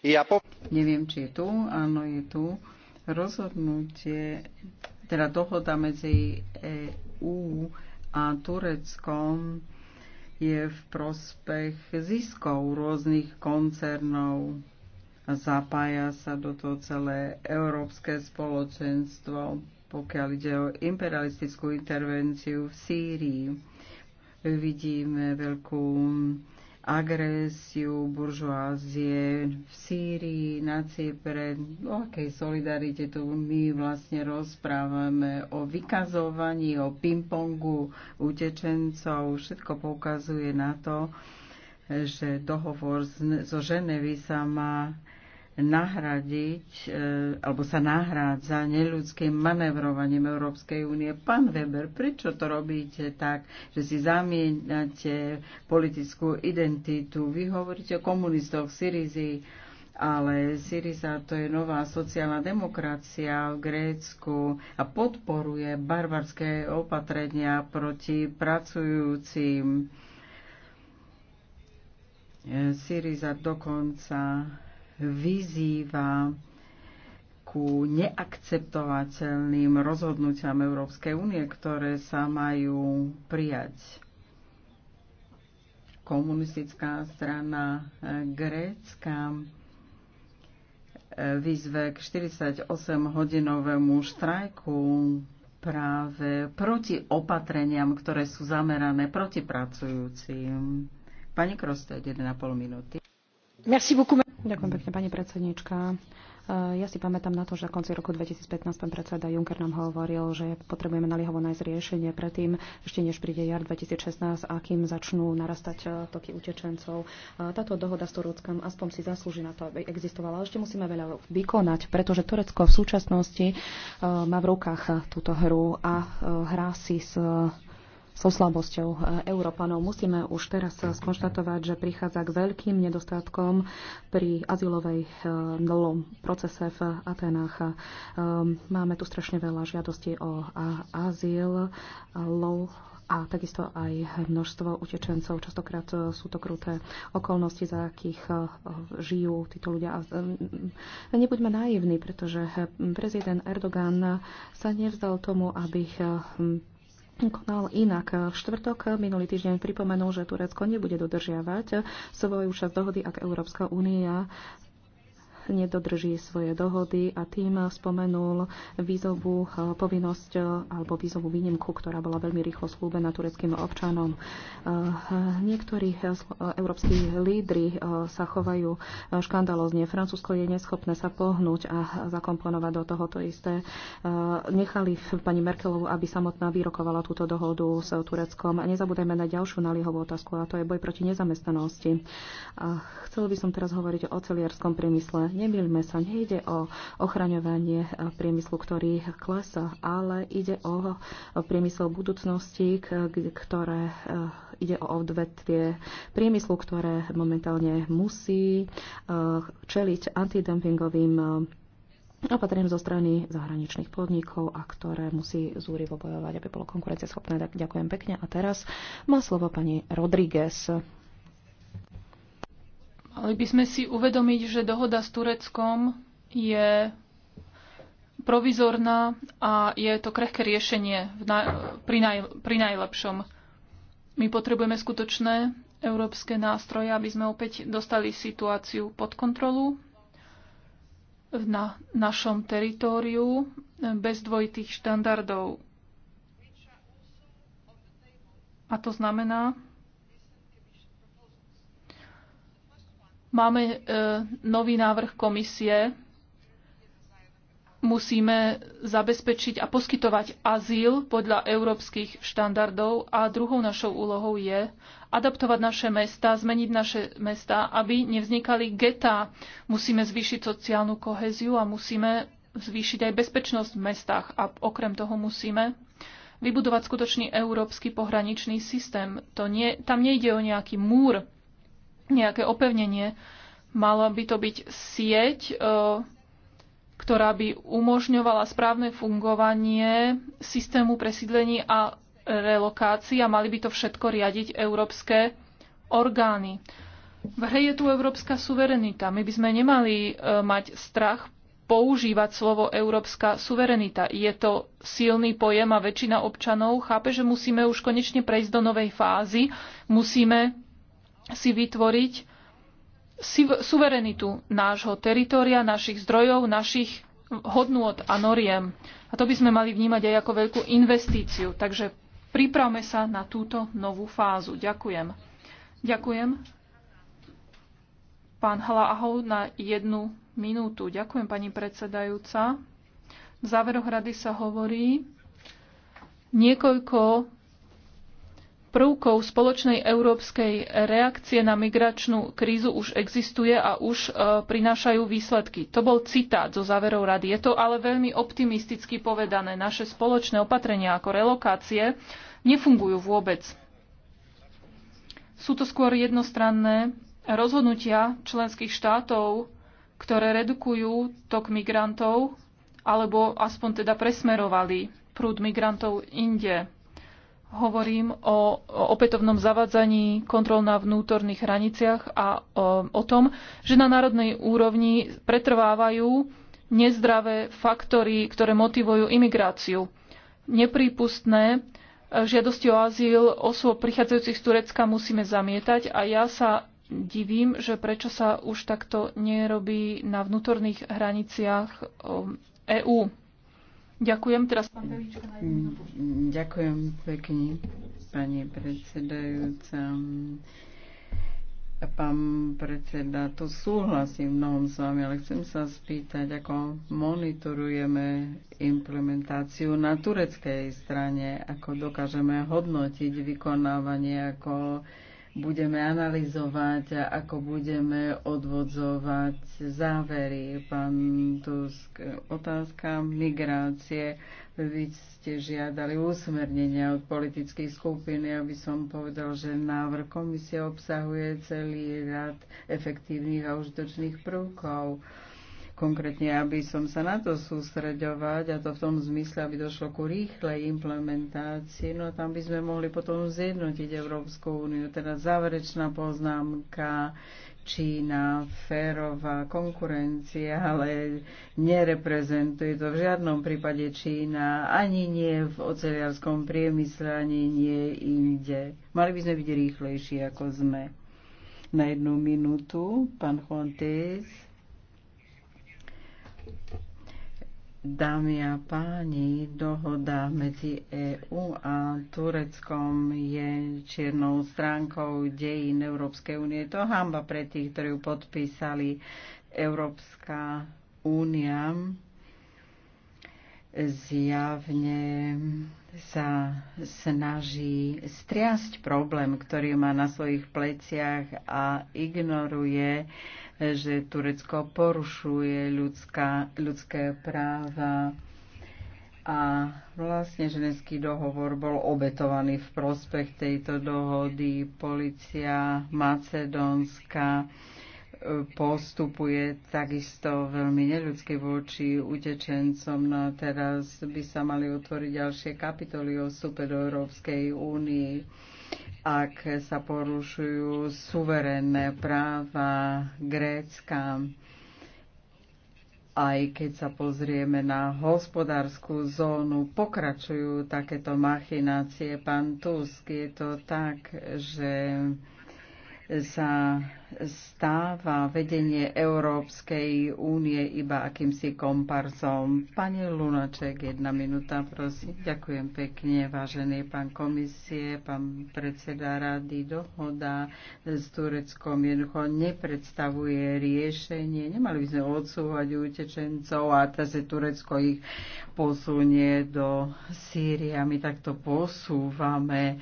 Ja po... Neviem, či je tu. Áno, je tu. Rozhodnutie, teda dohoda medzi EU a Tureckom je v prospech ziskov rôznych koncernov. Zapája sa do toho celé európske spoločenstvo, pokiaľ ide o imperialistickú intervenciu v Sýrii. Vidíme veľkú agresiu buržoázie v Sýrii, na Cypre. O akej solidarite tu my vlastne rozprávame, o vykazovaní, o pingpongu utečencov. Všetko poukazuje na to, že dohovor so Ženevy sa má nahradiť, e, alebo sa nahrádza neľudským manevrovaním Európskej únie. Pán Weber, prečo to robíte tak, že si zamieňate politickú identitu? Vy hovoríte o komunistoch v Syrizi, ale Syriza to je nová sociálna demokracia v Grécku a podporuje barbarské opatrenia proti pracujúcim. E, Syriza dokonca vyzýva ku neakceptovateľným rozhodnutiam Európskej únie, ktoré sa majú prijať. Komunistická strana Grécka vyzve k 48-hodinovému štrajku práve proti opatreniam, ktoré sú zamerané proti pracujúcim. Pani Krosted, 1,5 minúty. Merci beaucoup. Ďakujem pekne, pani predsednička. Eh, ja si pamätám na to, že na konci roku 2015 pán predseda Juncker nám hovoril, že potrebujeme naliehavo nájsť riešenie predtým, ešte než príde jar 2016 a kým začnú narastať eh, toky utečencov. Eh, táto dohoda s Tureckom aspoň si zaslúži na to, aby existovala. Ešte musíme veľa vykonať, pretože Turecko v súčasnosti má v rukách túto hru a hrá si s so slabosťou e, Európanov. Musíme už teraz skonštatovať, že prichádza k veľkým nedostatkom pri azylovej e, procese v Atenách. E, máme tu strašne veľa žiadostí o azyl, lov a takisto aj množstvo utečencov. Častokrát sú to kruté okolnosti, za akých žijú títo ľudia. Nebuďme naivní, pretože prezident Erdogan sa nevzdal tomu, aby konal inak. V štvrtok minulý týždeň pripomenul, že Turecko nebude dodržiavať svoju časť dohody, ak Európska únia nedodrží svoje dohody a tým spomenul vízovú eh, povinnosť eh, alebo vízovú výnimku, ktorá bola veľmi rýchlo slúbená tureckým občanom. Eh, niektorí európsky lídry sa chovajú škandalozne. Francúzsko je neschopné sa pohnúť a zakomponovať do tohoto isté. Nechali pani Merkelovu, aby samotná vyrokovala túto dohodu s Tureckom. Nezabúdajme na ďalšiu naliehovú otázku a to je boj proti nezamestnanosti. Chcel by som teraz hovoriť o celiarskom priemysle nemýlme sa, nejde o ochraňovanie e, priemyslu, ktorý klesa, ale ide o priemysel budúcnosti, ktoré e, ide o odvetvie priemyslu, ktoré momentálne musí e, čeliť antidumpingovým opatrím zo strany zahraničných podnikov a ktoré musí zúrivo bojovať, aby bolo konkurencieschopné. Tak ďakujem pekne. A teraz má slovo pani Rodriguez. Mali by sme si uvedomiť, že dohoda s Tureckom je provizorná a je to krehké riešenie v na, pri, naj, pri najlepšom. My potrebujeme skutočné európske nástroje, aby sme opäť dostali situáciu pod kontrolu na našom teritóriu bez dvojitých štandardov. A to znamená, Máme e, nový návrh komisie. Musíme zabezpečiť a poskytovať azyl podľa európskych štandardov a druhou našou úlohou je adaptovať naše mesta, zmeniť naše mesta, aby nevznikali getá. Musíme zvýšiť sociálnu koheziu a musíme zvýšiť aj bezpečnosť v mestách a okrem toho musíme vybudovať skutočný európsky pohraničný systém. To nie, tam nejde o nejaký múr, nejaké opevnenie. Mala by to byť sieť, e, ktorá by umožňovala správne fungovanie systému presídlení a relokácií a mali by to všetko riadiť európske orgány. V hre je tu európska suverenita. My by sme nemali e, mať strach používať slovo európska suverenita. Je to silný pojem a väčšina občanov chápe, že musíme už konečne prejsť do novej fázy. Musíme si vytvoriť suverenitu nášho teritória, našich zdrojov, našich hodnôt a noriem. A to by sme mali vnímať aj ako veľkú investíciu. Takže pripravme sa na túto novú fázu. Ďakujem. Ďakujem. Pán Hlaahov na jednu minútu. Ďakujem, pani predsedajúca. V záveroch rady sa hovorí niekoľko prvkov spoločnej európskej reakcie na migračnú krízu už existuje a už e, prinášajú výsledky. To bol citát zo záverov rady. Je to ale veľmi optimisticky povedané. Naše spoločné opatrenia ako relokácie nefungujú vôbec. Sú to skôr jednostranné rozhodnutia členských štátov, ktoré redukujú tok migrantov alebo aspoň teda presmerovali prúd migrantov inde hovorím o opätovnom zavadzaní kontrol na vnútorných hraniciach a o, o tom, že na národnej úrovni pretrvávajú nezdravé faktory, ktoré motivujú imigráciu. Neprípustné e, žiadosti o azyl osôb prichádzajúcich z Turecka musíme zamietať a ja sa divím, že prečo sa už takto nerobí na vnútorných hraniciach EÚ. E Ďakujem teraz. Ďakujem pekne, pani predsedajúca. Pán predseda, to súhlasím mnohom s vami, ale chcem sa spýtať, ako monitorujeme implementáciu na tureckej strane, ako dokážeme hodnotiť vykonávanie, ako budeme analyzovať a ako budeme odvodzovať závery. Pán Tusk, otázka migrácie. Vy ste žiadali usmernenia od politických skupiny, Ja by som povedal, že návrh komisie obsahuje celý rad efektívnych a užitočných prvkov. Konkrétne, aby som sa na to sústreďovať a to v tom zmysle, aby došlo ku rýchlej implementácii. No a tam by sme mohli potom zjednotiť Európsku úniu. Teda záverečná poznámka Čína, férová konkurencia, ale nereprezentuje to v žiadnom prípade Čína, ani nie v oceliarskom priemysle, ani nie inde. Mali by sme byť rýchlejší, ako sme. Na jednu minútu, pán Chontes. Dámy a páni, dohoda medzi EÚ a Tureckom je čiernou stránkou dejín Európskej únie. To hamba pre tých, ktorí ju podpísali. Európska únia zjavne sa snaží striasť problém, ktorý má na svojich pleciach a ignoruje že Turecko porušuje ľudská, ľudské práva a vlastne ženský dohovor bol obetovaný v prospech tejto dohody. Polícia Macedónska e, postupuje takisto veľmi neľudsky voči utečencom. No teraz by sa mali otvoriť ďalšie kapitoly o súpe do Európskej únii ak sa porušujú suverénne práva Grécka. Aj keď sa pozrieme na hospodárskú zónu, pokračujú takéto machinácie. Pán Tusk, je to tak, že sa stáva vedenie Európskej únie iba akýmsi komparzom. Pani Lunaček, jedna minúta, prosím. Ďakujem pekne, vážený pán komisie, pán predseda rady. Dohoda s Tureckom jednoducho nepredstavuje riešenie. Nemali by sme odsúvať utečencov a teraz Turecko ich posunie do Sýrie a my takto posúvame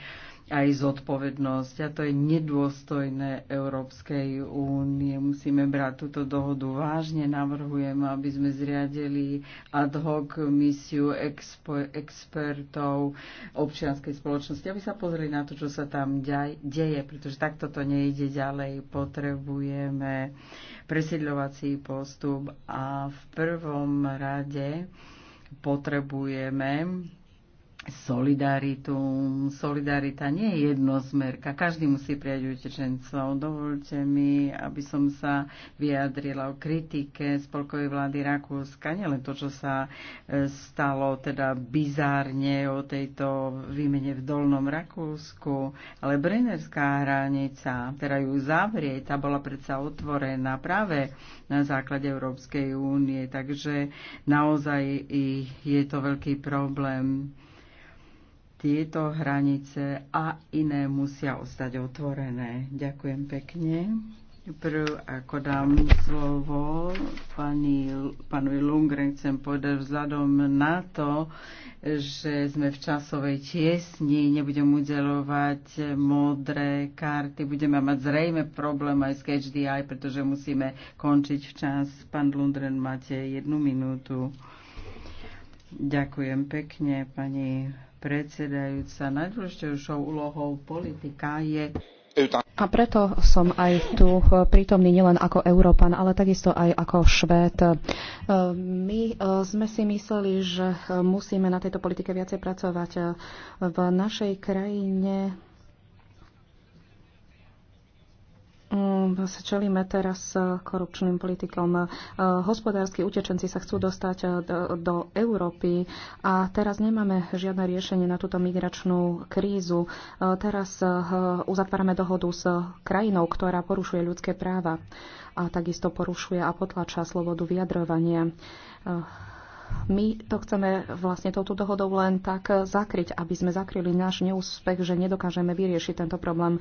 aj zodpovednosť. A to je nedôstojné Európskej únie. Musíme brať túto dohodu vážne. Navrhujem, aby sme zriadili ad hoc misiu expo- expertov občianskej spoločnosti, aby sa pozreli na to, čo sa tam deje, pretože takto to nejde ďalej. Potrebujeme presiedľovací postup a v prvom rade potrebujeme solidaritu. Solidarita nie je jednozmerka. Každý musí prijať utečencov. Dovolte mi, aby som sa vyjadrila o kritike spolkovej vlády Rakúska. Nielen to, čo sa e, stalo teda bizárne o tejto výmene v Dolnom Rakúsku, ale Brennerská hranica, ktorá teda ju zavrie, tá bola predsa otvorená práve na základe Európskej únie. Takže naozaj je to veľký problém tieto hranice a iné musia ostať otvorené. Ďakujem pekne. Prv, ako dám slovo pani, pánovi Lungren, chcem povedať vzhľadom na to, že sme v časovej tiesni, nebudem udelovať modré karty, budeme mať zrejme problém aj s HDI, pretože musíme končiť včas. Pán Lundgren, máte jednu minútu. Ďakujem pekne, pani predsedajúca. Najdôležitejšou úlohou politika je a preto som aj tu prítomný nielen ako Európan, ale takisto aj ako Švéd. Ehm, my ehm, sme si mysleli, že musíme na tejto politike viacej pracovať. Ehm, v našej krajine Ehm, sa čelíme teraz eh, korupčným politikom. Eh, hospodárski utečenci sa chcú dostať eh, do, do Európy a teraz nemáme žiadne riešenie na túto migračnú krízu. Teraz uzatvárame dohodu s krajinou, ktorá porušuje ľudské práva a takisto porušuje a potlača slobodu vyjadrovania my to chceme vlastne touto dohodou len tak zakryť, aby sme zakryli náš neúspech, že nedokážeme vyriešiť tento problém. E,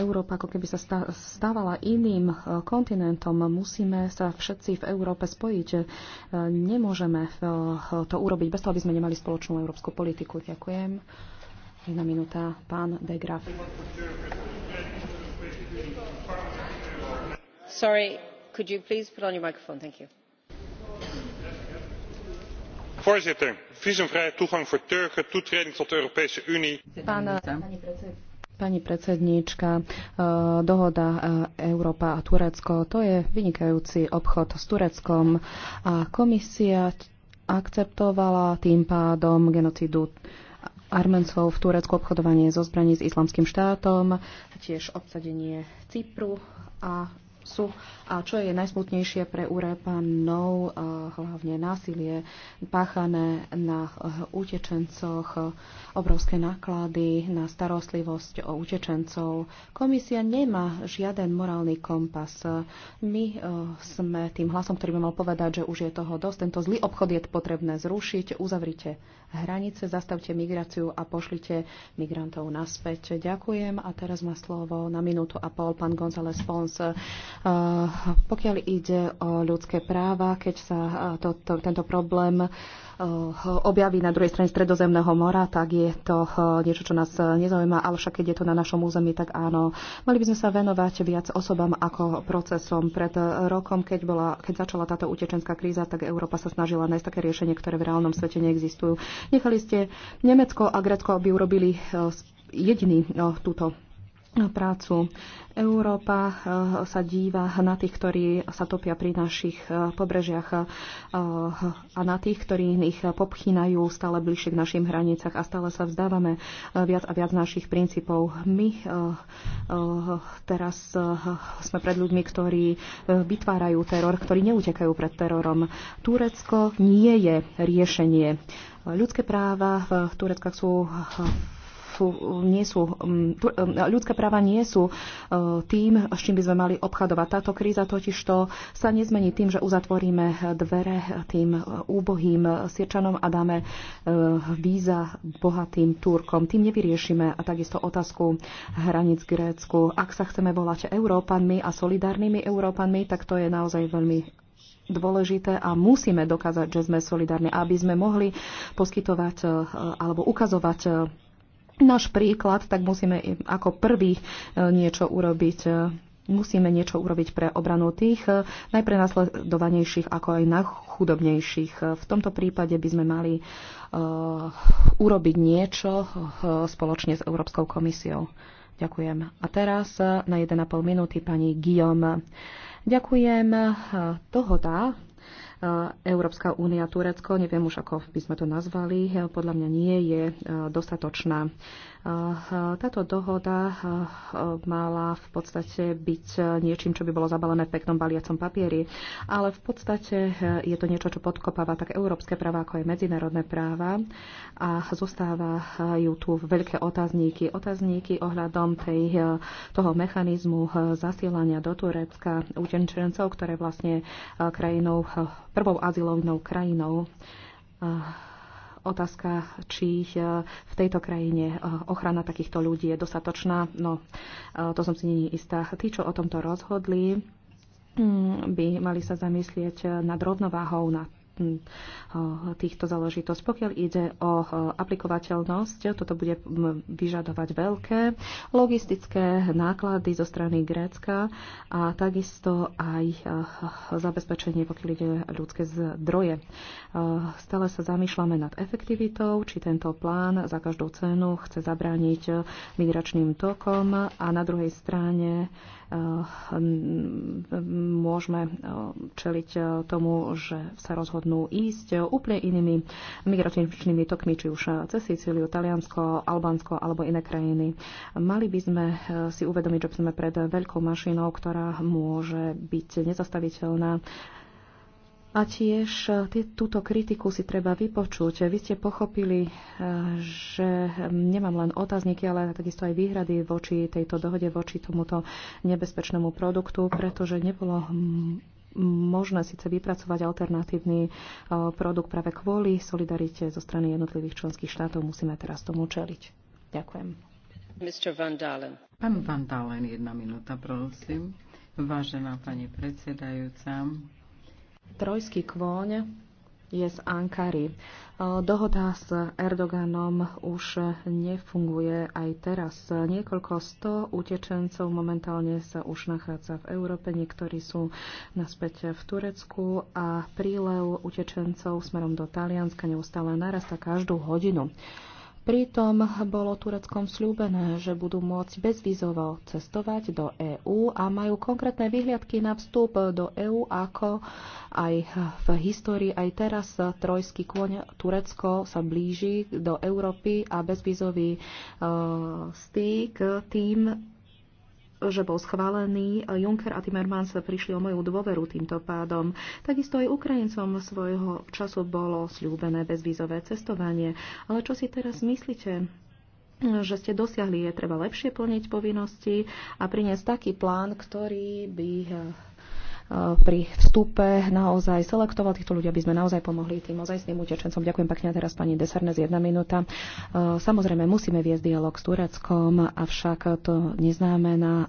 Európa ako keby sa stávala iným e, kontinentom. Musíme sa všetci v Európe spojiť. E, nemôžeme to urobiť bez toho, aby sme nemali spoločnú európsku politiku. Ďakujem. Jedna minúta, pán De Graf. Sorry, could you please put on your microphone? Thank you. Voorzitter, visumvrije toegang voor Turken, toetreding tot de Europese Unie. Eh, pani predsedníčka, eh, dohoda eh, Európa a Turecko, to je vynikajúci obchod s Tureckom a komisia akceptovala tým pádom genocídu Arméncov v Turecku, obchodovanie so zbraní s islamským štátom, tiež obsadenie Cypru a sú a čo je najsmutnejšie pre urepanov, eh, hlavne násilie páchané na eh, utečencoch, obrovské náklady na starostlivosť o utečencov. Komisia nemá žiaden morálny kompas. My eh, sme tým hlasom, ktorý by mal povedať, že už je toho dosť. Tento zlý obchod je potrebné zrušiť, uzavrite hranice, zastavte migráciu a pošlite migrantov naspäť. Ďakujem a teraz má slovo na minútu a pol pán González Pons. Eh, pokiaľ ide o ľudské práva, keď sa eh, to, to, tento problém Eh, objaví na druhej strane Stredozemného mora, tak je to eh, niečo, čo nás eh, nezaujíma, ale však keď je to na našom území, tak áno. Mali by sme sa venovať viac osobám ako procesom. Pred rokom, keď, bola, keď začala táto utečenská kríza, tak Európa sa snažila nájsť také riešenie, ktoré v reálnom svete neexistujú. Nechali ste Nemecko a Grécko, aby urobili jediný no, túto prácu. Európa eh, sa díva na tých, ktorí sa topia pri našich eh, pobrežiach eh, a na tých, ktorí ich popchínajú stále bližšie k našim hranicách a stále sa vzdávame viac a viac našich princípov. My teraz sme pred ľuďmi, ktorí vytvárajú teror, ktorí neutekajú pred terorom. Turecko nie je riešenie. Ľudské práva v Tureckách sú v sú, nie sú, mm, mm, ľudské práva nie sú e, tým, s čím by sme mali obchadovať. Táto kríza totiž to sa nezmení tým, že uzatvoríme dvere tým e, úbohým e, Sirčanom a dáme víza bohatým Turkom. Tým nevyriešime a takisto otázku hranic Grécku. Ak sa chceme volať Európanmi a solidárnymi Európanmi, tak to je naozaj veľmi dôležité a musíme dokázať, že sme solidárni, aby sme mohli poskytovať alebo ukazovať náš príklad, tak musíme ako prvý e, niečo urobiť e, musíme niečo urobiť pre obranu tých e, najprenasledovanejších ako aj najchudobnejších. V tomto prípade by sme mali uh, urobiť niečo uh, spoločne s Európskou komisiou. Ďakujem. A teraz na 1,5 minúty pani Guillaume. Ďakujem. Dohoda E, Európska únia Turecko, neviem už ako by sme to nazvali, e, podľa mňa nie je e, dostatočná. Eh, táto dohoda eh, mala v podstate byť eh, niečím, čo by bolo zabalené v peknom baliacom papieri, ale v podstate je to niečo, čo podkopáva tak európske práva, ako aj medzinárodné práva a zostávajú tu veľké otázníky. Otázníky ohľadom tej, toho mechanizmu zasielania do Turecka utečencov, ktoré vlastne krajinou, prvou azylovnou krajinou otázka, či eh, v tejto krajine eh, ochrana takýchto ľudí je dostatočná. No, eh, to som si není istá. Tí, čo o tomto rozhodli, mm, by mali sa zamyslieť nad rovnováhou, nad Eh, týchto záležitosť. Pokiaľ ide o eh, aplikovateľnosť, toto bude mm, vyžadovať veľké logistické náklady zo strany Grécka a takisto aj eh, zabezpečenie, pokiaľ ide ľudské zdroje. Stále sa zamýšľame nad efektivitou, či tento plán za každú cenu chce zabrániť migračným tokom a na druhej strane Eh, hm, môžeme eh, čeliť eh, tomu, že sa rozhodnú ísť úplne inými migračnými tokmi, či už cez Sicíliu, Taliansko, Albánsko alebo iné krajiny. Mali by sme si uvedomiť, že sme pred veľkou mašinou, ktorá môže byť nezastaviteľná a tiež e, túto kritiku si treba vypočuť. Vy ste pochopili, e, že nemám len otázniky, ale takisto aj výhrady voči tejto dohode, voči tomuto nebezpečnému produktu, pretože nebolo možné síce vypracovať alternatívny e, produkt práve kvôli solidarite zo strany jednotlivých členských štátov. Musíme teraz tomu čeliť. Ďakujem. Mr. Van Dalen. Pán Van Dalen, jedna minúta, prosím. Vážená pani predsedajúca, Trojský kvôň je z Ankary. E, dohoda s Erdoganom už nefunguje aj teraz. Niekoľko sto utečencov momentálne sa už nachádza v Európe, niektorí sú naspäť v Turecku a prílev utečencov smerom do Talianska neustále narasta každú hodinu. Pritom bolo Tureckom slúbené, že budú môcť bezvizovo cestovať do EÚ a majú konkrétne vyhliadky na vstup do EÚ, ako aj v histórii, aj teraz trojský kôň Turecko sa blíži do Európy a uh, styk tým že bol schválený. Juncker a Timmermans prišli o moju dôveru týmto pádom. Takisto aj Ukrajincom svojho času bolo slúbené bezvízové cestovanie. Ale čo si teraz myslíte? že ste dosiahli, je treba lepšie plniť povinnosti a priniesť taký plán, ktorý by Eh, pri vstupe naozaj selektoval týchto ľudí, aby sme naozaj pomohli tým ozajstným utečencom. Ďakujem pekne teraz pani Desernes, jedna minúta. Eh, samozrejme, musíme viesť dialog s Tureckom, avšak to neznamená, eh,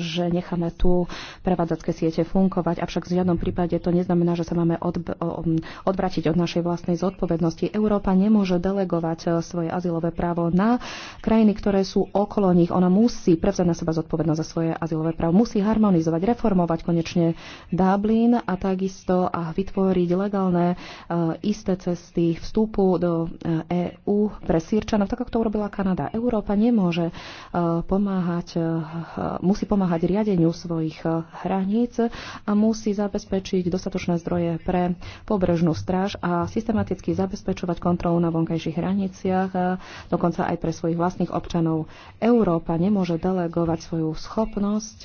že necháme tu prevádzacké siete fungovať, avšak v žiadnom prípade to neznamená, že sa máme odb- odvratiť od našej vlastnej zodpovednosti. Európa nemôže delegovať svoje azylové právo na krajiny, ktoré sú okolo nich. Ona musí prevzať na seba zodpovednosť za svoje azylové právo, musí harmonizovať, reformovať konečne Dublin a takisto a vytvoriť legálne e, isté cesty vstupu do EÚ e pre Sýrčanov, tak ako to urobila Kanada. Európa nemôže e, pomáhať, musí pomáhať riadeniu svojich hraníc a musí zabezpečiť dostatočné zdroje pre pobrežnú stráž a systematicky zabezpečovať kontrolu na vonkajších hraniciach, dokonca aj pre svojich vlastných občanov. Európa nemôže delegovať svoju schopnosť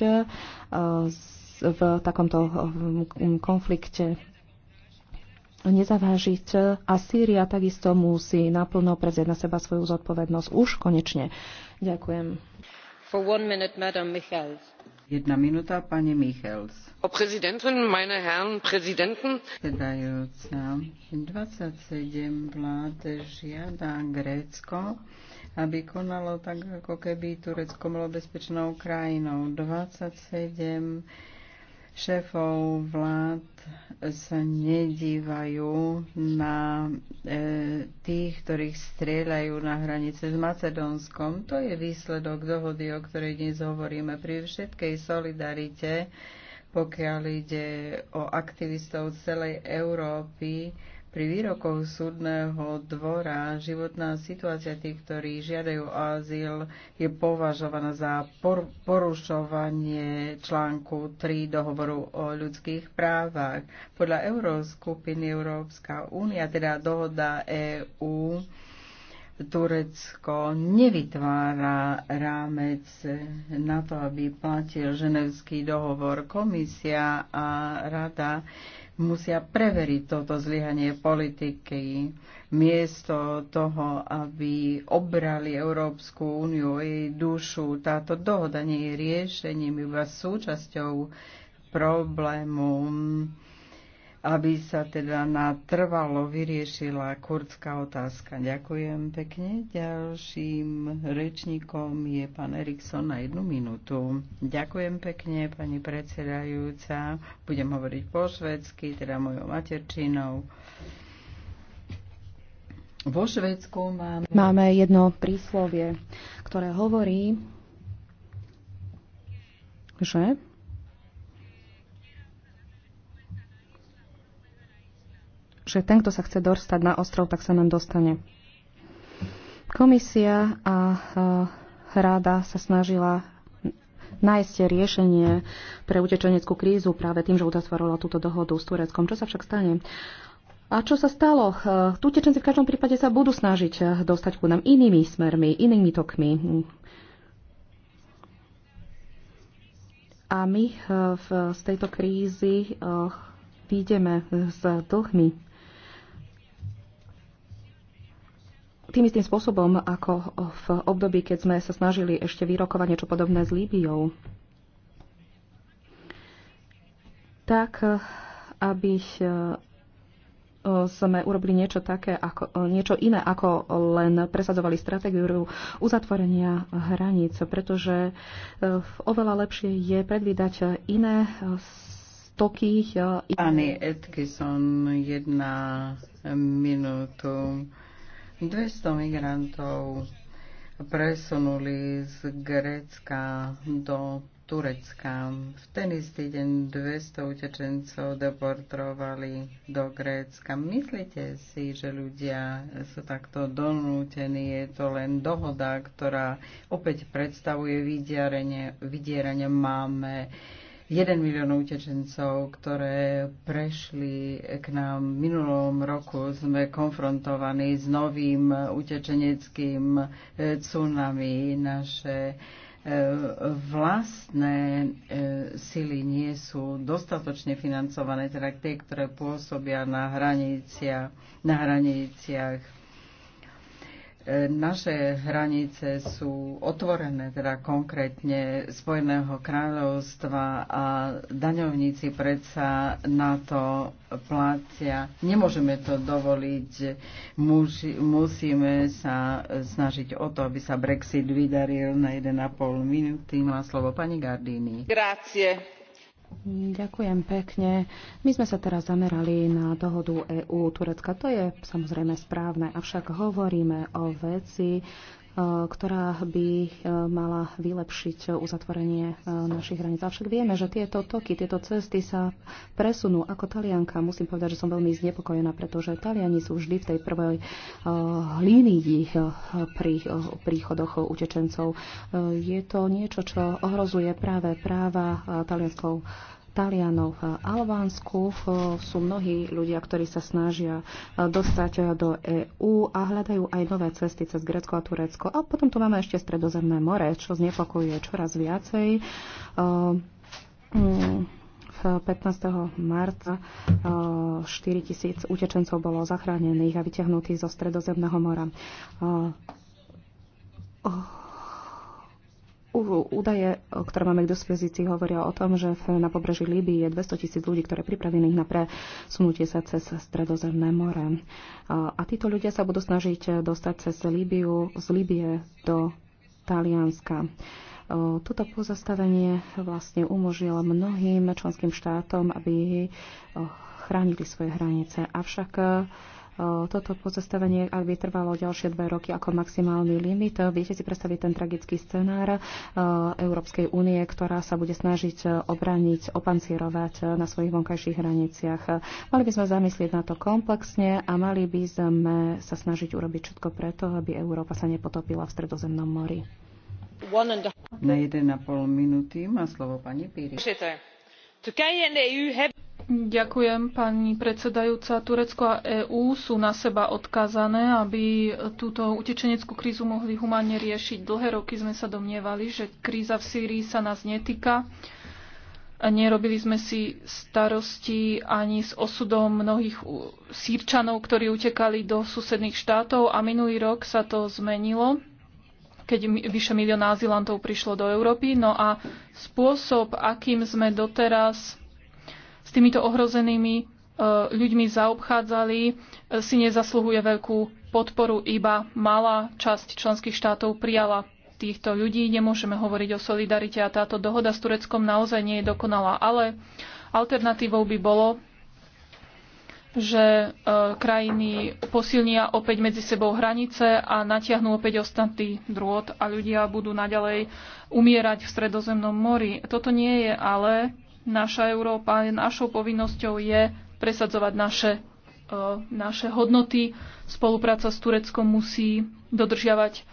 v takomto um, konflikte nezavážiť a Sýria takisto musí naplno prezrieť na seba svoju zodpovednosť už konečne. Ďakujem. For one minute, Madam Michels. Jedna minúta, pani Michels. Frau Präsidentin, meine Herren Präsidenten. Sedajúca, 27 vlád žiada Grécko, aby konalo tak, ako keby Turecko bolo bezpečnou krajinou. 27 šéfov vlád sa nedívajú na e, tých, ktorých strieľajú na hranice s Macedónskom. To je výsledok dohody, o ktorej dnes hovoríme. Pri všetkej solidarite, pokiaľ ide o aktivistov celej Európy, pri výrokoch súdneho dvora životná situácia tých, ktorí žiadajú azyl, je považovaná za porušovanie článku 3 dohovoru o ľudských právach. Podľa Euróskupiny Európska únia, teda dohoda EÚ, Turecko nevytvára rámec na to, aby platil ženevský dohovor. Komisia a rada musia preveriť toto zlyhanie politiky, miesto toho, aby obrali Európsku úniu, jej dušu. Táto dohoda nie je riešením, iba súčasťou problému aby sa teda natrvalo vyriešila kurdská otázka. Ďakujem pekne. Ďalším rečníkom je pán Erikson na jednu minútu. Ďakujem pekne, pani predsedajúca. Budem hovoriť po švedsky, teda mojou materčinou. Vo Švedsku máme... Máme jedno príslovie, ktoré hovorí, že že ten, kto sa chce dostať na ostrov, tak sa nám dostane. Komisia a rada sa snažila nájsť riešenie pre utečeneckú krízu práve tým, že uzatvorila túto dohodu s Tureckom. Čo sa však stane? A čo sa stalo? E, utečenci v každom prípade sa budú snažiť e, dostať ku nám inými smermi, inými tokmi. A my e, v, z tejto krízy vyjdeme s dlhmi tým istým spôsobom, ako v období, keď sme sa snažili ešte vyrokovať niečo podobné s Líbiou, tak aby sme urobili niečo, také, ako, niečo iné, ako len presadzovali stratégiu uzatvorenia hraníc, pretože e, oveľa lepšie je predvídať iné stoky. Pani e, Edkison, jedna minútu. 200 migrantov presunuli z Grécka do Turecka. V ten istý deň 200 utečencov deportovali do Grécka. Myslíte si, že ľudia sú takto donútení? Je to len dohoda, ktorá opäť predstavuje vydieranie. máme 1 milión utečencov, ktoré prešli k nám. V minulom roku sme konfrontovaní s novým utečeneckým e, tsunami. Naše e, vlastné e, sily nie sú dostatočne financované, teda tie, ktoré pôsobia na hraniciach. Na hraniciach naše hranice sú otvorené, teda konkrétne Spojeného kráľovstva a daňovníci predsa na to plácia. Nemôžeme to dovoliť, musíme sa snažiť o to, aby sa Brexit vydaril na 1,5 minúty. Má slovo pani Gardini. Grácie. Ďakujem pekne. My sme sa teraz zamerali na dohodu EU-Turecka. To je samozrejme správne, avšak hovoríme o veci, E, ktorá by e, mala vylepšiť e, uzatvorenie našich hraníc. Avšak vieme, že tieto toky, tieto cesty sa presunú. Ako Talianka musím povedať, že som veľmi znepokojená, pretože Taliani sú vždy v tej prvej línii pri príchodoch utečencov. Je to niečo, čo ohrozuje práve práva talianskou Talianov v Albánsku sú mnohí ľudia, ktorí sa snažia eh, dostať eh, do EÚ a hľadajú aj nové cesty cez Grécko a Turecko. A potom tu máme ešte Stredozemné more, čo znepokojuje čoraz viacej. 15. Eh, mm, marca 4 tisíc utečencov bolo zachránených a vyťahnutých zo Stredozemného mora oh, Údaje, e, ktoré máme k dispozícii, hovoria o tom, že na pobreží Líbii je 200 tisíc ľudí, ktoré pripravených na presunutie sa cez Stredozemné more. E, a títo ľudia sa budú snažiť e, dostať cez Líbiu, z Líbie do Talianska. Toto pozastavenie vlastne umožnilo mnohým členským štátom, aby chránili svoje hranice. Avšak toto pozastavenie, ak by trvalo ďalšie dve roky ako maximálny limit, viete si predstaviť ten tragický scenár Európskej únie, ktorá sa bude snažiť obraniť, opancierovať na svojich vonkajších hraniciach. Mali by sme zamyslieť na to komplexne a mali by sme sa snažiť urobiť všetko preto, aby Európa sa nepotopila v Stredozemnom mori. Na 1,5 minúty má slovo pani Píri. Ďakujem, pani predsedajúca. Turecko a EÚ sú na seba odkázané, aby túto utečeneckú krízu mohli humánne riešiť. Dlhé roky sme sa domnievali, že kríza v Sýrii sa nás netýka. Nerobili sme si starosti ani s osudom mnohých sírčanov, ktorí utekali do susedných štátov a minulý rok sa to zmenilo keď vyše milión azylantov prišlo do Európy. No a spôsob, akým sme doteraz s týmito ohrozenými e, ľuďmi zaobchádzali, e, si nezasluhuje veľkú podporu. Iba malá časť členských štátov prijala týchto ľudí. Nemôžeme hovoriť o solidarite a táto dohoda s Tureckom naozaj nie je dokonalá, ale alternatívou by bolo, že e, krajiny posilnia opäť medzi sebou hranice a natiahnú opäť ostatný drôt a ľudia budú naďalej umierať v Stredozemnom mori. Toto nie je ale naša Európa, našou povinnosťou je presadzovať naše, e, naše hodnoty. Spolupráca s Tureckom musí dodržiavať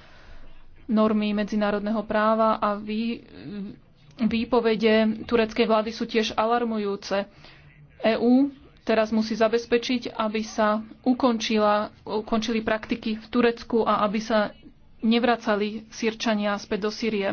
normy medzinárodného práva a vy, výpovede tureckej vlády sú tiež alarmujúce. EÚ teraz musí zabezpečiť, aby sa ukončila, ukončili praktiky v Turecku a aby sa nevracali sírčania späť do Sýrie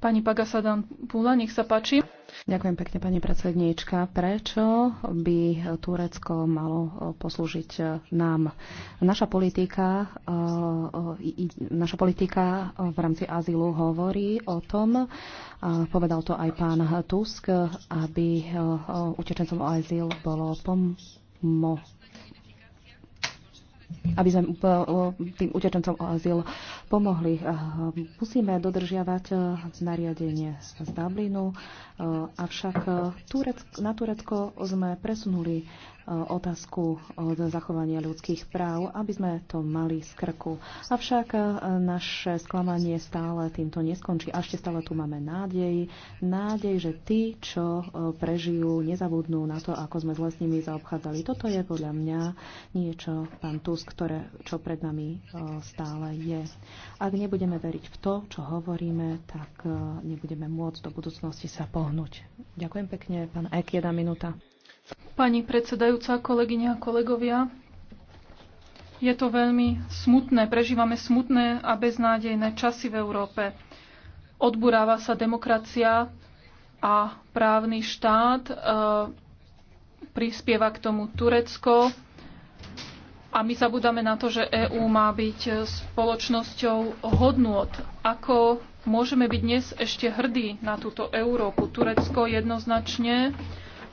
Pani Pagasadan Pula, nech sa páči. Ďakujem pekne, pani predsedníčka. Prečo by Turecko malo eh, poslúžiť eh, nám? Naša politika, eh, naša politika v rámci azylu hovorí o tom, povedal to aj pán Tusk, aby utečencom o azyl bolo pom- aby sme eh, tým utečencom o azyl pomohli. Eh, musíme dodržiavať eh, nariadenie z Dublinu, avšak na Turecko sme presunuli otázku od zachovania ľudských práv, aby sme to mali z krku. Avšak e, naše sklamanie stále týmto neskončí. A ešte stále tu máme nádej. Nádej, že tí, čo e, prežijú, nezabudnú na to, ako sme zle s nimi zaobchádzali. Toto je podľa mňa niečo, pán Tusk, ktoré, čo pred nami e, stále je. Ak nebudeme veriť v to, čo hovoríme, tak nebudeme môcť do budúcnosti sa pohnúť. Ďakujem pekne, pán Ek, jedna minúta. Pani predsedajúca, kolegyňa a kolegovia, je to veľmi smutné. Prežívame smutné a beznádejné časy v Európe. Odburáva sa demokracia a právny štát. E, prispieva k tomu Turecko. A my zabudáme na to, že EÚ má byť spoločnosťou hodnot. Ako môžeme byť dnes ešte hrdí na túto Európu? Turecko jednoznačne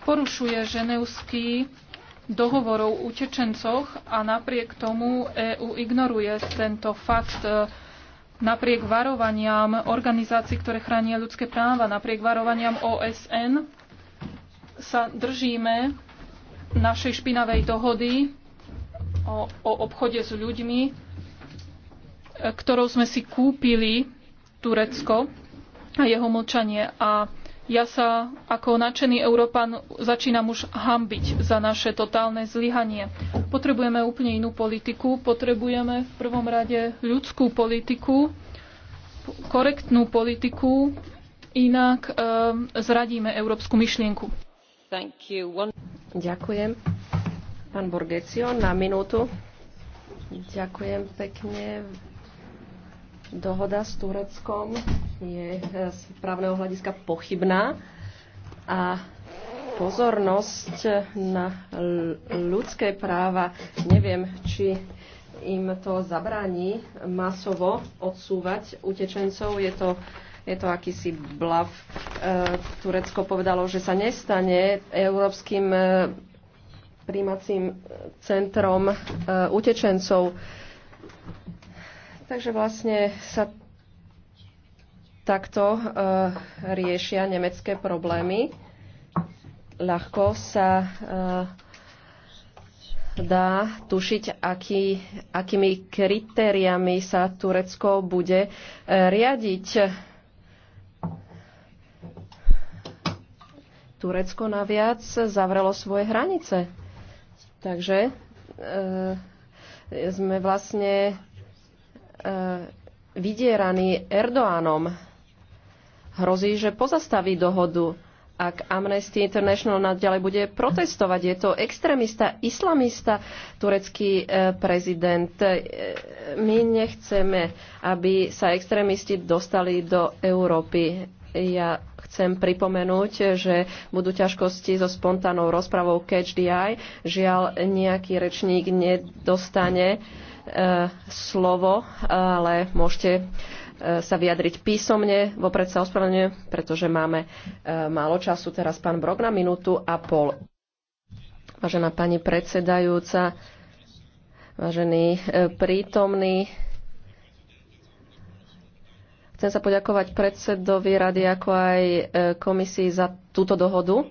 porušuje ženevský dohovor o utečencoch a napriek tomu EÚ ignoruje tento fakt e, napriek varovaniam organizácií, ktoré chránia ľudské práva, napriek varovaniam OSN sa držíme našej špinavej dohody o, o obchode s ľuďmi, e, ktorou sme si kúpili Turecko a jeho mlčanie. A ja sa ako nadšený Európan začínam už hambiť za naše totálne zlyhanie. Potrebujeme úplne inú politiku, potrebujeme v prvom rade ľudskú politiku, korektnú politiku, inak e, zradíme európsku myšlienku. One... Ďakujem. Pán Borgecio, na minútu. Ďakujem pekne. Dohoda s Tureckom je e, z právneho hľadiska pochybná a pozornosť na ľudské práva, neviem, či im to zabrání masovo odsúvať utečencov. Je to, je to akýsi blav. E, Turecko povedalo, že sa nestane európskym e, príjmacím centrom utečencov. Takže vlastne sa takto e, riešia nemecké problémy. Ľahko sa e, dá tušiť, aký, akými kritériami sa Turecko bude e, riadiť. Turecko naviac zavrelo svoje hranice. Takže sme vlastne E, vydieraný Erdoánom. Hrozí, že pozastaví dohodu, ak Amnesty International nadďalej bude protestovať. Je to extrémista, islamista, turecký e, prezident. E, my nechceme, aby sa extrémisti dostali do Európy. Ja chcem pripomenúť, že budú ťažkosti so spontánnou rozpravou Catch the Eye. Žiaľ, nejaký rečník nedostane uh, E, slovo, ale môžete e, sa vyjadriť písomne. Vopred sa ospravedlňujem, pretože máme e, málo času. Teraz pán Brok na minútu a pol. Vážená pani predsedajúca, vážený prítomný, chcem sa poďakovať predsedovi rady ako aj komisii za túto dohodu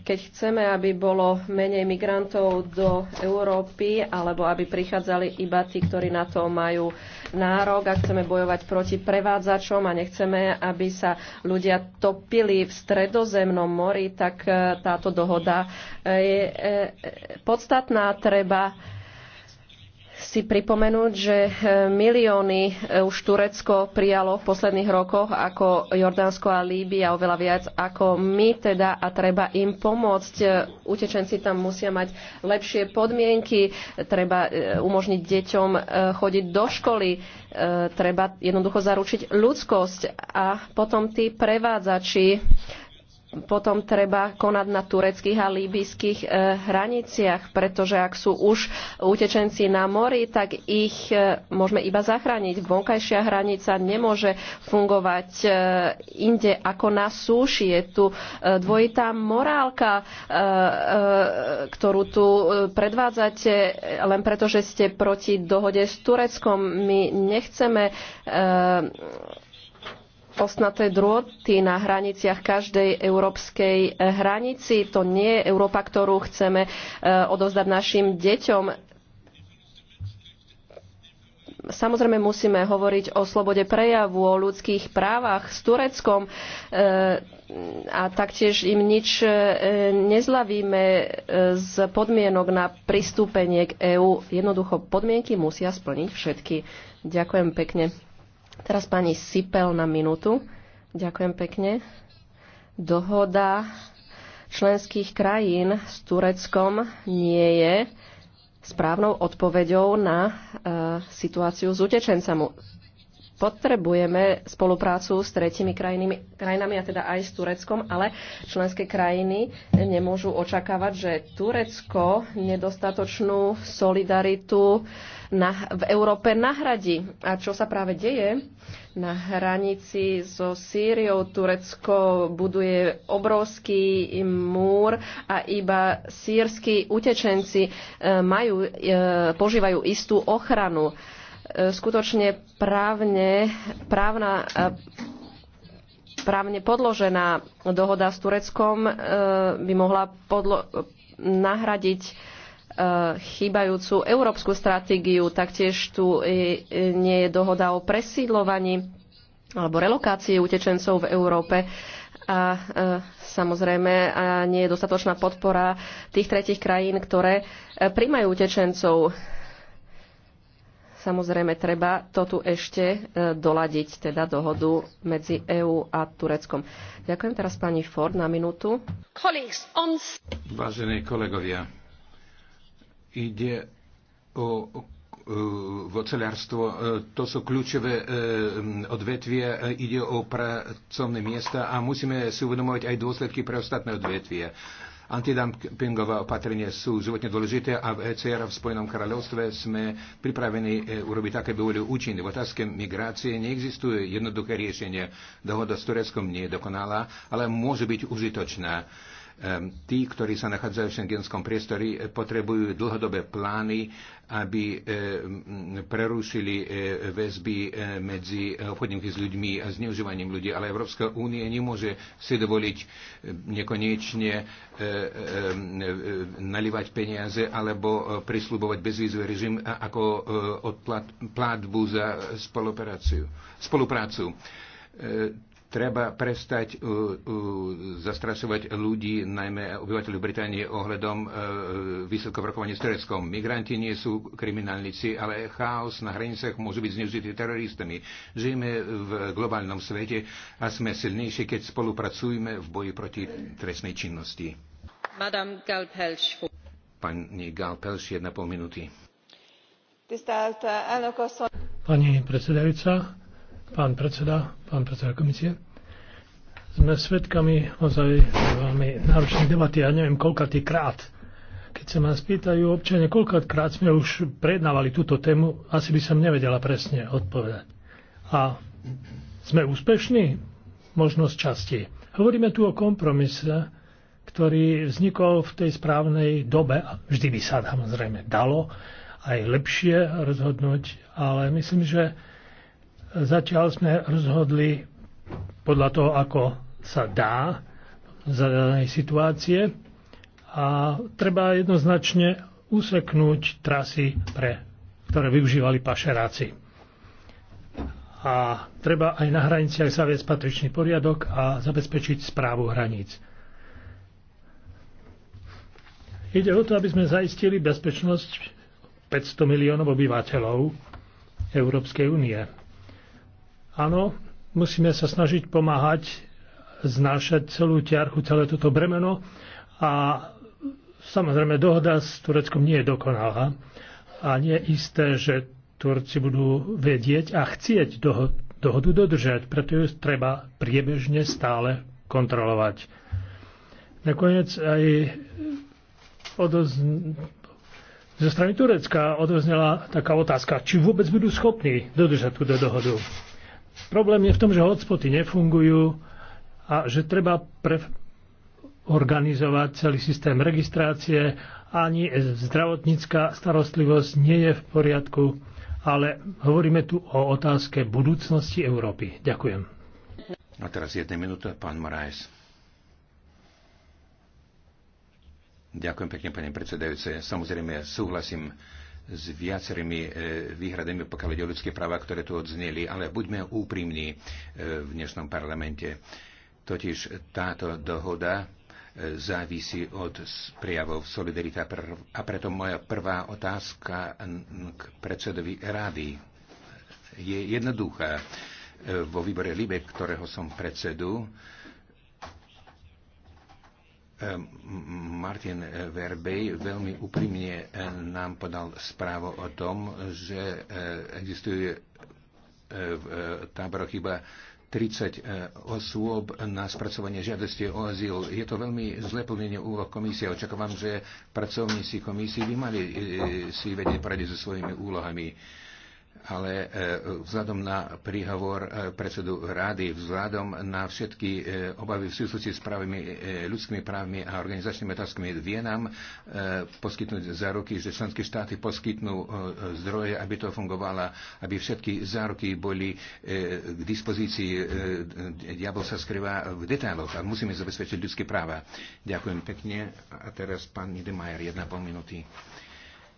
keď chceme, aby bolo menej migrantov do Európy, alebo aby prichádzali iba tí, ktorí na to majú nárok a chceme bojovať proti prevádzačom a nechceme, aby sa ľudia topili v stredozemnom mori, tak e, táto dohoda je e, e, podstatná. Treba si pripomenúť, že eh, milióny eh, už Turecko prijalo v posledných rokoch ako Jordánsko a Líbia oveľa viac ako my teda a treba im pomôcť. Eh, utečenci tam musia mať lepšie podmienky, treba umožniť deťom chodiť do školy, treba jednoducho zaručiť ľudskosť a potom tí prevádzači potom treba konať na tureckých a líbyských e, hraniciach, pretože ak sú už utečenci na mori, tak ich e, môžeme iba zachrániť. Vonkajšia hranica nemôže fungovať e, inde ako na súši. Je tu dvojitá morálka, ktorú tu predvádzate len preto, že ste proti dohode s Tureckom. My nechceme osnaté drôty na hraniciach každej európskej eh, hranici. To nie je Európa, ktorú chceme eh, odozdať našim deťom. Samozrejme musíme hovoriť o slobode prejavu, o ľudských právach s Tureckom eh, a taktiež im nič nezlavíme z podmienok na pristúpenie k EÚ. Jednoducho podmienky musia splniť všetky. Ďakujem pekne. Teraz pani Sipel na minútu. Ďakujem pekne. Dohoda členských krajín s Tureckom nie je správnou odpoveďou na e, situáciu s utečencami potrebujeme spoluprácu s tretimi krajinami, krajinami, a teda aj s Tureckom, ale členské krajiny nemôžu očakávať, že Turecko nedostatočnú solidaritu na, v Európe nahradí. A čo sa práve deje? Na hranici so Sýriou Turecko buduje obrovský múr a iba sírsky utečenci eh, majú, eh, požívajú istú ochranu E, skutočne právne, právna, e, právne podložená dohoda s Tureckom e, by mohla podlo- nahradiť chýbajúcu európsku stratégiu. Taktiež tu nie je dohoda o presídlovaní alebo relokácii utečencov v Európe a e, samozrejme a nie je dostatočná podpora tých tretich krajín, ktoré e, príjmajú utečencov. Samozrejme, treba to tu ešte e, doladiť, teda dohodu medzi EÚ a Tureckom. Ďakujem teraz pani Ford na minútu. Vážení kolegovia, ide o e, vocelárstvo, e, to sú kľúčové odvetvia, ide o pracovné miesta a musíme si uvedomovať aj dôsledky pre ostatné odvetvia. Antidumpingové opatrenia sú životne dôležité a v ECR v Spojenom kráľovstve sme pripravení e, urobiť také, aby boli účinné. V otázke migrácie neexistuje jednoduché riešenie. Dohoda s Tureckom nie je dokonalá, ale môže byť užitočná Ehm, tí, ktorí sa nachádzajú v šengenskom priestore, eh, potrebujú dlhodobé plány, aby ehm, prerušili eh, väzby eh, medzi obchodníkmi s ľuďmi a zneužívaním ľudí. Ale Európska únie nemôže si dovoliť nekonečne ehm, nalivať peniaze alebo prislúbovať bezvýzový režim ako odplatbu platbu za spoluprácu. spoluprácu Treba prestať uh, uh, zastrasovať ľudí, najmä obyvateľov Británie, ohľadom uh, výsledkov rokovania s Tureckom. Migranti nie sú kriminálnici, ale chaos na hranicách môže byť zneužitý teroristami. Žijeme v globálnom svete a sme silnejší, keď spolupracujeme v boji proti trestnej činnosti. Pani Galpelš, jedna pol minúty. Pani predsedajúca, pán predseda, pán predseda komisie. Sme svedkami ozaj veľmi náročnej debaty, ja neviem koľkatý krát. Keď sa ma spýtajú občania, krát sme už prednávali túto tému, asi by som nevedela presne odpovedať. A sme úspešní? Možnosť časti. Hovoríme tu o kompromise, ktorý vznikol v tej správnej dobe. Vždy by sa samozrejme dalo aj lepšie rozhodnúť, ale myslím, že Zatiaľ sme rozhodli podľa toho, ako sa dá za danej situácie a treba jednoznačne useknúť trasy, pre, ktoré využívali pašeráci. A treba aj na hraniciach zaviesť patričný poriadok a zabezpečiť správu hraníc. Ide o to, aby sme zaistili bezpečnosť 500 miliónov obyvateľov Európskej únie. Áno, musíme sa snažiť pomáhať znášať celú ťarchu, celé toto bremeno a samozrejme dohoda s Tureckom nie je dokonalá a nie je isté, že Turci budú vedieť a chcieť dohodu dodržať, preto ju treba priebežne stále kontrolovať. Nakoniec aj odoz... zo strany Turecka odoznela taká otázka, či vôbec budú schopní dodržať túto dohodu. Problém je v tom, že hotspoty nefungujú a že treba pre organizovať celý systém registrácie. Ani zdravotnícká starostlivosť nie je v poriadku, ale hovoríme tu o otázke budúcnosti Európy. Ďakujem. A teraz jedna minúta, pán Moraes. Ďakujem pekne, pani predsedajúce. Samozrejme, súhlasím s viacerými e, výhradami, pokiaľ ide o ľudské práva, ktoré tu odzneli, ale buďme úprimní e, v dnešnom parlamente. Totiž táto dohoda e, závisí od prijavov solidarita. A preto moja prvá otázka k predsedovi rady je jednoduchá. Vo výbore Libe, ktorého som predsedu, Ehm, Martin Verbej veľmi úprimne eh, nám podal správu o tom, že eh, existuje eh, v táboroch iba 30 osôb na spracovanie žiadosti o azyl. Je to veľmi zle plnenie úloh komisie. Očakávam, že pracovníci komisie by mali si vedieť poradiť so svojimi úlohami ale e, vzhľadom na príhovor e, predsedu rády, vzhľadom na všetky e, obavy v súvislosti s právami, ľudskými právmi a organizačnými otázkami, vie nám poskytnúť záruky, že členské štáty poskytnú zdroje, aby to fungovalo, aby všetky záruky boli k dispozícii. Diabol sa skrýva v detailoch a musíme zabezpečiť ľudské práva. Ďakujem pekne. A teraz pán Niedemajer, jedna pol minúty.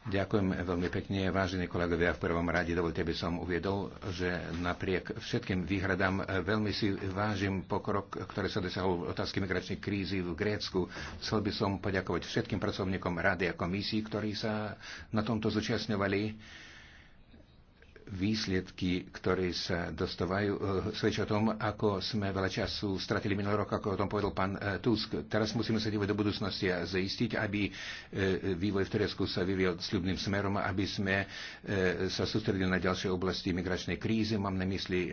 Ďakujem veľmi pekne, vážení kolegovia. V prvom rade dovolte, aby som uviedol, že napriek všetkým výhradám eh, veľmi si vážim pokrok, ktorý sa dosiahol v otázke migračnej krízy v Grécku. Chcel by som poďakovať všetkým pracovníkom Rady a komisii, ktorí sa na tomto zúčastňovali výsledky, ktoré sa dostávajú, e, svedčia o tom, ako sme veľa času stratili minulý rok, ako o tom povedal pán e, Tusk. Teraz musíme sa dívať do budúcnosti a zaistiť, aby e, vývoj v Teresku sa vyvíjal sľubným smerom, aby sme sa sústredili na ďalšie oblasti migračnej krízy, mám na mysli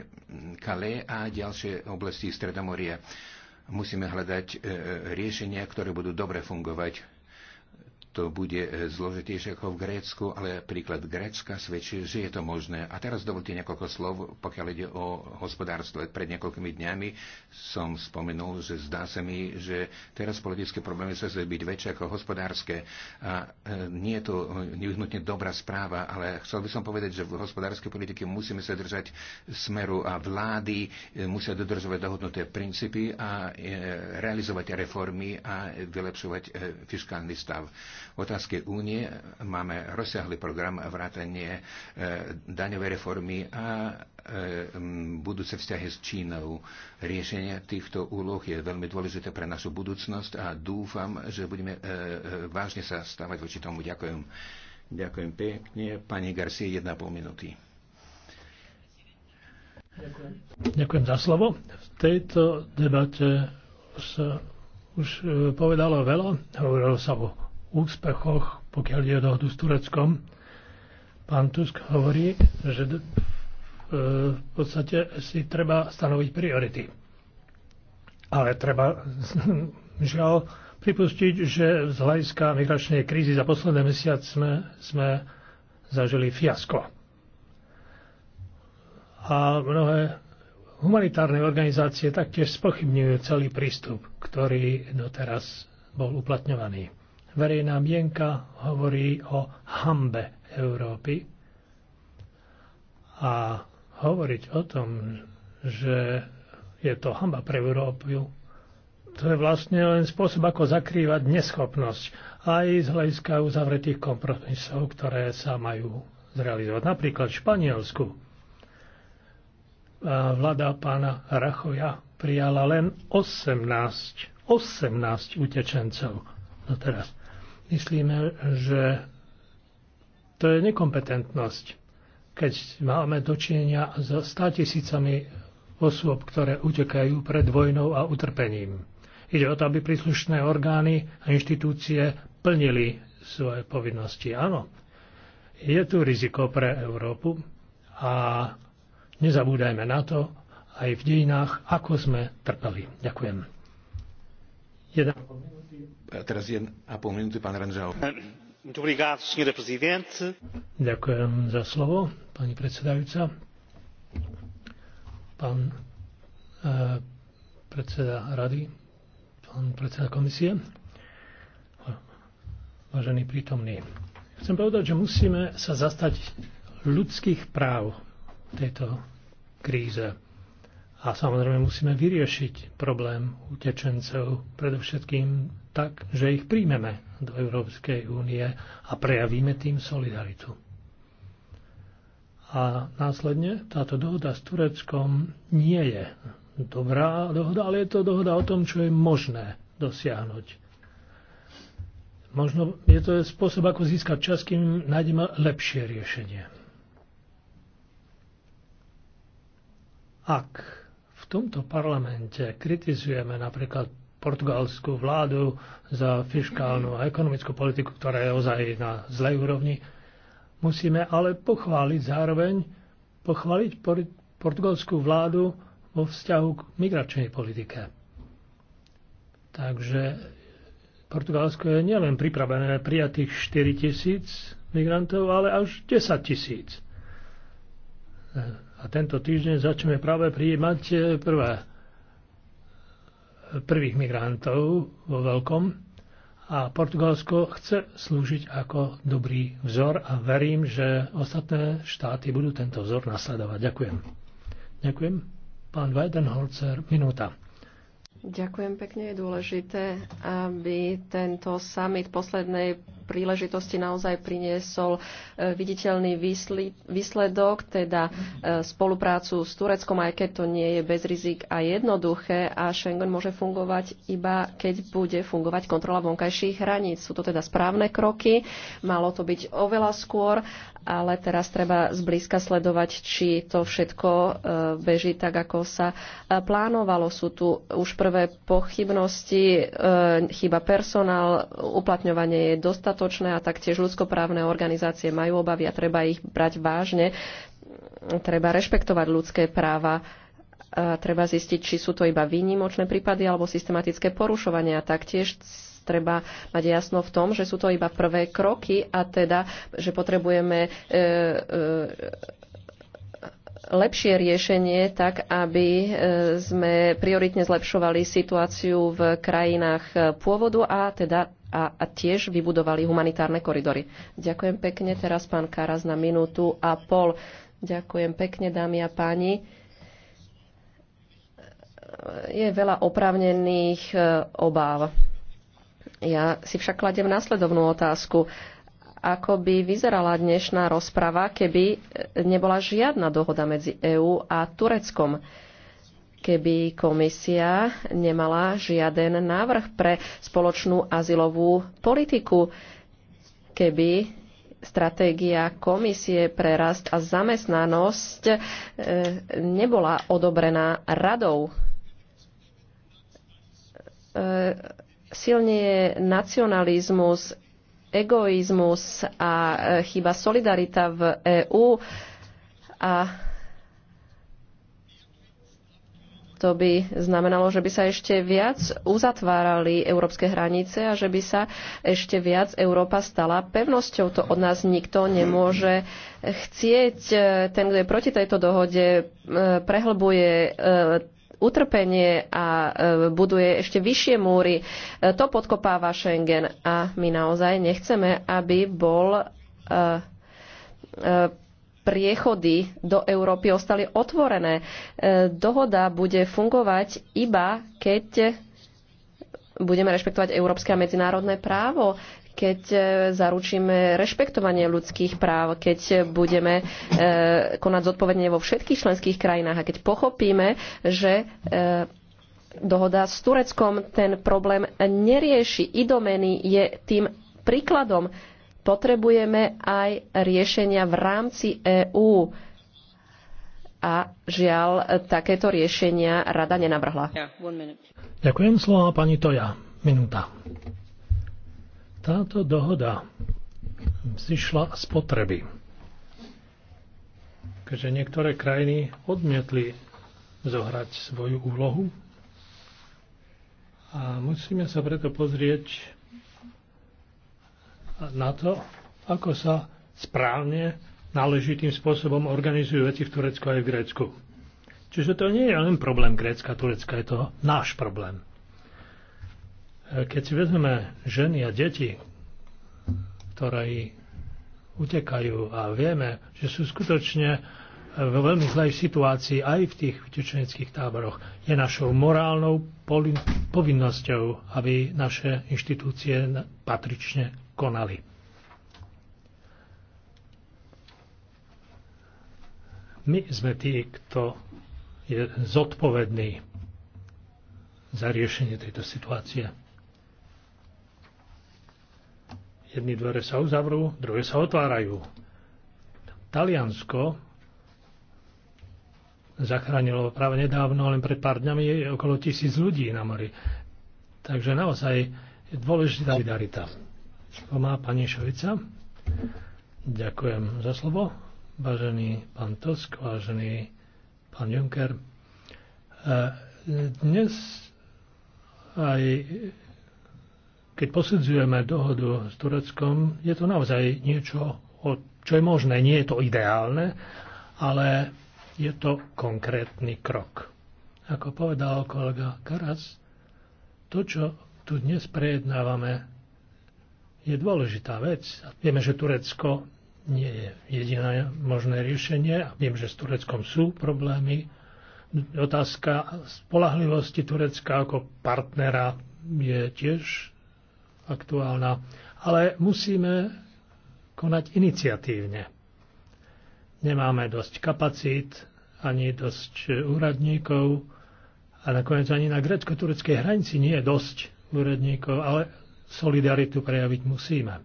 Kale a ďalšie oblasti Stredomoria. Musíme hľadať riešenia, ktoré budú dobre fungovať to bude e, zložitejšie ako v Grécku, ale príklad Grécka svedčí, že je to možné. A teraz dovolte niekoľko slov, pokiaľ ide o hospodárstvo. Pred niekoľkými dňami som spomenul, že zdá sa mi, že teraz politické problémy sa zdajú byť väčšie ako hospodárske. A e, nie je to e, nevyhnutne dobrá správa, ale chcel by som povedať, že v hospodárskej politike musíme sa držať smeru a vlády musia dodržovať dohodnuté princípy a realizovať reformy a vylepšovať fiskálny stav otázke únie máme rozsiahly program vrátanie e, daňovej reformy a e, budúce vzťahy s Čínou. Riešenie týchto úloh je veľmi dôležité pre našu budúcnosť a dúfam, že budeme e, vážne sa stávať voči tomu. Ďakujem. Ďakujem pekne. Pani Garcia, jedna pol minúty. Ďakujem. Ďakujem za slovo. V tejto debate sa už povedalo veľa. Hovorilo sa o úspechoch, pokiaľ ide o dohodu s Tureckom. Pán Tusk hovorí, že v podstate si treba stanoviť priority. Ale treba, žiaľ, pripustiť, že z hľadiska migračnej krízy za posledné mesiac sme, sme zažili fiasko. A mnohé humanitárne organizácie taktiež spochybňujú celý prístup, ktorý doteraz bol uplatňovaný verejná mienka hovorí o hambe Európy. A hovoriť o tom, že je to hamba pre Európu, to je vlastne len spôsob, ako zakrývať neschopnosť aj z hľadiska uzavretých kompromisov, ktoré sa majú zrealizovať. Napríklad v Španielsku vláda pána Rachoja prijala len 18, 18 utečencov no teraz, Myslíme, že to je nekompetentnosť, keď máme dočinenia s 100 tisícami osôb, ktoré utekajú pred vojnou a utrpením. Ide o to, aby príslušné orgány a inštitúcie plnili svoje povinnosti. Áno, je tu riziko pre Európu a nezabúdajme na to aj v dejinách, ako sme trpeli. Ďakujem. Jedna... Ďakujem za slovo, pani predsedajúca. Pán e, predseda rady, pán predseda komisie, vážení prítomní. Chcem povedať, že musíme sa zastať ľudských práv v tejto kríze. A samozrejme musíme vyriešiť problém utečencov predovšetkým tak, že ich príjmeme do Európskej únie a prejavíme tým solidaritu. A následne táto dohoda s Tureckom nie je dobrá dohoda, ale je to dohoda o tom, čo je možné dosiahnuť. Možno je to spôsob, ako získať čas, kým nájdeme lepšie riešenie. Ak tomto parlamente kritizujeme napríklad portugalskú vládu za fiskálnu a ekonomickú politiku, ktorá je ozaj na zlej úrovni, musíme ale pochváliť zároveň, pochváliť portugalskú vládu vo vzťahu k migračnej politike. Takže Portugalsko je nielen pripravené prijať tých 4 tisíc migrantov, ale až 10 tisíc a tento týždeň začneme práve prijímať e, prvé, e, prvých migrantov vo veľkom. A Portugalsko chce slúžiť ako dobrý vzor a verím, že ostatné štáty budú tento vzor nasledovať. Ďakujem. Ďakujem. Pán Weidenholzer, minúta. Ďakujem pekne. Je dôležité, aby tento summit poslednej príležitosti naozaj priniesol e, viditeľný výsledok, teda e, spoluprácu s Tureckom, aj keď to nie je bez rizik a jednoduché. A Schengen môže fungovať iba, keď bude fungovať kontrola vonkajších hraníc. Sú to teda správne kroky. Malo to byť oveľa skôr ale teraz treba zblízka sledovať, či to všetko e, beží tak, ako sa e, plánovalo. Sú tu už prvé pochybnosti, e, chyba personál, uplatňovanie je dostatočné a taktiež ľudskoprávne organizácie majú obavy a treba ich brať vážne. Treba rešpektovať ľudské práva treba zistiť, či sú to iba výnimočné prípady alebo systematické porušovania. Taktiež treba mať jasno v tom, že sú to iba prvé kroky a teda, že potrebujeme e, e, lepšie riešenie, tak aby e, sme prioritne zlepšovali situáciu v krajinách pôvodu a teda a, a tiež vybudovali humanitárne koridory. Ďakujem pekne. Teraz pán Karas na minútu a pol. Ďakujem pekne, dámy a páni. Je veľa oprávnených obáv ja si však kladem následovnú otázku. Ako by vyzerala dnešná rozprava, keby e, nebola žiadna dohoda medzi EÚ a Tureckom? Keby komisia nemala žiaden návrh pre spoločnú azylovú politiku? Keby stratégia komisie pre rast a zamestnanosť e, nebola odobrená radou. E, silne je nacionalizmus, egoizmus a e, chyba solidarita v EÚ a to by znamenalo, že by sa ešte viac uzatvárali európske hranice a že by sa ešte viac Európa stala pevnosťou. To od nás nikto nemôže chcieť. E, ten, kto je proti tejto dohode, e, prehlbuje utrpenie a e, buduje ešte vyššie múry. E, to podkopáva Schengen a my naozaj nechceme, aby bol e, priechody do Európy ostali otvorené. Dohoda bude fungovať iba, keď budeme rešpektovať európske a medzinárodné právo keď e, zaručíme rešpektovanie ľudských práv, keď budeme e, konať zodpovedne vo všetkých členských krajinách a keď pochopíme, že e, dohoda s Tureckom ten problém nerieši. Idomeny je tým príkladom. Potrebujeme aj riešenia v rámci EÚ. A žiaľ, takéto riešenia rada nenavrhla. Yeah, Ďakujem slova pani Toja. Minúta. Táto dohoda zišla z potreby, keďže niektoré krajiny odmietli zohrať svoju úlohu a musíme sa preto pozrieť na to, ako sa správne náležitým spôsobom organizujú veci v Turecku aj v Grécku. Čiže to nie je len problém Grécka, Turecka, je to náš problém. Keď si vezmeme ženy a deti, ktoré utekajú a vieme, že sú skutočne v veľmi zlej situácii aj v tých utečeneckých táboroch, je našou morálnou povinnosťou, aby naše inštitúcie patrične konali. My sme tí, kto je zodpovedný za riešenie tejto situácie. Jedny dvere sa uzavrú, druhé sa otvárajú. Taliansko zachránilo práve nedávno, len pred pár dňami, okolo tisíc ľudí na mori. Takže naozaj je dôležitá solidarita. Čo má pani Šovica. Ďakujem za slovo. Vážený pán Tosk, vážený pán Juncker. E, dnes aj keď posudzujeme dohodu s Tureckom, je to naozaj niečo, čo je možné. Nie je to ideálne, ale je to konkrétny krok. Ako povedal kolega Karas, to, čo tu dnes prejednávame, je dôležitá vec. Vieme, že Turecko nie je jediné možné riešenie. Viem, že s Tureckom sú problémy. Otázka spolahlivosti Turecka ako partnera je tiež aktuálna. Ale musíme konať iniciatívne. Nemáme dosť kapacít, ani dosť e, úradníkov a nakoniec ani na grecko-tureckej hranici nie je dosť úradníkov, ale solidaritu prejaviť musíme.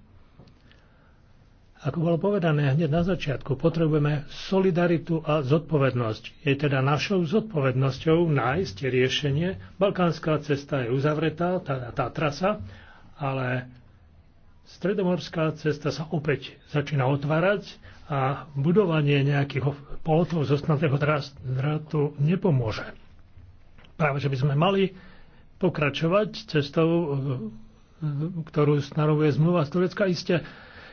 Ako bolo povedané hneď na začiatku, potrebujeme solidaritu a zodpovednosť. Je teda našou zodpovednosťou nájsť riešenie. Balkánska cesta je uzavretá, tá, tá trasa, ale stredomorská cesta sa opäť začína otvárať a budovanie nejakých polotov zo osnatého drátu nepomôže. Práve, že by sme mali pokračovať cestou, e, ktorú stanovuje zmluva z Turecka. Isté,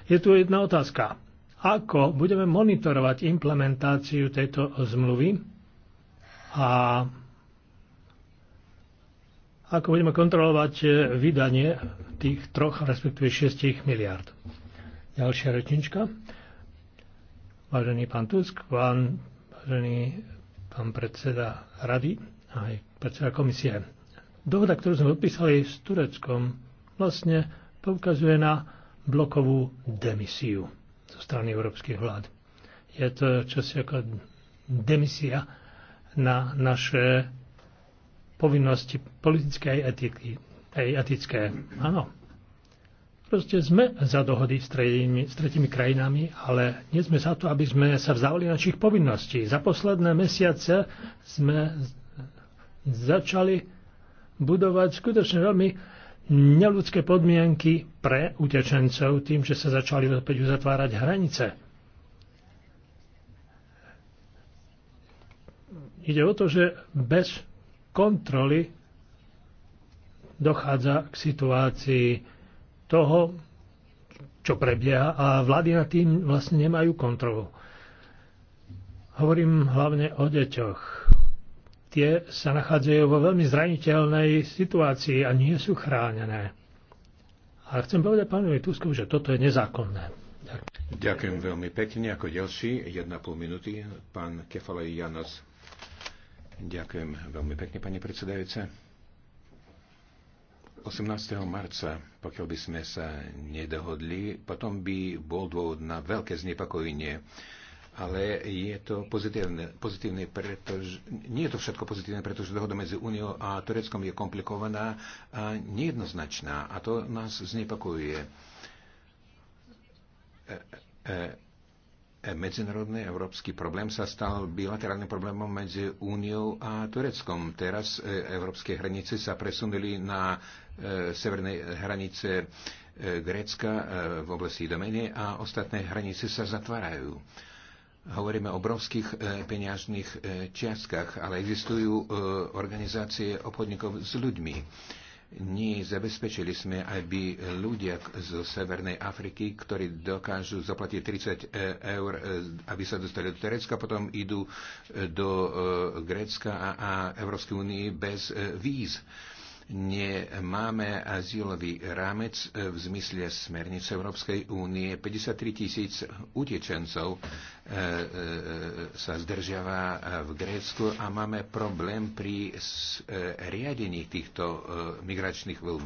je tu jedna otázka. Ako budeme monitorovať implementáciu tejto zmluvy a ako budeme kontrolovať e, vydanie tých troch, respektíve šiestich miliard. Ďalšia rečnička. Vážený pán Tusk, pán, vážený pán predseda rady, aj predseda komisie. Dohoda, ktorú sme podpísali s Tureckom, vlastne poukazuje na blokovú demisiu zo strany európskych vlád. Je to čosi ako demisia na naše povinnosti politické aj etiky, aj etické. Áno. Proste sme za dohody s tretimi, s tretimi krajinami, ale nie sme za to, aby sme sa vzdávali našich povinností. Za posledné mesiace sme začali budovať skutočne veľmi neludské podmienky pre utečencov tým, že sa začali opäť uzatvárať hranice. Ide o to, že bez kontroly dochádza k situácii toho, čo prebieha a vlády nad tým vlastne nemajú kontrolu. Hovorím hlavne o deťoch. Tie sa nachádzajú vo veľmi zraniteľnej situácii a nie sú chránené. A chcem povedať pánovi Tusku, že toto je nezákonné. Ďakujem. Ďakujem veľmi pekne. Ako ďalší, pol minúty, pán Kefalej Janos. Ďakujem veľmi pekne, pani predsedajúce. 18. marca, pokiaľ by sme sa nedohodli, potom by bol dôvod na veľké znepokojenie. Ale je to pozitívne, pozitívne pretože, nie je to všetko pozitívne, pretože dohoda medzi Úniou a Tureckom je komplikovaná a nejednoznačná a to nás znepokojuje. E, e, medzinárodný európsky problém sa stal bilaterálnym problémom medzi Úniou a Tureckom. Teraz e, európske hranice sa presunuli na e, severné hranice e, Grécka v oblasti Domenie a ostatné hranice sa zatvárajú. Hovoríme o obrovských peňažných čiastkách, ale existujú organizácie obchodníkov s ľuďmi zabezpečili sme, aby ľudia zo Severnej Afriky, ktorí dokážu zaplatiť 30 e, eur, e, aby sa dostali do Turecka, potom idú e, do Grécka a, a Európskej únie bez víz nemáme azylový rámec e, v zmysle smernice Európskej únie. 53 tisíc utečencov e, e, sa zdržiava v Grécku a máme problém pri riadení týchto migračných vln.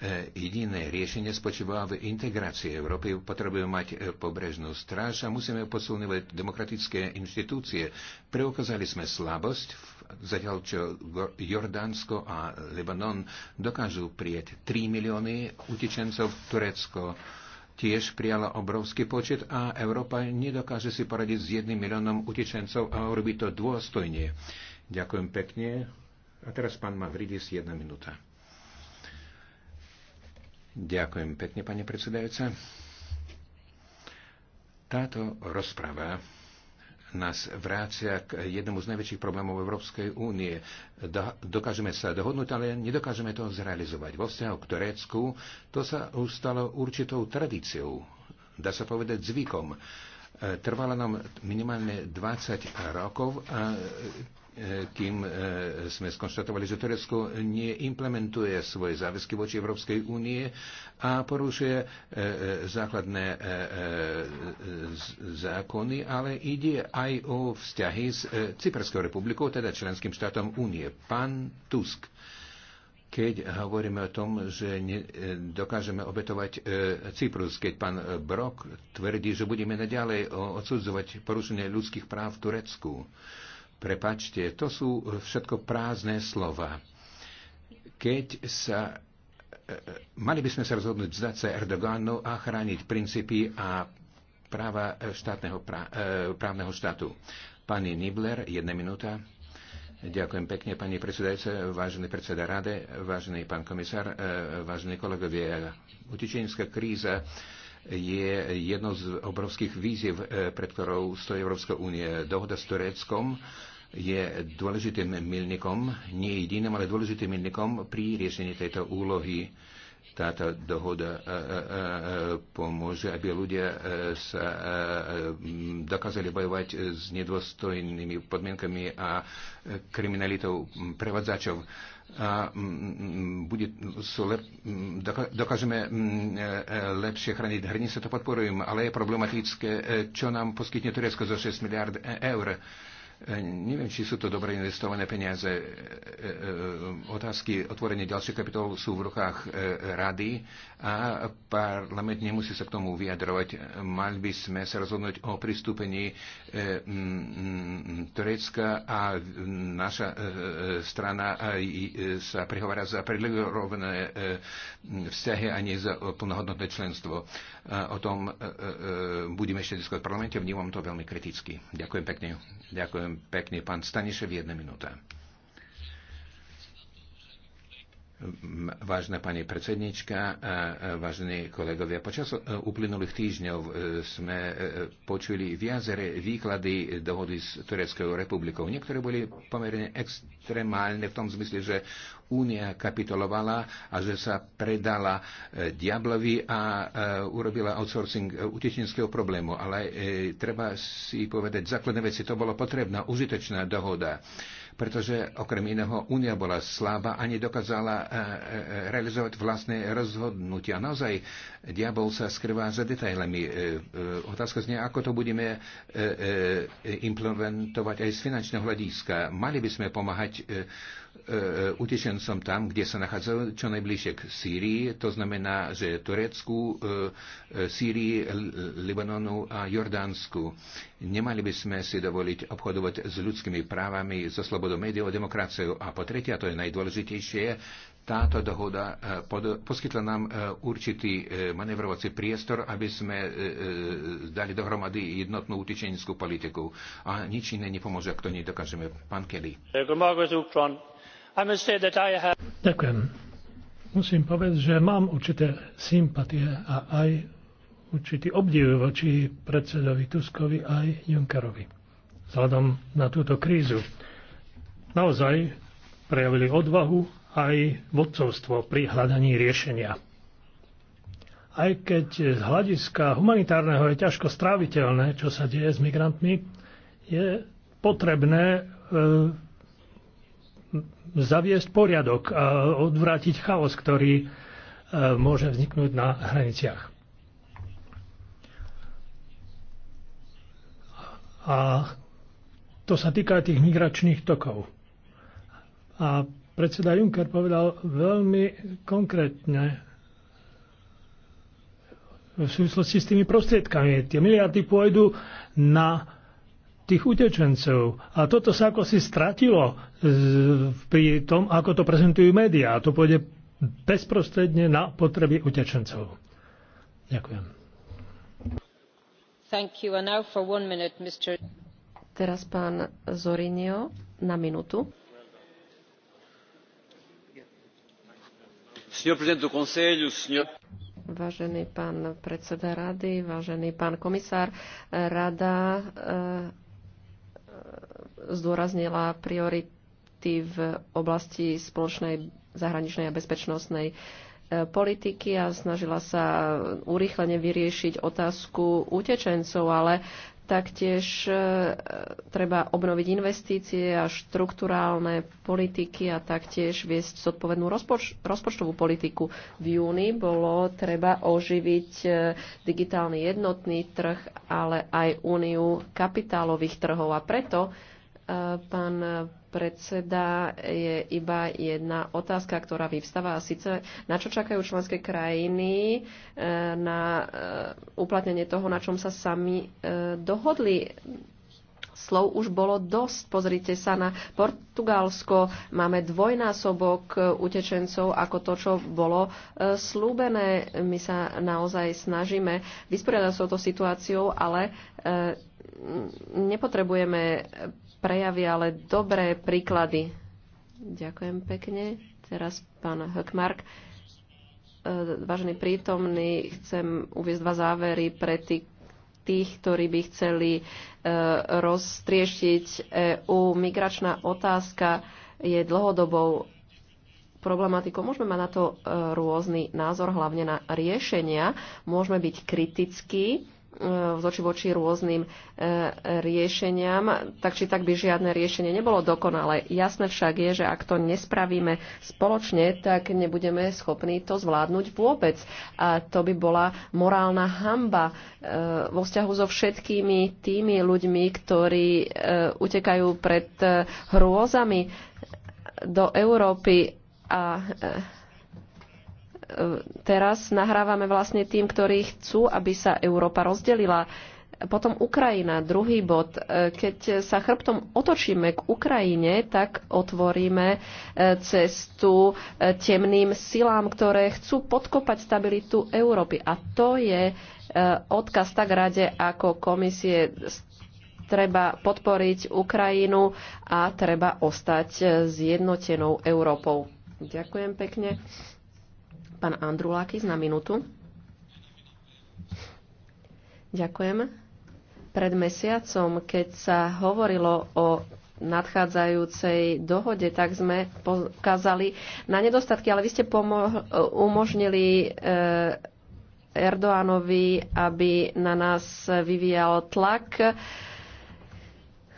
E, jediné riešenie spočíva v integrácii Európy. Potrebujeme mať e, pobrežnú stráž a musíme posilňovať demokratické inštitúcie. Preukázali sme slabosť, zatiaľ čo Jordánsko a Libanon dokážu prieť 3 milióny utečencov, Turecko tiež prijala obrovský počet a Európa nedokáže si poradiť s jedným miliónom utečencov a robí to dôstojne. Ďakujem pekne. A teraz pán Mavridis, jedna minúta. Ďakujem pekne, pani predsedajúca. Táto rozprava nás vrácia k jednomu z najväčších problémov Európskej únie. dokážeme sa dohodnúť, ale nedokážeme to zrealizovať. Vo vzťahu k Turecku to sa už stalo určitou tradíciou, dá sa povedať zvykom. E, trvalo nám minimálne 20 rokov a kým e, sme skonštatovali, že Turecko neimplementuje svoje záväzky voči Európskej únie a porušuje e, e, základné zákony, ale ide aj o vzťahy s Cyperskou republikou, teda členským štátom únie. Pán Tusk, keď hovoríme o tom, že ne, dokážeme obetovať e, Cyprus, keď pán Brok tvrdí, že budeme naďalej odsudzovať porušenie ľudských práv v Turecku. E, Prepačte, to sú všetko prázdne slova. Keď sa e, e, mali by sme sa rozhodnúť vzdať sa Erdoganu a chrániť princípy a práva štátneho, prá, e, právneho štátu. Pani Nibler, jedna minúta. Ďakujem pekne, pani predsedajúca, vážený predseda rade, vážený pán komisár, vážení kolegovia. Utečenská kríza je jednou z obrovských víziev, pred ktorou stojí Európska únie. Dohoda s Tureckom je dôležitým milníkom, nie jediným, ale dôležitým milníkom pri riešení tejto úlohy. Táto dohoda e, e, e, pomôže, aby ľudia sa dokázali bojovať s nedôstojnými podmienkami a kriminalitou prevádzačov a bude, sú lep, dokážeme lepšie chrániť hranice, to podporujem, ale je problematické, čo nám poskytne Turecko za 6 miliard eur. E, neviem, či sú to dobre investované peniaze. E, e, otázky otvorenie ďalších kapitol sú v rukách rady a parlament nemusí sa k tomu vyjadrovať. Mali by sme sa rozhodnúť o pristúpení Turecka a naša strana sa prihovára za predlegorovné vzťahy a nie za plnohodnotné členstvo. E, o tom e, e, budeme ešte diskutovať v parlamente, vnímam to veľmi kriticky. Ďakujem pekne. Ďakujem pekne, pán Staniše, v jednej minúte. Vážna pani predsednička, vážení kolegovia, počas uplynulých týždňov sme počuli viaceré výklady dohody s Tureckou republikou. Niektoré boli pomerne extrémálne v tom zmysle, že únia kapitolovala a že sa predala e, diablovi a e, urobila outsourcing e, utečenského problému. Ale treba si povedať, základné veci, to bolo potrebná, užitočná dohoda pretože okrem iného Únia bola slabá a nedokázala realizovať vlastné rozhodnutia. Naozaj, diabol sa skrvá za detailami. Otázka znie, ako to budeme implementovať aj z finančného hľadiska. Mali by sme pomáhať E, e, utečencom tam, kde sa nachádzajú čo najbližšie k Sýrii, to znamená, že Turecku, e, Sýrii, Libanonu a Jordánsku. Nemali by sme si dovoliť obchodovať s ľudskými právami, so slobodou médií a demokraciou. A po tretia, to je najdôležitejšie, táto dohoda poskytla nám určitý manevrovací priestor, aby sme dali dohromady jednotnú utečenickú politiku. A nič iné nepomôže, ak to nedokážeme. Pán Kelly. Ďakujem. Musím povedať, že mám určité sympatie a aj určitý obdiv voči predsedovi Tuskovi aj Junkerovi. Vzhľadom na túto krízu. Naozaj prejavili odvahu aj vodcovstvo pri hľadaní riešenia. Aj keď z hľadiska humanitárneho je ťažko stráviteľné, čo sa deje s migrantmi, je potrebné e, zaviesť poriadok a odvrátiť chaos, ktorý e, môže vzniknúť na hraniciach. A to sa týka tých migračných tokov. A predseda Juncker povedal veľmi konkrétne v súvislosti s tými prostriedkami. Tie miliardy pôjdu na tých utečencov. A toto sa ako si stratilo e, pri tom, ako to prezentujú médiá. A to pôjde bezprostredne na potreby utečencov. Ďakujem. Thank you. And now for one minute, Mr. Teraz pán Zorinio na minútu. Vážený pán predseda rady, vážený pán komisár, e, rada e, zdôraznila priority v oblasti spoločnej zahraničnej a bezpečnostnej e, politiky a snažila sa urýchlene vyriešiť otázku utečencov, ale Taktiež e, treba obnoviť investície a štruktúrálne politiky a taktiež viesť zodpovednú rozpoč- rozpočtovú politiku. V júni bolo treba oživiť e, digitálny jednotný trh, ale aj úniu kapitálových trhov a preto pán predseda, je iba jedna otázka, ktorá vyvstáva a síce na čo čakajú členské krajiny e, na e, uplatnenie toho, na čom sa sami e, dohodli. Slov už bolo dosť. Pozrite sa na Portugalsko. Máme dvojnásobok utečencov ako to, čo bolo slúbené. My sa naozaj snažíme vysporiadať s touto situáciou, ale nepotrebujeme prejavy, ale dobré príklady. Ďakujem pekne. Teraz pán Hökmark. E, vážený prítomný, chcem uviezť dva závery pre tých, tých, ktorí by chceli e, roztrieštiť EU. Migračná otázka je dlhodobou problematikou. Môžeme mať na to e, rôzny názor, hlavne na riešenia. Môžeme byť kritickí E, z oči voči rôznym e, riešeniam. Tak či tak by žiadne riešenie nebolo dokonalé. Jasné však je, že ak to nespravíme spoločne, tak nebudeme schopní to zvládnuť vôbec. A to by bola morálna hamba e, vo vzťahu so všetkými tými ľuďmi, ktorí utekajú pred hrôzami do Európy a E, teraz nahrávame vlastne tým, ktorí chcú, aby sa Európa rozdelila. Potom Ukrajina, druhý bod. E, keď sa chrbtom otočíme k Ukrajine, tak otvoríme e, cestu temným silám, ktoré chcú podkopať stabilitu Európy. A to je odkaz tak rade ako komisie. Treba podporiť Ukrajinu a treba ostať zjednotenou Európou. Ďakujem pekne. Pán Andrulakis na minútu. Ďakujem. Pred mesiacom, keď sa hovorilo o nadchádzajúcej dohode, tak sme pokázali na nedostatky, ale vy ste umožnili eh, Erdoánovi, aby na nás vyvíjal tlak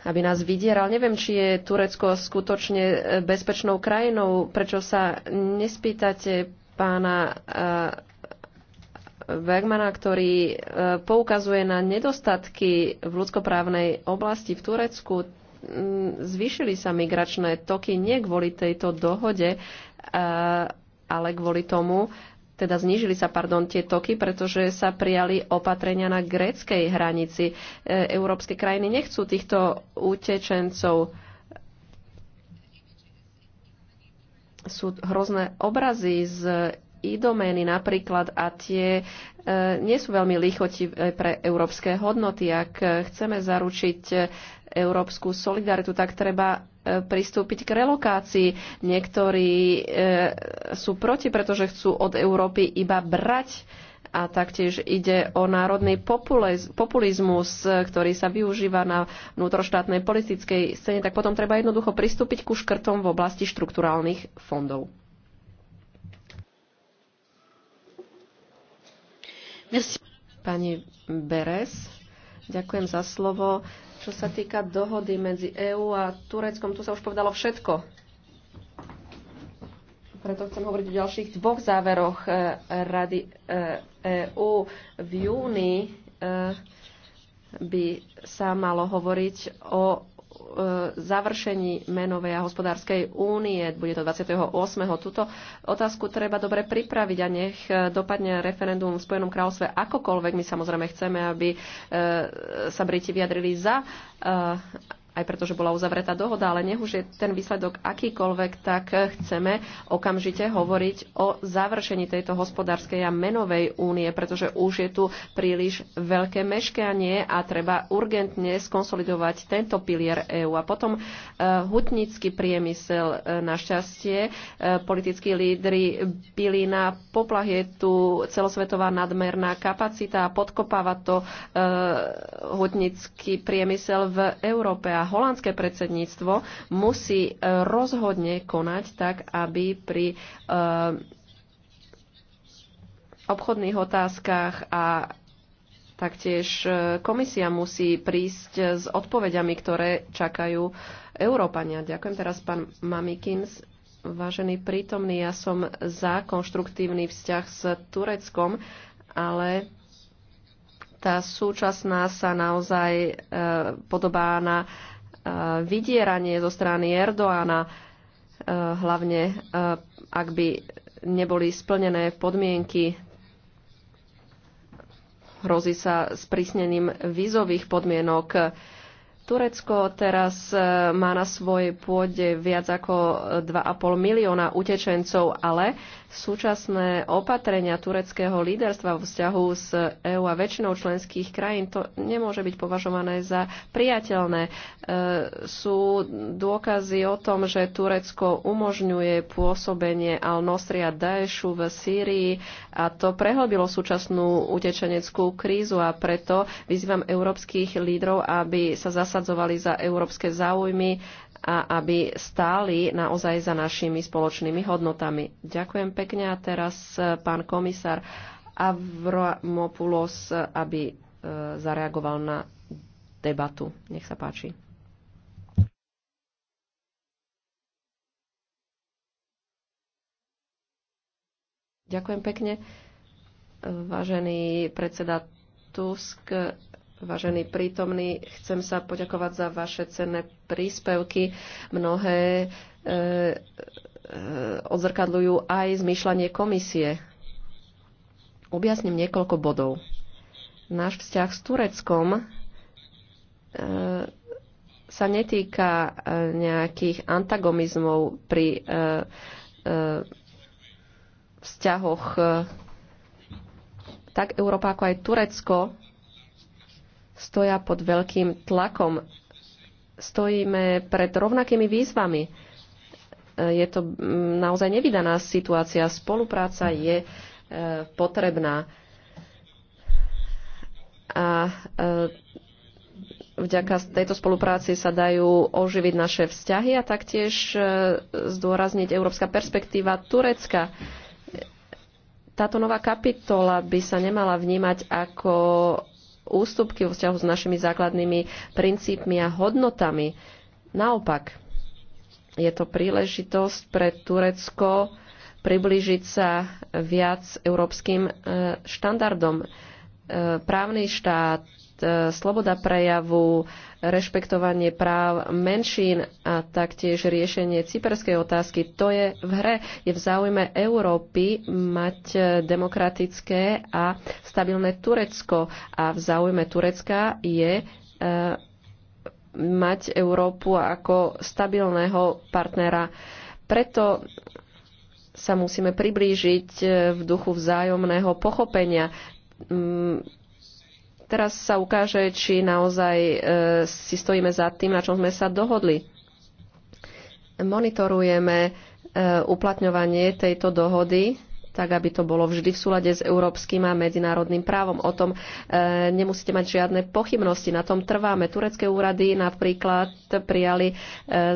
aby nás vydieral. Neviem, či je Turecko skutočne eh, bezpečnou krajinou. Prečo sa nespýtate pána Bergmana, eh, ktorý eh, poukazuje na nedostatky v ľudskoprávnej oblasti v Turecku. Mm, Zvyšili sa migračné toky nie kvôli tejto dohode, eh, ale kvôli tomu, teda znížili sa pardon, tie toky, pretože sa prijali opatrenia na gréckej hranici. Európske krajiny nechcú týchto utečencov sú hrozné obrazy z idomény napríklad a tie e, nie sú veľmi lichotivé pre európske hodnoty. Ak chceme zaručiť európsku solidaritu, tak treba e, pristúpiť k relokácii. Niektorí e, sú proti, pretože chcú od Európy iba brať a taktiež ide o národný populizmus, ktorý sa využíva na vnútroštátnej politickej scéne, tak potom treba jednoducho pristúpiť ku škrtom v oblasti štrukturálnych fondov. Merci. Pani Beres, ďakujem za slovo. Čo sa týka dohody medzi EÚ a Tureckom, tu sa už povedalo všetko preto chcem hovoriť o ďalších dvoch záveroch eh, Rady EÚ. Eh, e v júni eh, by sa malo hovoriť o završení menovej a hospodárskej únie. Bude to 28. Tuto otázku treba dobre pripraviť a nech dopadne referendum v Spojenom kráľovstve akokoľvek. My samozrejme chceme, aby sa Briti vyjadrili za aj preto, že bola uzavretá dohoda, ale nech už je ten výsledok akýkoľvek, tak chceme okamžite hovoriť o završení tejto hospodárskej a menovej únie, pretože už je tu príliš veľké meškanie a treba urgentne skonsolidovať tento pilier EÚ. A potom eh, hutnický priemysel eh, našťastie. Eh, politickí lídry byli na poplach. Je tu celosvetová nadmerná kapacita a podkopáva to hutnický priemysel v Európe. A a holandské predsedníctvo musí e, rozhodne konať tak, aby pri e, obchodných otázkach a taktiež e, komisia musí prísť s odpovediami, ktoré čakajú Európania. Ďakujem teraz pán Mamikins. Vážený prítomný, ja som za konštruktívny vzťah s Tureckom, ale tá súčasná sa naozaj podobá na Eh, vydieranie zo strany Erdoána, eh, hlavne eh, ak by neboli splnené podmienky hrozí sa sprísnením vízových podmienok Turecko teraz e, má na svojej pôde viac ako 2,5 milióna utečencov, ale súčasné opatrenia tureckého líderstva vo vzťahu s EÚ a väčšinou členských krajín to nemôže byť považované za priateľné. E, sú dôkazy o tom, že Turecko umožňuje pôsobenie al nosria Daeshu v Sýrii a to prehlbilo súčasnú utečeneckú krízu a preto vyzývam európskych lídrov, aby sa zase zasadzovali za európske záujmy a aby stáli naozaj za našimi spoločnými hodnotami. Ďakujem pekne a teraz e, pán komisár Avramopoulos, e, aby e, zareagoval na debatu. Nech sa páči. Ďakujem pekne. Vážený predseda Tusk, Vážení prítomní, chcem sa poďakovať za vaše cenné príspevky. Mnohé e, e, odzrkadľujú aj zmýšľanie komisie. Objasním niekoľko bodov. Náš vzťah s Tureckom e, sa netýka e, nejakých antagonizmov pri e, e, vzťahoch e, tak Európa ako aj Turecko stoja pod veľkým tlakom. Stojíme pred rovnakými výzvami. E, je to naozaj nevydaná situácia. Spolupráca je e, potrebná. A e, vďaka tejto spolupráci sa dajú oživiť naše vzťahy a taktiež zdôrazniť európska perspektíva Turecka. Táto nová kapitola by sa nemala vnímať ako ústupky vo vzťahu s našimi základnými princípmi a hodnotami. Naopak, je to príležitosť pre Turecko priblížiť sa viac európskym e, štandardom. E, právny štát, E, sloboda prejavu, rešpektovanie práv menšín a taktiež riešenie cyperskej otázky. To je v hre. Je v záujme Európy mať e, demokratické a stabilné Turecko. A v záujme Turecka je e, mať Európu ako stabilného partnera. Preto sa musíme priblížiť v duchu vzájomného pochopenia mm, Teraz sa ukáže, či naozaj e, si stojíme za tým, na čom sme sa dohodli. Monitorujeme e, uplatňovanie tejto dohody tak aby to bolo vždy v súlade s európskym a medzinárodným právom. O tom e, nemusíte mať žiadne pochybnosti. Na tom trváme. Turecké úrady napríklad prijali e,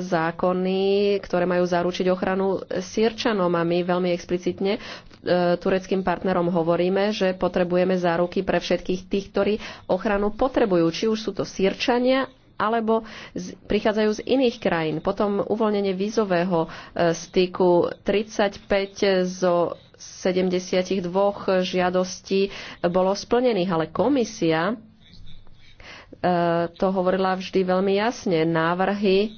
zákony, ktoré majú zaručiť ochranu sírčanom a my veľmi explicitne E, tureckým partnerom hovoríme, že potrebujeme záruky pre všetkých tých, ktorí ochranu potrebujú. Či už sú to sírčania, alebo z, prichádzajú z iných krajín. Potom uvoľnenie vízového e, styku 35 zo 72 žiadostí bolo splnených, ale komisia e, to hovorila vždy veľmi jasne. Návrhy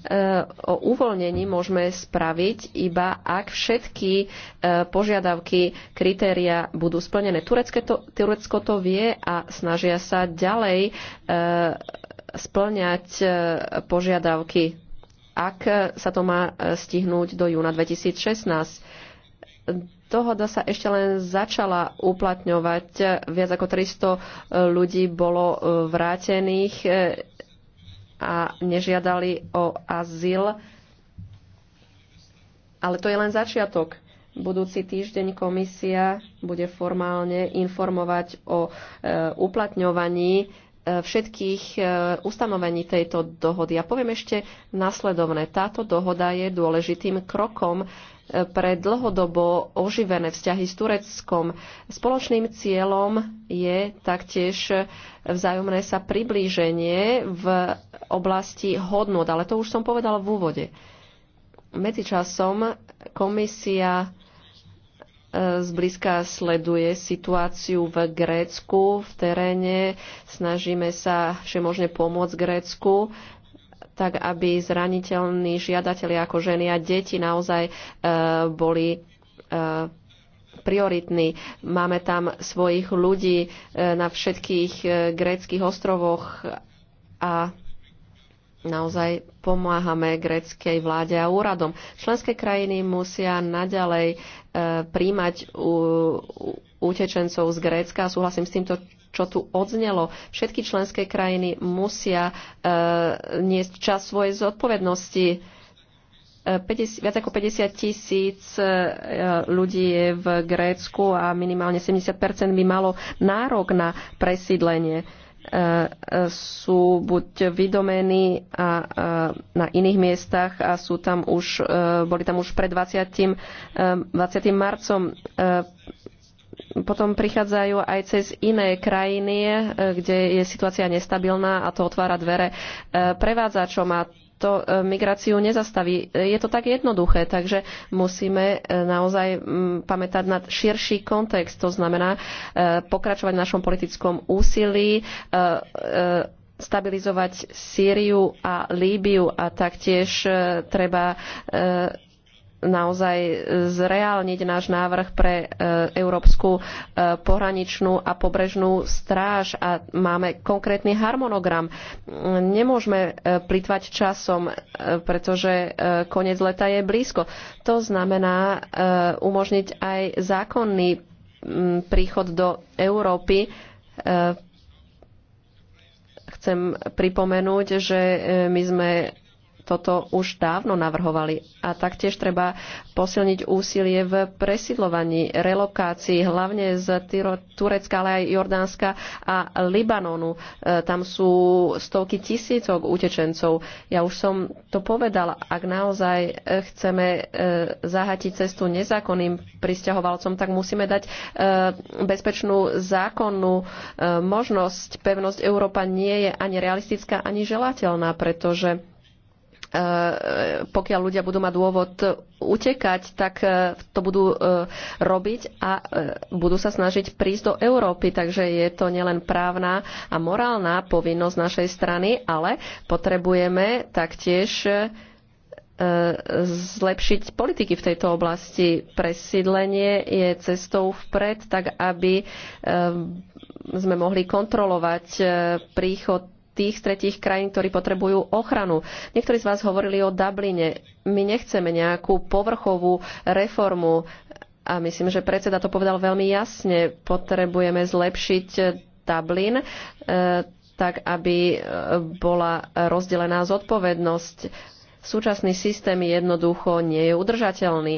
E, o uvoľnení môžeme spraviť iba ak všetky e, požiadavky, kritéria budú splnené. to, Turecko to vie a snažia sa ďalej e, splňať požiadavky, ak sa to má stihnúť do júna 2016. Dohoda sa ešte len začala uplatňovať. Viac ako 300 ľudí bolo vrátených a nežiadali o azyl. Ale to je len začiatok. Budúci týždeň komisia bude formálne informovať o e, uplatňovaní e, všetkých e, ustanovení tejto dohody. A poviem ešte nasledovné. Táto dohoda je dôležitým krokom pre dlhodobo oživené vzťahy s Tureckom. Spoločným cieľom je taktiež vzájomné sa priblíženie v oblasti hodnot, ale to už som povedala v úvode. Medzičasom komisia e, zblízka sleduje situáciu v Grécku v teréne. Snažíme sa všemožne pomôcť Grécku tak aby zraniteľní žiadatelia ako ženy a deti naozaj e, boli e, prioritní. Máme tam svojich ľudí e, na všetkých e, gréckých ostrovoch a naozaj pomáhame gréckej vláde a úradom. Členské krajiny musia naďalej e, príjmať u, u, utečencov z Grécka. Súhlasím s týmto, čo tu odznelo. Všetky členské krajiny musia uh, niesť čas svojej zodpovednosti. 50, e, viac ako 50 tisíc e, ľudí je v Grécku a minimálne 70 by malo nárok na presídlenie sú buď vydomení a, na iných miestach a sú tam už, boli tam už pred 20. 20. marcom potom prichádzajú aj cez iné krajiny, e, kde je situácia nestabilná a to otvára dvere e, prevádzačom a to e, migráciu nezastaví. Je to tak jednoduché, takže musíme naozaj pamätať na širší kontext, to znamená pokračovať v našom politickom úsilí, stabilizovať Sýriu a Líbiu a taktiež treba naozaj zreálniť náš návrh pre e, Európsku e, pohraničnú a pobrežnú stráž a máme konkrétny harmonogram. Nemôžeme e, plitvať časom, pretože koniec leta je blízko. To znamená umožniť aj zákonný príchod do Európy chcem pripomenúť, že my sme toto už dávno navrhovali. A taktiež treba posilniť úsilie v presídlovaní, relokácii, hlavne z Turecka, ale aj Jordánska a Libanonu. E, tam sú stovky tisícok utečencov. Ja už som to povedal, ak naozaj e, chceme e, zahatiť cestu nezákonným pristahovalcom, tak musíme dať bezpečnú zákonnú možnosť. Pevnosť Európa nie je ani realistická, ani želateľná, pretože E, pokiaľ ľudia budú mať dôvod utekať, tak e, to budú e, robiť a budú sa snažiť prísť do Európy. Takže je to nielen právna a morálna povinnosť našej strany, ale potrebujeme taktiež zlepšiť politiky v tejto oblasti. Presídlenie je cestou vpred, tak aby sme mohli kontrolovať príchod tých z tretích krajín, ktorí potrebujú ochranu. Niektorí z vás hovorili o Dubline. My nechceme nejakú povrchovú reformu a myslím, že predseda to povedal veľmi jasne. Potrebujeme zlepšiť Dublin e, tak, aby e, bola rozdelená zodpovednosť. Súčasný systém jednoducho nie je udržateľný.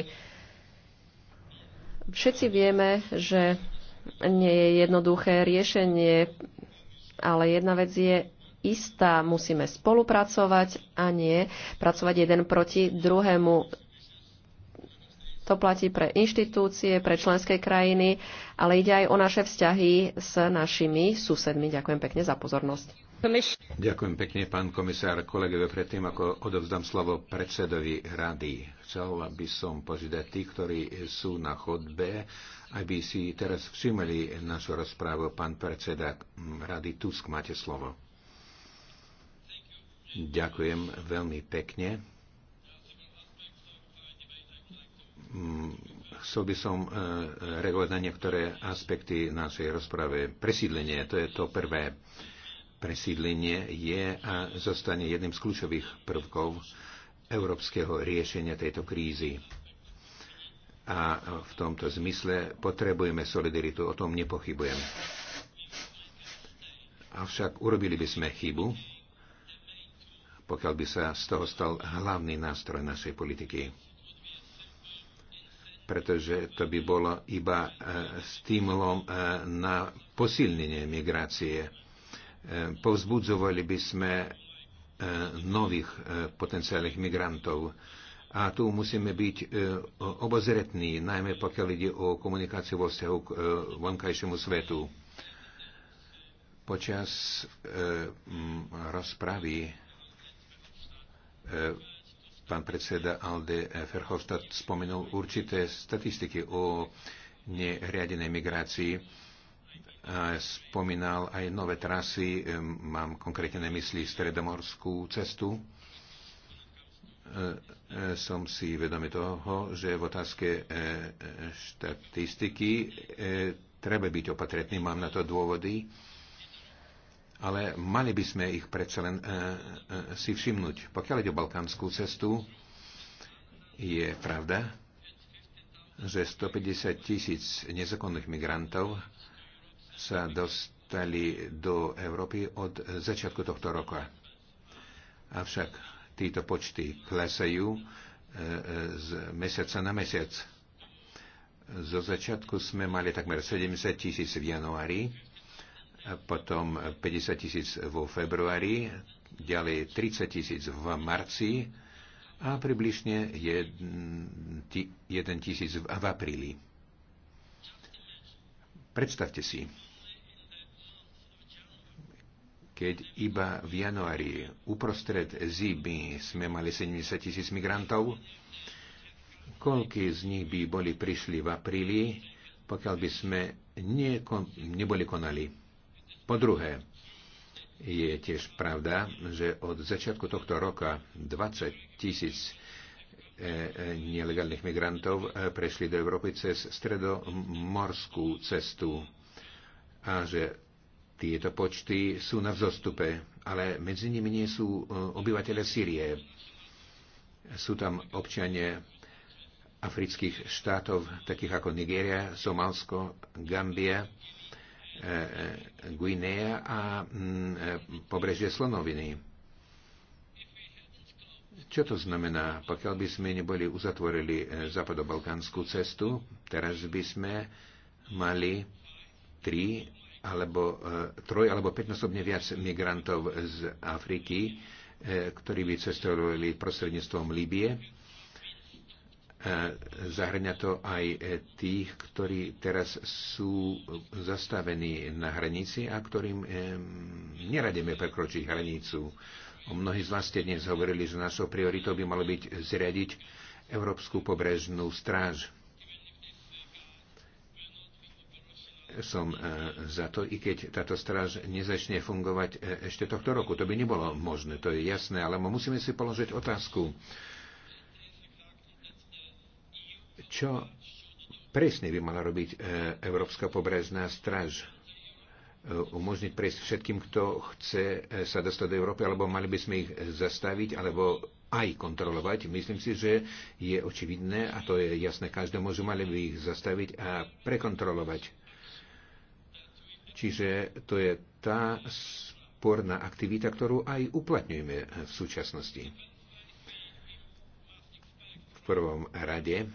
Všetci vieme, že nie je jednoduché riešenie, ale jedna vec je istá. Musíme spolupracovať a nie pracovať jeden proti druhému. To platí pre inštitúcie, pre členské krajiny, ale ide aj o naše vzťahy s našimi susedmi. Ďakujem pekne za pozornosť. Ďakujem pekne, pán komisár. Kolegovia, predtým, ako odovzdám slovo predsedovi rady, chcel by som požiadať tých, ktorí sú na chodbe, aby si teraz všimli našu rozprávu. Pán predseda rady Tusk, máte slovo. Ďakujem veľmi pekne. Mm, chcel by som e, reagovať na niektoré aspekty našej rozprave. Presídlenie, to je to prvé. Presídlenie je a zostane jedným z kľúčových prvkov európskeho riešenia tejto krízy. A v tomto zmysle potrebujeme solidaritu, o tom nepochybujem. Avšak urobili by sme chybu, pokiaľ by sa z toho stal hlavný nástroj našej politiky. Pretože to by bolo iba e, stimulom e, na posilnenie migrácie. E, povzbudzovali by sme nových potenciálnych migrantov. A tu musíme byť obozretní, najmä pokiaľ ide o komunikáciu vo vzťahu k vonkajšiemu svetu. Počas rozpravy pán predseda Alde Ferhofstadt spomenul určité statistiky o neriadenej migrácii. A spomínal aj nové trasy, mám konkrétne na mysli stredomorskú cestu. E, e, som si vedomý toho, že v otázke e, štatistiky treba byť opatretný, mám na to dôvody ale mali by sme ich predsa len e, e, e si všimnúť. Pokiaľ ide o balkánskú cestu, je pravda, že 150 tisíc nezakonných migrantov sa dostali do Európy od začiatku tohto roka. Avšak títo počty klesajú e, e, z mesiaca na mesiac. Zo začiatku sme mali takmer 70 tisíc v januári, potom 50 tisíc vo februári, ďalej 30 tisíc v marci a približne 1 tisíc v apríli. Predstavte si, keď iba v januári uprostred zimy sme mali 70 tisíc migrantov, koľky z nich by boli prišli v apríli, pokiaľ by sme neboli konali. Po druhé, je tiež pravda, že od začiatku tohto roka 20 tisíc e, e, nelegálnych migrantov e, prešli do Európy cez stredomorskú cestu a že tieto počty sú na vzostupe, ale medzi nimi nie sú obyvateľe Sýrie. Sú tam občania afrických štátov, takých ako Nigéria, Somálsko, Gambia, E, e, Guinea a e, pobrežie Slonoviny. Čo to znamená? Pokiaľ by sme neboli uzatvorili západobalkánsku cestu, teraz by sme mali tri alebo troj alebo pätnásobne viac migrantov z Afriky, ktorí by cestovali prostredníctvom Líbie zahrňa to aj e, tých, ktorí teraz sú zastavení na hranici a ktorým e, neradíme prekročiť hranicu. Mnohí z vás ste dnes hovorili, že našou prioritou by malo byť zriadiť Európsku pobrežnú stráž. som e, za to, i keď táto stráž nezačne fungovať ešte tohto roku. To by nebolo možné, to je jasné, ale musíme si položiť otázku čo presne by mala robiť e, Európska pobrezná straž? E, umožniť prejsť všetkým, kto chce e, sa dostať do Európy, alebo mali by sme ich zastaviť, alebo aj kontrolovať. Myslím si, že je očividné, a to je jasné každému, že mali by ich zastaviť a prekontrolovať. Čiže to je tá sporná aktivita, ktorú aj uplatňujeme v súčasnosti. V prvom rade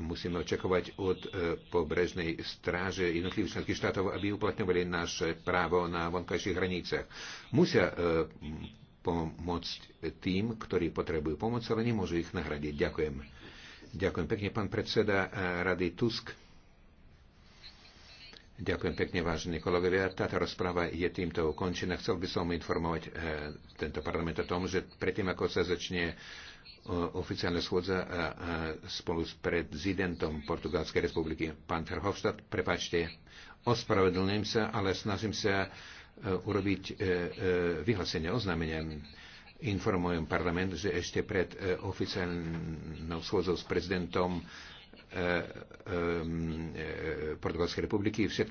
musíme očakovať od e, pobrežnej stráže jednotlivých členských štátov, aby uplatňovali naše právo na vonkajších hranicách. Musia e, pomôcť tým, ktorí potrebujú pomoc, ale nemôžu ich nahradiť. Ďakujem. Ďakujem pekne, pán predseda e, Rady Tusk. Ďakujem pekne, vážení kolegovia. Táto rozpráva je týmto ukončená. Chcel by som informovať tento parlament o tom, že predtým, ako sa začne oficiálna schôdza spolu s prezidentom Portugalskej republiky. Pán Verhofstadt, prepačte, ospravedlňujem sa, ale snažím sa e, urobiť e, e, vyhlásenie, oznámenia. Informujem parlament, že ešte pred oficiálnou schôdzou s prezidentom Portugalskej republiky všetky